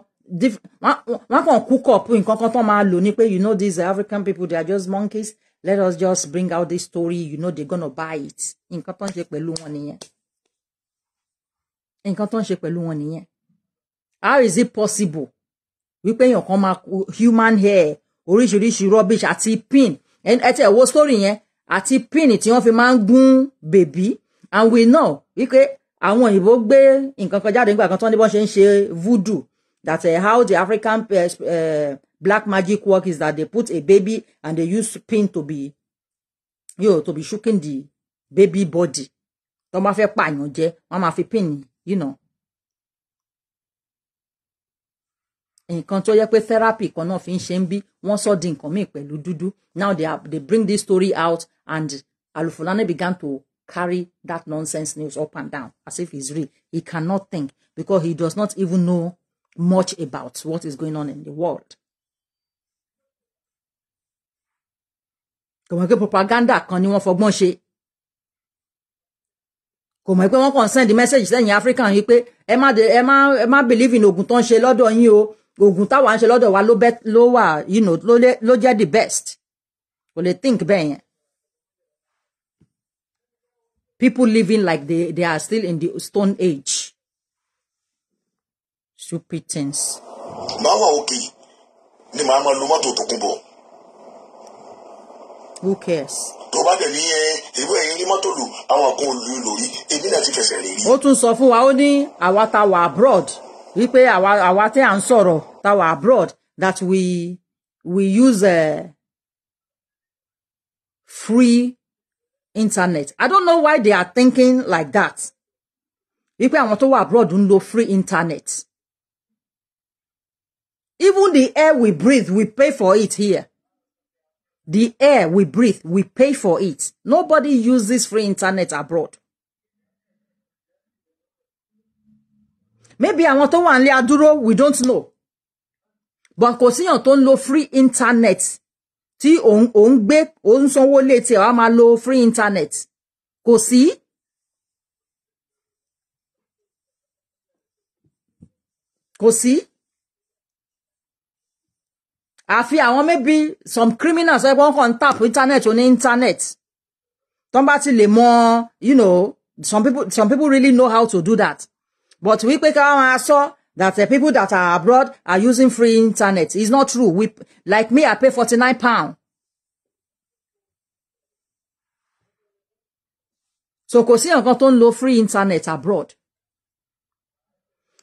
kàn cook up nǹkan kan tó máa lò ní pé you know these African people they are just monkeys let us just bring out this story you know they gonna buy it nǹkan tó ń ṣe pẹ̀lú wọn nìyẹn nǹkan tó ń ṣe pẹ̀lú wọn nìyẹn how is it possible wípé èèyàn kan máa human hair oríṣiríṣi rubbish àti pin ẹ tẹ wo story yẹn àti pin tí wọ́n fi máa ń gún bèbí and we know wípé àwọn òyìnbó gbé nǹkan kan jáde nígbà kan tán ní bọ́n ṣe ń ṣe voodoo that uh, how the African uh, black magic work is that they put a baby and they use pin to be yo, know, to be shooking the baby body tó bá fẹ́ pààyàn jẹ wọ́n máa fi pin you know. nǹkan tó yẹ pé therapy kan náà fi ń ṣe ń bí wọ́n sọ di nǹkan míì pẹ̀lú dúdú now they, have, they bring this story out and Alufulani began to carry that nonsense news up and down as if he's real. He cannot think because he does not even know much about what is going on in the world. kò mọ̀ pé propaganda kan ni wọ́n fọgbọ́n ṣe kò mọ̀ pé wọ́n kàn send message sẹ́yìn African yìí pé ẹ má ẹ má ẹ má believe in oògùn tó ń ṣe lọ́dọ̀ yín o oògùn táwa ń ṣe lọ́dọ̀ wa ló wà ló jẹ́ the best kò lè think bẹ́ẹ̀ yẹn people living like they, they are still in the stone age. Stupid things. Who cares? tó bá dẹ̀ ní ó tún sọ fún wa ó ní àwa tá wà abroad wípé àwa àwa tí à ń sọ̀rọ̀ tá wà abroad that we we use uh, free internet i don't know why they are thinking like that wípé àwọn tó wà abroad ń lo free internet even the air we breathe we pay for it here the air we breathe we pay for it nobody uses free internet abroad maybe àwọn tó wà nílé adúró we don't know but kò síyàn tó ń lo free internet tí òun òun gbé òun sanwó lé tiẹ̀ wá máa lo free internet kò sí. kò sí. àfi àwọn maybe some criminals ẹgbọ́n kan tap internet oní internet tó ń bá ti lè mọ you know some people some people really know how to do that but wípé káwọn máa sọ. So, that the uh, people that are abroad are using free internet. It's not true. We, like me, I pay 49 pounds. So kò sí nǹkan tó no free internet abroad.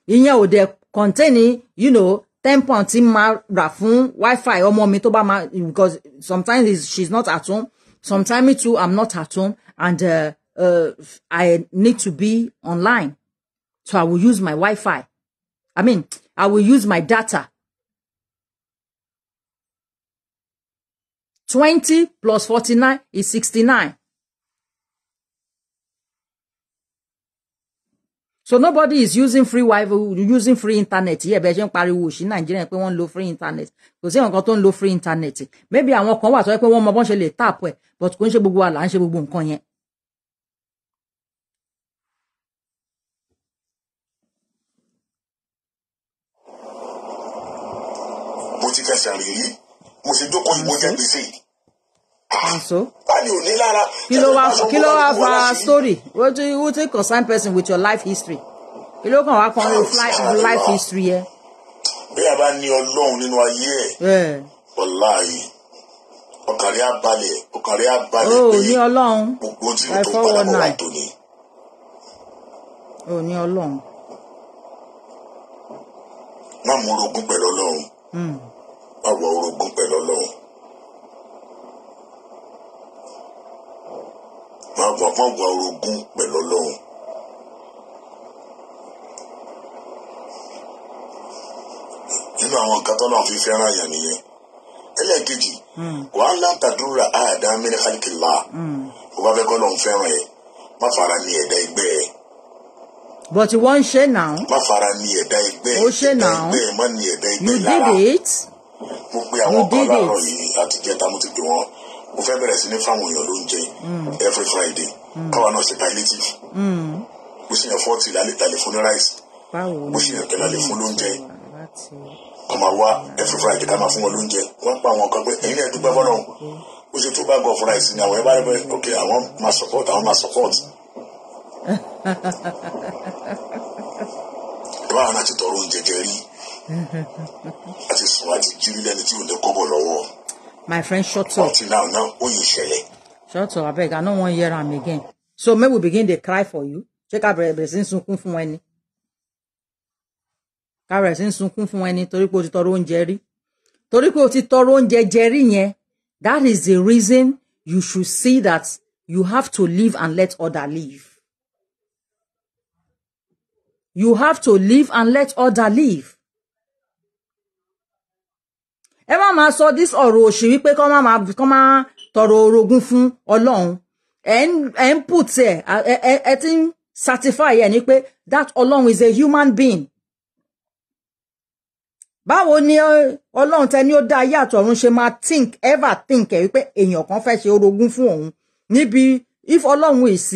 Inya ò dẹ̀ contain you know, ten pound tí máa rà fún wifi or mi tó bá because sometimes she's not at home sometimes me too I'm not at home and uh, uh, I need to be online so I will use my wifi. I mean, I will use my data. 20 plus 49 is 69. So nobody is using free Wi-Fi. using free internet yẹ bẹ́ẹ̀ ṣe ń pariwo sí Nàìjíríà pé want low free internet kò sí nǹkan tó ń lo free internet maybe àwọn kan wà sọ pé wọ́n mọ bọ́n ṣe tap but kò ń ṣe gbogbo wa là ń ṣe gbogbo nǹkan yẹn mo ti fẹsẹ̀ rìn rí mo sì jókòó yìí jẹ gbèsè. báyìí ní lára. kí ló wá kí ló wá fa story What do you take concern person with your life history kí ló kàn wá fly your life history yẹ. bí a bá ní ọlọ́run nínú ayé ẹ̀ eh. wàláyé ọkàn rẹ̀ á balẹ̀ oh, pé gbogbo tí mo tó padà bọ̀ láì tó ni. o ní ọlọ́run. má mú orogún pẹ̀lú ọlọ́run. Hmm má orogún pẹ̀lú ọlọ́run má wọ má wọ orogún pẹ̀lú ọlọ́run. nínú àwọn nǹkan tó náà fi fẹ́ràn àyàn nìyẹn ẹlẹ́ẹ̀kejì wà á látàdúrà àdá mẹ́rin kálíkìlá bá fẹ́ kọ́ lọ́n fẹ́ràn ẹ̀ má fara ní ẹ̀dá ẹgbẹ́ ẹ̀ but wọ́n ń ṣe náà. má fara ní ẹ̀dá ẹgbẹ́ ẹ̀dá ẹgbẹ́ má ní ẹ̀dá ẹgbẹ́ lára mo pe àwọn kan láàárọ̀ yìí àti jẹta mo ti pè wọn mo fẹ́ bẹ̀rẹ̀ sí ní fáwọn èèyàn lóúnjẹ hmm. every friday hmm. káwa náà ṣe palliative hmm. mo sì yàn fọ́ọ̀tì lálẹ́ fún ní rice mo sì yàn kẹ́lá lè fún lóúnjẹ kọ́ máa wá every friday ká máa fún wọn lóúnjẹ wọ́n pa àwọn kan pé ẹ̀yin náà dúpẹ́ fọ́nà ó ṣe tó bag of rice ni àwọn ẹ bá rẹ pé ok àwọn máa support àwọn máa support ìbáwọn náà ti tọrọ oúnjẹ jẹ rí àti sùn àti jírí lẹ́ni tí ò ní kọ́bọ̀ lọ́wọ́. my friend shut up. until now now ó yẹ ṣẹlẹ̀. shut up abeg i no wan hear am again so may we begin dey cry for you ṣé ká bẹ̀rẹ̀ bẹ̀rẹ̀ sí ń sunkún fún ẹni ká bẹ̀rẹ̀ sí ń sunkún fún ẹni torí pé o ti tọrọ oúnjẹ rí torí pé o ti tọrọ oúnjẹ jẹ rí yẹn that is the reason you should see that you have to live and let other live you have to live and let other live ẹ má máa sọ this ọ̀rọ̀ òṣì wípé kọ́ máa kọ́ máa tọrọ orogún fún ọlọ́run ẹ ń put ẹ ẹ ti ń certify ẹ ní pé that ọlọ́run is a human being báwo ni ọlọ́run tẹ ní ó dá ayé àtọ̀run ṣe máa think ever think ẹ wípé èèyàn kan fẹ́ ṣe orogún fún òun níbi if ọlọ́run is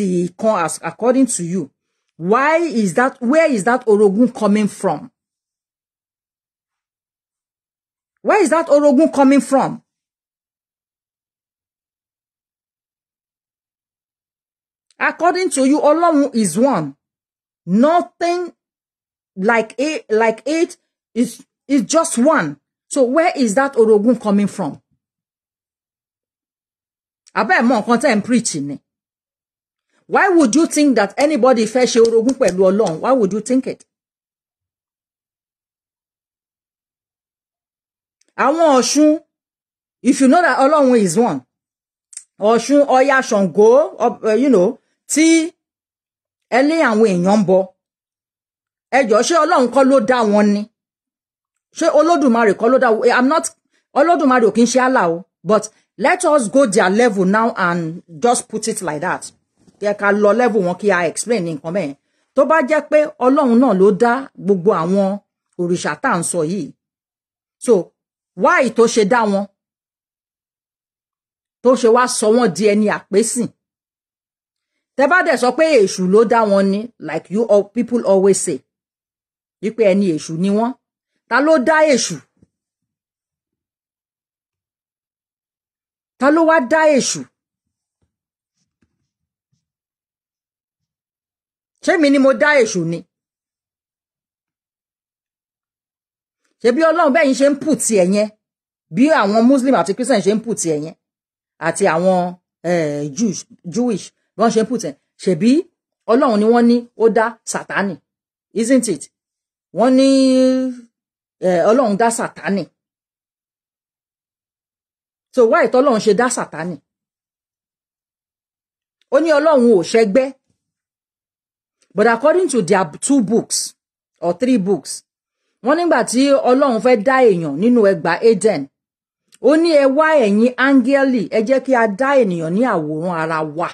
kan as according to you why is that where is that orogún coming from Where is that orogun coming from? According to you, Ọlọ́run is one. Nothing like it, like it is is just one. So where is that orogun coming from? I mọ̀ nǹkan tẹ́ preaching. Why would you think that anybody fẹ́ orogun orogún pẹ̀lú Ọlọ́run? Why would you think it? àwọn ọ̀ṣun if you know that ọlọ́run is one ọ̀ṣun ọya ṣàngó eh, you know tí ẹ lé àwọn èèyàn ń bọ ẹjọ ṣé ọlọ́run kọ́ ló dá wọn ni ṣé olódùmarè kọ́ ló dá wọn i'm not olódùmarè ò kí ń ṣe àlà o but let us go their level now and just put it like that kí ẹ ká lọ level wọn kí a explain ní nǹkan mẹ́rin tó bá jẹ́ pé ọlọ́run náà ló dá gbogbo àwọn òrìṣà tá à ń sọ yìí so wáì tó ṣe dá wọn tó ṣe wá sọ wọn di ẹni àpésìn tẹ bá dẹ̀ sọ pé èṣù ló dá wọn ni like you all people always say wípé ẹni èṣù ni wọ́n ta ló dá èṣù ta ló wá dá èṣù ṣé mi ni mo dá èṣù ni. ṣebí ọlọ́run bẹ́yìn ṣe ń pù ti ẹ̀ yẹn bí àwọn muslim àti christian ṣe ń pù ti ẹ̀ yẹn àti àwọn eh, jewish bí wọ́n ṣe ń pù ti ẹ̀ ṣebí ọlọ́run ni wọ́n ní ó dá sátánì isn't it wọ́n ní eh, ọlọ́run dá sátánì so why tọ́lọ́run ṣe dá sátánì ó ní ọlọ́run ò ṣẹgbẹ́ but according to their two books or three books wọ́n nígbà tí ọlọ́run fẹ́ dá èèyàn nínú ẹgbà Eden ó ní ẹ wá ẹ̀yin áńgẹ́lì ẹ jẹ́ kí a dá ènìyàn ní àwòrán ara wa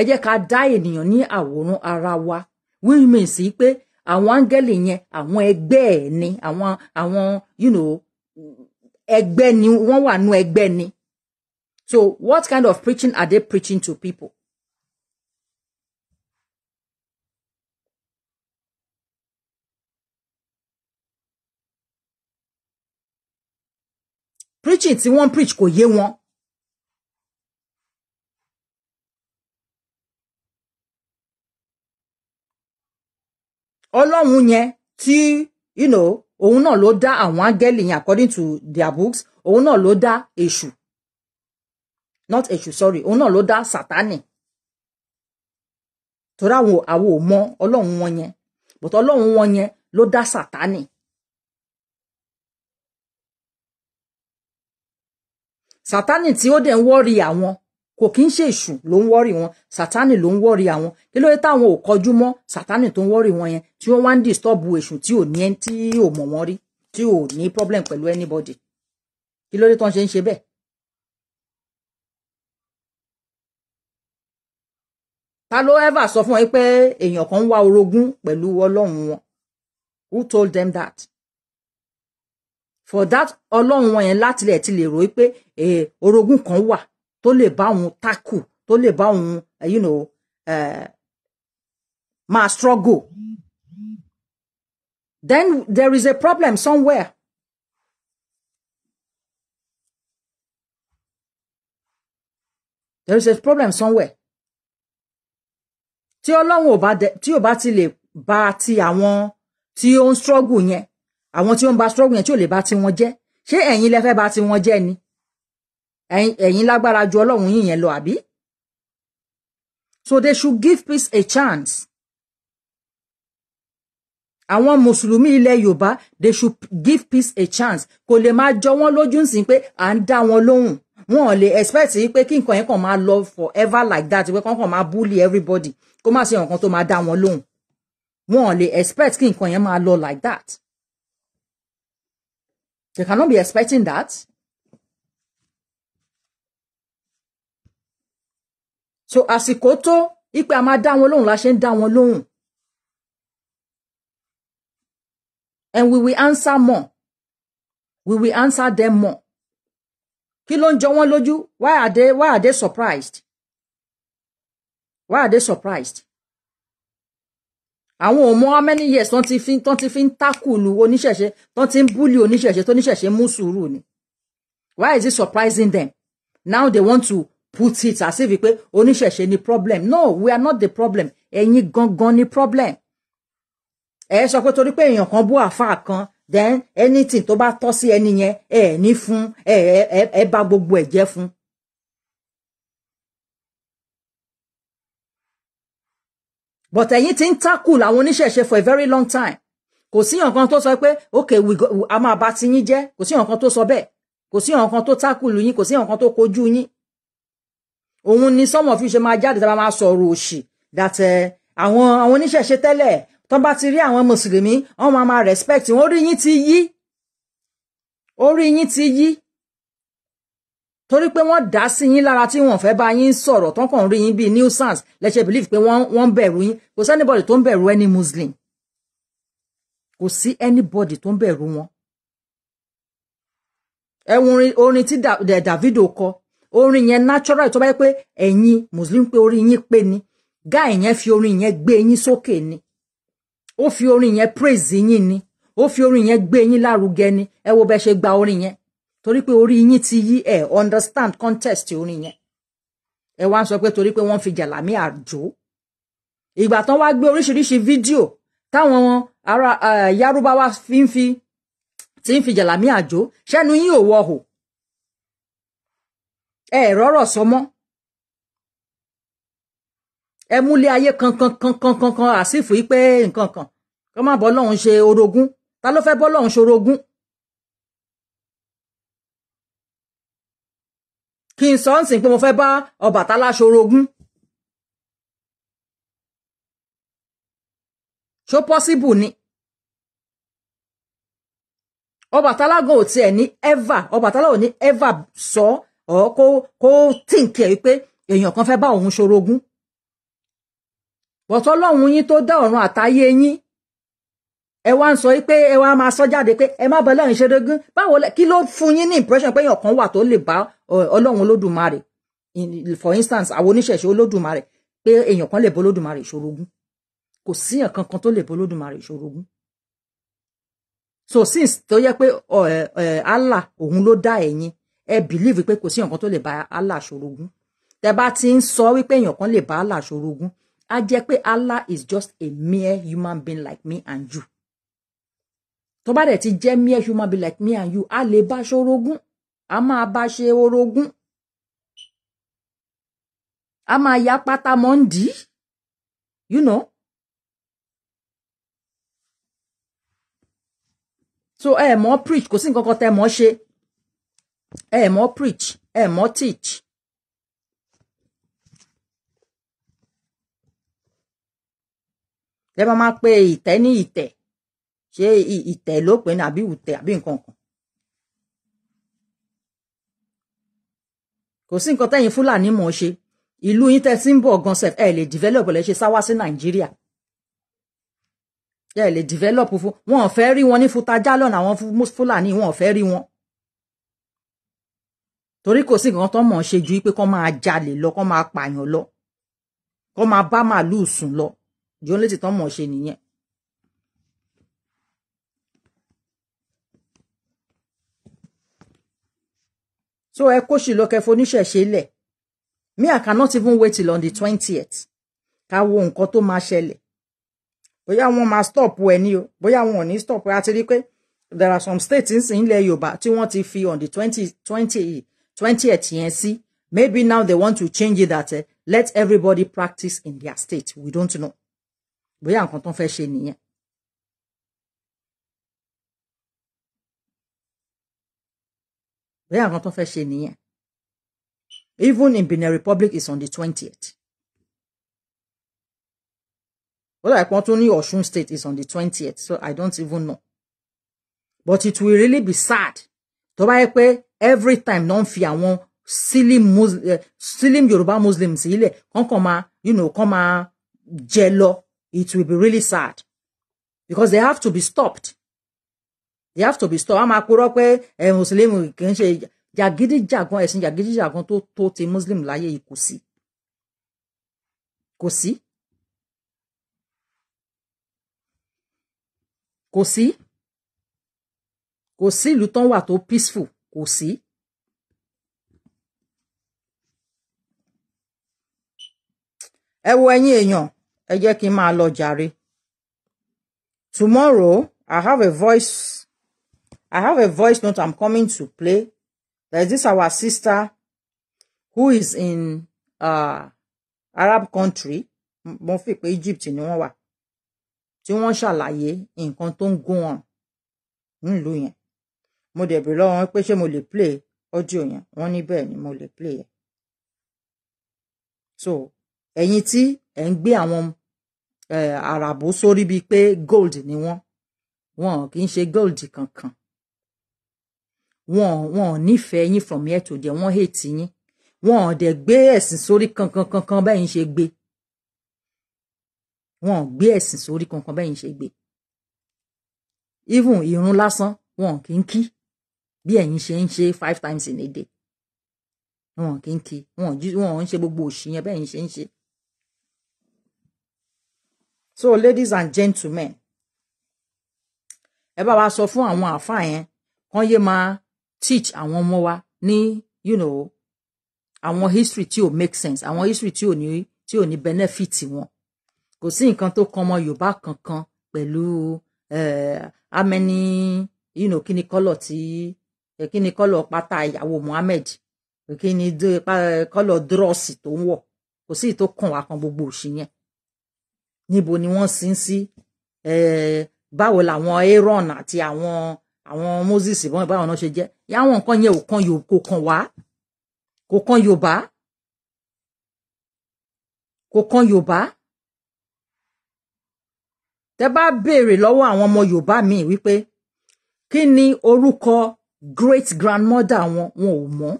ẹ jẹ́ ká dá ènìyàn ní àwòrán ara wa wíìmì sí pé àwọn áńgẹ́lì yẹn àwọn ẹgbẹ́ ẹ̀ ni àwọn àwọn you know ẹgbẹ́ ni wọ́n wà nú ẹgbẹ́ ni so what kind of preaching are they preaching to people preaching tí wọ́n preach kò ye wọn. ọlọ́run yẹn tí you know, òun náà ló dá àwọn áńgẹ́lì yẹn according to their books òun náà ló dá èṣù not èṣù sorry òun náà ló dá sátánì torí àwọn àwo mọ ọlọ́run wọn yẹn but ọlọ́run wọn yẹn ló dá sátánì. sátánì tí ó dẹ̀ ń wọ́ọ̀rì àwọn kò kí ń ṣe èṣù ló ń wọ́ọ̀rì wọn sátánì ló ń wọ́ọ̀rì àwọn kí ló dé táwọn ò kọjú mọ́ sátánì tó ń wọ́ọ̀rì wọn yẹn tí wọ́n wá ń dìstọ́bù èṣù tí ò ní tí ò mọ̀ wọ́n rí tí ò problem pẹ̀lú anybody kí ló dé tán ṣe ń ṣe bẹ́ẹ̀. ta ló ẹ́fà sọ fún wọn pé èèyàn kan ń wá orogún pẹ̀lú ọlọ́run who told them that for that ọlọ́run wọn yẹn láti lè ti lè rò pé eh, orogún kan wà tó lè bá òun tackle tó lè bá òun eh, you know, uh, máa struggle then there is a problem somewhere. there is a problem somewhere tí ọlọ́run ò bá ti lè bá ti àwọn tí ó ń struggle yẹn àwọn tí ó ń ba struggle yẹn tí ò lè ba ti wọn jẹ́ ṣé ẹ̀yin lẹ ba ti wọn jẹ́ ni ẹ̀yin lágbára ju ọlọ́run yìí yẹn lọ àbí so they should give peace a chance àwọn mùsùlùmí ilẹ̀ yorùbá they should give peace a chance kò lè máa jọ wọ́n lójú nsìn pé à ń dá wọn lóhùn wọn ò lè expect pé kí nǹkan yẹn kàn máa lọ forever like that pé kàn kàn máa bully everybody kó má ṣe nǹkan tó máa dá wọn lóhùn wọn ò lè expect kí nǹkan yẹn máa lọ like that. They cannot be expecting that. So àsìkò tó ipe a máa dá wọn lóhùn la ṣe ń dá wọn lóhùn. And we will answer more. We will answer them more. Kí ló ń jọ wọ́n lójú? Why are they, why are they surprised? Why are they surprised? àwọn ò mọ many years tán ti fi tán ti fi ń tákùlù oníṣẹ̀ṣe tán ti ń búlì oníṣẹ̀ṣe tó níṣẹ̀ṣe mú sùúrù ni why is it surprising them now they want to put it as if pé oníṣẹ̀ṣe ni problem no we are not the problem ẹ̀yin gangan ni problem ẹ sọ pé torí pé èèyàn kan bú àáfàá kan then anything tó bá tọ́ sí ẹni yẹn ẹ ní fún ẹ ẹ bá gbogbo ẹ̀ jẹ́ fún but ẹ̀yin ti ń tackle àwọn oníṣẹ̀ṣe for a very long time kò sí nǹkan tó sọ pé okay we go a máa bá tiyín jẹ́ kò sí nǹkan tó sọ bẹ́ẹ̀ kò sí nǹkan tó tackle yín kò sí nǹkan tó kojú yín òun ni some of you ṣe máa jáde tá a máa sọ̀rọ̀ òṣì that eh, àwọn àwọn oníṣẹ̀ṣe tẹ́lẹ̀ tó bá ti rí àwọn mùsùlùmí wọ́n máa máa respect wọn orí yín ti yí orí yín ti yí torí pé wọ́n dá sí yín lára tí wọ́n fẹ́ bá yín sọ̀rọ̀ tán kàn rí yín bíi nuisance lẹ́sẹ̀ believe pé wọ́n wọ́n bẹ̀rù yín kò sí anybody tó ń bẹ̀rù any muslim kò sí anybody tó ń bẹ̀rù wọn. ẹ̀wọ̀n orin tí Davido kọ orin yẹn natural tó bá yẹ pé ẹ̀yin muslim pé orin yín pé ni guy yẹn fi orin yẹn gbé yín sókè ni ó fi orin yẹn praise yín ni ó fi orin yẹn gbé yín lárugẹ ni ẹ wo bẹ ṣe gba orin yẹn torí pé orí yín ti yí ẹ understand contest orin yẹn ẹ wá ń sọ pé torí pé wọ́n fi jàlámì àjò ìgbà tán wá gbé oríṣiríṣi fídíò táwọn ará Yarubawa fi ń fi ti ń fi jàlámì àjò ṣẹ́nu yín ò wọ̀ hò ẹ rọ́rọ̀ sọ mọ́ ẹ múlé ayé kankan kankan kankan àsìfù yìí pé nǹkan kan kọ́ má bọ́ lọ́hún ṣe orogún ta ló fẹ́ bọ́ lọ́hún ṣe orogún kí n sọ ń sìn pé mo fẹ́ bá Ọbàtálá ṣorogún ṣó pọ́síbù ni Ọbàtálá gan ò tiẹ̀ ní ever Ọbàtálá ò ní ever sọ ọ kó kó tíǹkì ẹ̀ wípé èèyàn kan fẹ́ bá òun ṣorogún bọ̀tọ́ ọlọ́run yín tó dá ọ̀run àtayé yín ẹ wá ń sọ pé ẹ wá máa sọ jáde pé ẹ má bọ Ọlọ́run ṣe dógún báwo kí ló fún yín ní impression pé èèyàn kan wà tó lè bá Ọlọ́run Olódùmarè for instance àwọn oníṣẹ̀ṣe Olódùmarè pé èèyàn kan lè bọ Olódùmarè ìṣòrogún kò síyàn kankan tó lè bọ Olódùmarè ìṣòrogún so since tó yẹ pé Allah òun ló dá ẹ̀yin ẹ believe pé kò síyàn kan tó lè bá Allah ṣòrogún tẹ bá ti ń sọ wípé èèyàn kan lè bá Allah ṣòrogún á jẹ́ pé Allah is just a mere human being like me and you tó bá dẹ̀ ti jẹ́ mere human be like me and you a lè bá ṣe orogún a máa bá ṣe orogún a máa ya pátá mọ́ you know. so ẹ eh, mọ̀ preach kò sí nǹkan kan tẹ́ mọ̀ ṣe ẹ eh, mọ̀ preach ẹ eh, mọ̀ teach. lẹ́ máa máa pe ìtẹ́ ní ìtẹ́ ṣé ìtẹ̀ ló pè ní àbí ìwùtẹ̀ àbí nǹkan kan. kò sí nǹkan tẹ́yìn fúlàní mọ̀ ṣe ìlú yín tẹ́ sí ń bọ̀ gan sef ẹ lè develop lẹ́ ṣe sáwá sí nàìjíríà ẹ lè develop fún wọn ò fẹ́ rí wọn ní futajà lọ́nà àwọn fúlàní wọn ò fẹ́ rí wọn torí kò sí nǹkan tó mọ̀ ṣe ju pé kọ́ máa jalè lọ kọ́ máa pààyàn lọ kọ́ máa bá màálù sùn lọ jọ́nlẹ́tì tó mọ̀ ṣe nìyẹn so ẹ kó sì lọ kẹfọ oníṣẹ̀ṣe lẹ̀ me I cannot even wait till on the twentieth ká wo nǹkan tó máa ṣẹlẹ̀ bóyá wọn máa stop ẹ ní o bóyá wọn ò ní stop ẹ àti rí pé there are some states nsìn ilẹ̀ Yorùbá tí wọ́n ti fi on the twenty twenty twentieth yẹn sí maybe now they want to change it that uh, let everybody practice in their state we don't know bóyá nǹkan tó ń fẹ́ ṣe nìyẹn bẹ́ẹ̀ àwọn tó fẹ́ ṣe nìyẹn even in Benin Republic is on the twentieth What dàbí pọ́n tó ní Ọ̀ṣun state is on the twentieth so I don't even know but it will really be sad tó bá every time náà ń fi silly sílìm muslim uh, eh, sílìm Yorùbá muslim you know come máa jello. it will be really sad because they have to be stopped they have to be stopped a máa purọ́ pé ẹ muslim kì í ṣe jàgídíjàgan ẹ̀sìn jàgídíjàgan tó tó ti muslim láyé yìí kò sí kò sí kò sí kò sí ìlú tán wà tó peaceful kò sí. ẹ wo ẹ̀yin èèyàn ẹ jẹ́ kí n máa lọ jàre tomorrow I have a voice I have a voice note I'm coming to play. There's this our sister who is in uh, Arab country. Mo fi pé Egypt ni wọ́n wà. Tí wọ́n ṣàlàyé nǹkan tó ń gún wọn Mo dẹ̀ bèrè lọ́wọ́ wọn pé ṣé mo le play audio yẹn. Wọ́n ní bẹ́ẹ̀ ni mo le play yẹn. So ẹ̀yin tí ẹ̀ ń gbé àwọn àràbò eh, sórí bíi pé gold ni wọ́n. Wọn kì í gold kankan wọn wọn ò nífẹ̀ẹ́ yín from here to there wọ́n hate yín wọn ò dẹ̀ gbé ẹ̀sìn sórí kankan kankan bẹ́yìn ṣe gbé wọn ò gbé ẹ̀sìn sórí kankan bẹ́yìn ṣe gbé even irun lásán wọn kì í kí bí ẹ̀yin ṣe ń ṣe five times in a day wọn kì í kí wọn wọn ń ṣe gbogbo òṣì yẹn bẹ́yìn ṣe ń ṣe. so ladies and gentlemen ẹ bá wa sọ fún àwọn àáfàá yẹn kán yé máa teach àwọn ọmọ wa ní you know àwọn history tí ò make sense àwọn history tí ò ní tí ò ní benefit wọn kò sí nǹkan tó kan ọmọ Yorùbá kankan pẹ̀lú uh, how you know kí ni kọ́lọ̀ tí kí ni kọ́lọ̀ pátá ìyàwó Muhammed kí ni kọ́lọ̀ dúrọ́ọ̀sì tó ń wọ̀ kò sí tó kàn wá kan gbogbo òṣì yẹn níbo ni wọ́n sin sí báwo làwọn Aaron àti àwọn àwọn Moses báwọn náà ṣe jẹ́ yàwọn nǹkan yẹn ò kan yòó kò kàn wá kò kan Yorùbá kò kan Yorùbá tẹ́ bá béèrè lọ́wọ́ àwọn ọmọ Yorùbá míì wípé kí ni orúkọ great grandmother wọn wọn ò mọ̀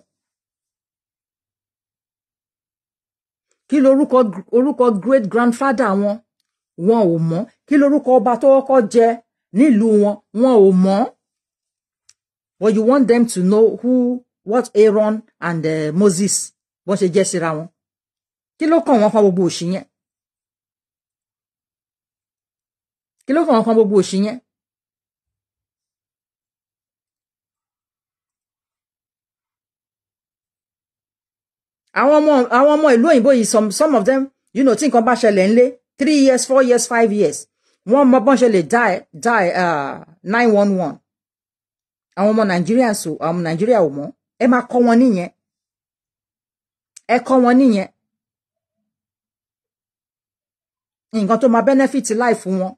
kí lorúkọ orúkọ great grandfather wọn wọn ò mọ̀ kí lorúkọ ọba tó kọ́kọ́ jẹ nílùú wọn wọn ò mọ̀ but you want them to know who what Aaron and uh, Moses wọ́n ṣe jẹ́ síra wọn kí ló kàn wọ́n kan gbogbo òṣì yẹn kí ló kàn wọ́n kan gbogbo òṣì yẹn. àwọn ọmọ àwọn ọmọ ìlú òyìnbó yìí some some of them you know tí nǹkan bá ṣẹlẹ̀ ńlé three years four years five years wọ́n mọ bọ́n ṣe lè die die uh, nine one one àwọn ọmọ nàìjíríà sọ àwọn ọmọ nàìjíríà ò mọ ẹ máa kọ́ wọn nìyẹn ẹ kọ́ wọn nìyẹn nǹkan tó máa benefit life wọn.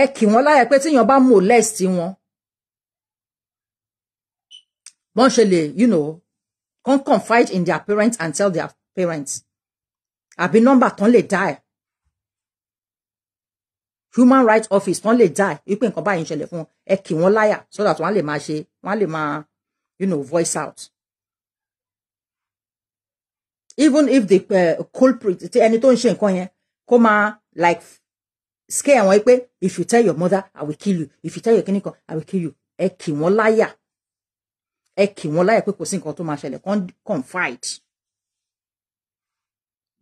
ẹ kì wọ́n láyà pé tíyan bá molest wọn wọ́n ṣe lè you know can confide in their parents and tell their parents àbí nọ́mbà tán lè dá ẹ̀ human rights office tán lè die wípé nǹkan báyìí ń ṣẹlẹ̀ fún ẹ kì wọ́n láyà so that wọ́n á lè máa ṣe wọ́n lè máa you know voice out. even if the uh, culprit ẹni tó ń ṣe nǹkan yẹn kó máa like scare wọn pé if you tell your mother i will kill you if you tell your kinikan i will kill you ẹ kì wọ́n láyà ẹ kì wọ́n láyà pé kò sí nǹkan tó máa ṣẹlẹ̀ confide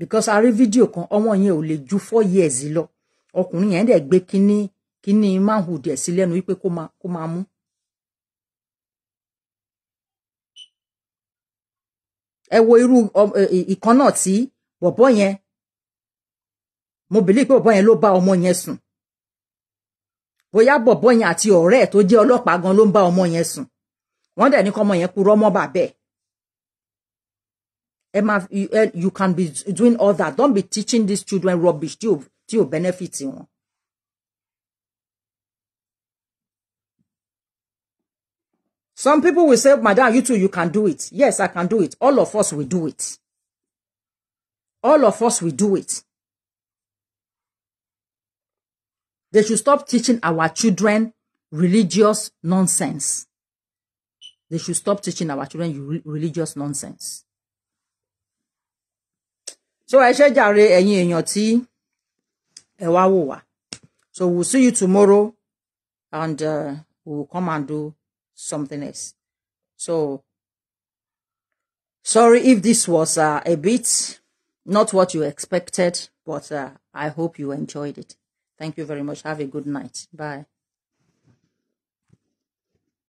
because a rí fídíò kan ọmọ yẹn ò lè ju four years lọ ọkùnrin yẹn dẹ̀ gbé kínní kínní manhood ẹ̀ sí lẹ́nu wípé kó máa kó máa mú. ẹ wo irú ìkan náà tí bọ̀bọ̀ yẹn mo believe pé bọ̀bọ̀ yẹn ló bá ọmọ yẹn sùn bóyá bọ̀bọ̀ yẹn àti ọ̀rẹ́ ẹ̀ tó jẹ́ ọlọ́pàá gan ló ń bá ọmọ yẹn sùn wọ́n dẹ̀ ní kọ́ ọmọ yẹn purọ́ mọ́ bàbẹ́ ẹ máa you can be doing all that don't be teaching these children rubbish tí tí ò bẹ́nẹ́fìtì wọn. Some people will say, Madam, you too, you can do it. Yes, I can do it. All of us will do it. All of us will do it. They should stop teaching our children religious nonsense. They should stop teaching our children religious nonsense. So ẹ ṣe jàre ẹ̀yin èèyàn tí Ewawuwa. So we'll see you tomorrow and uh, we'll come and do something else. So, sorry if this was uh, a bit not what you expected, but uh, I hope you enjoyed it. Thank you very much. Have a good night. Bye.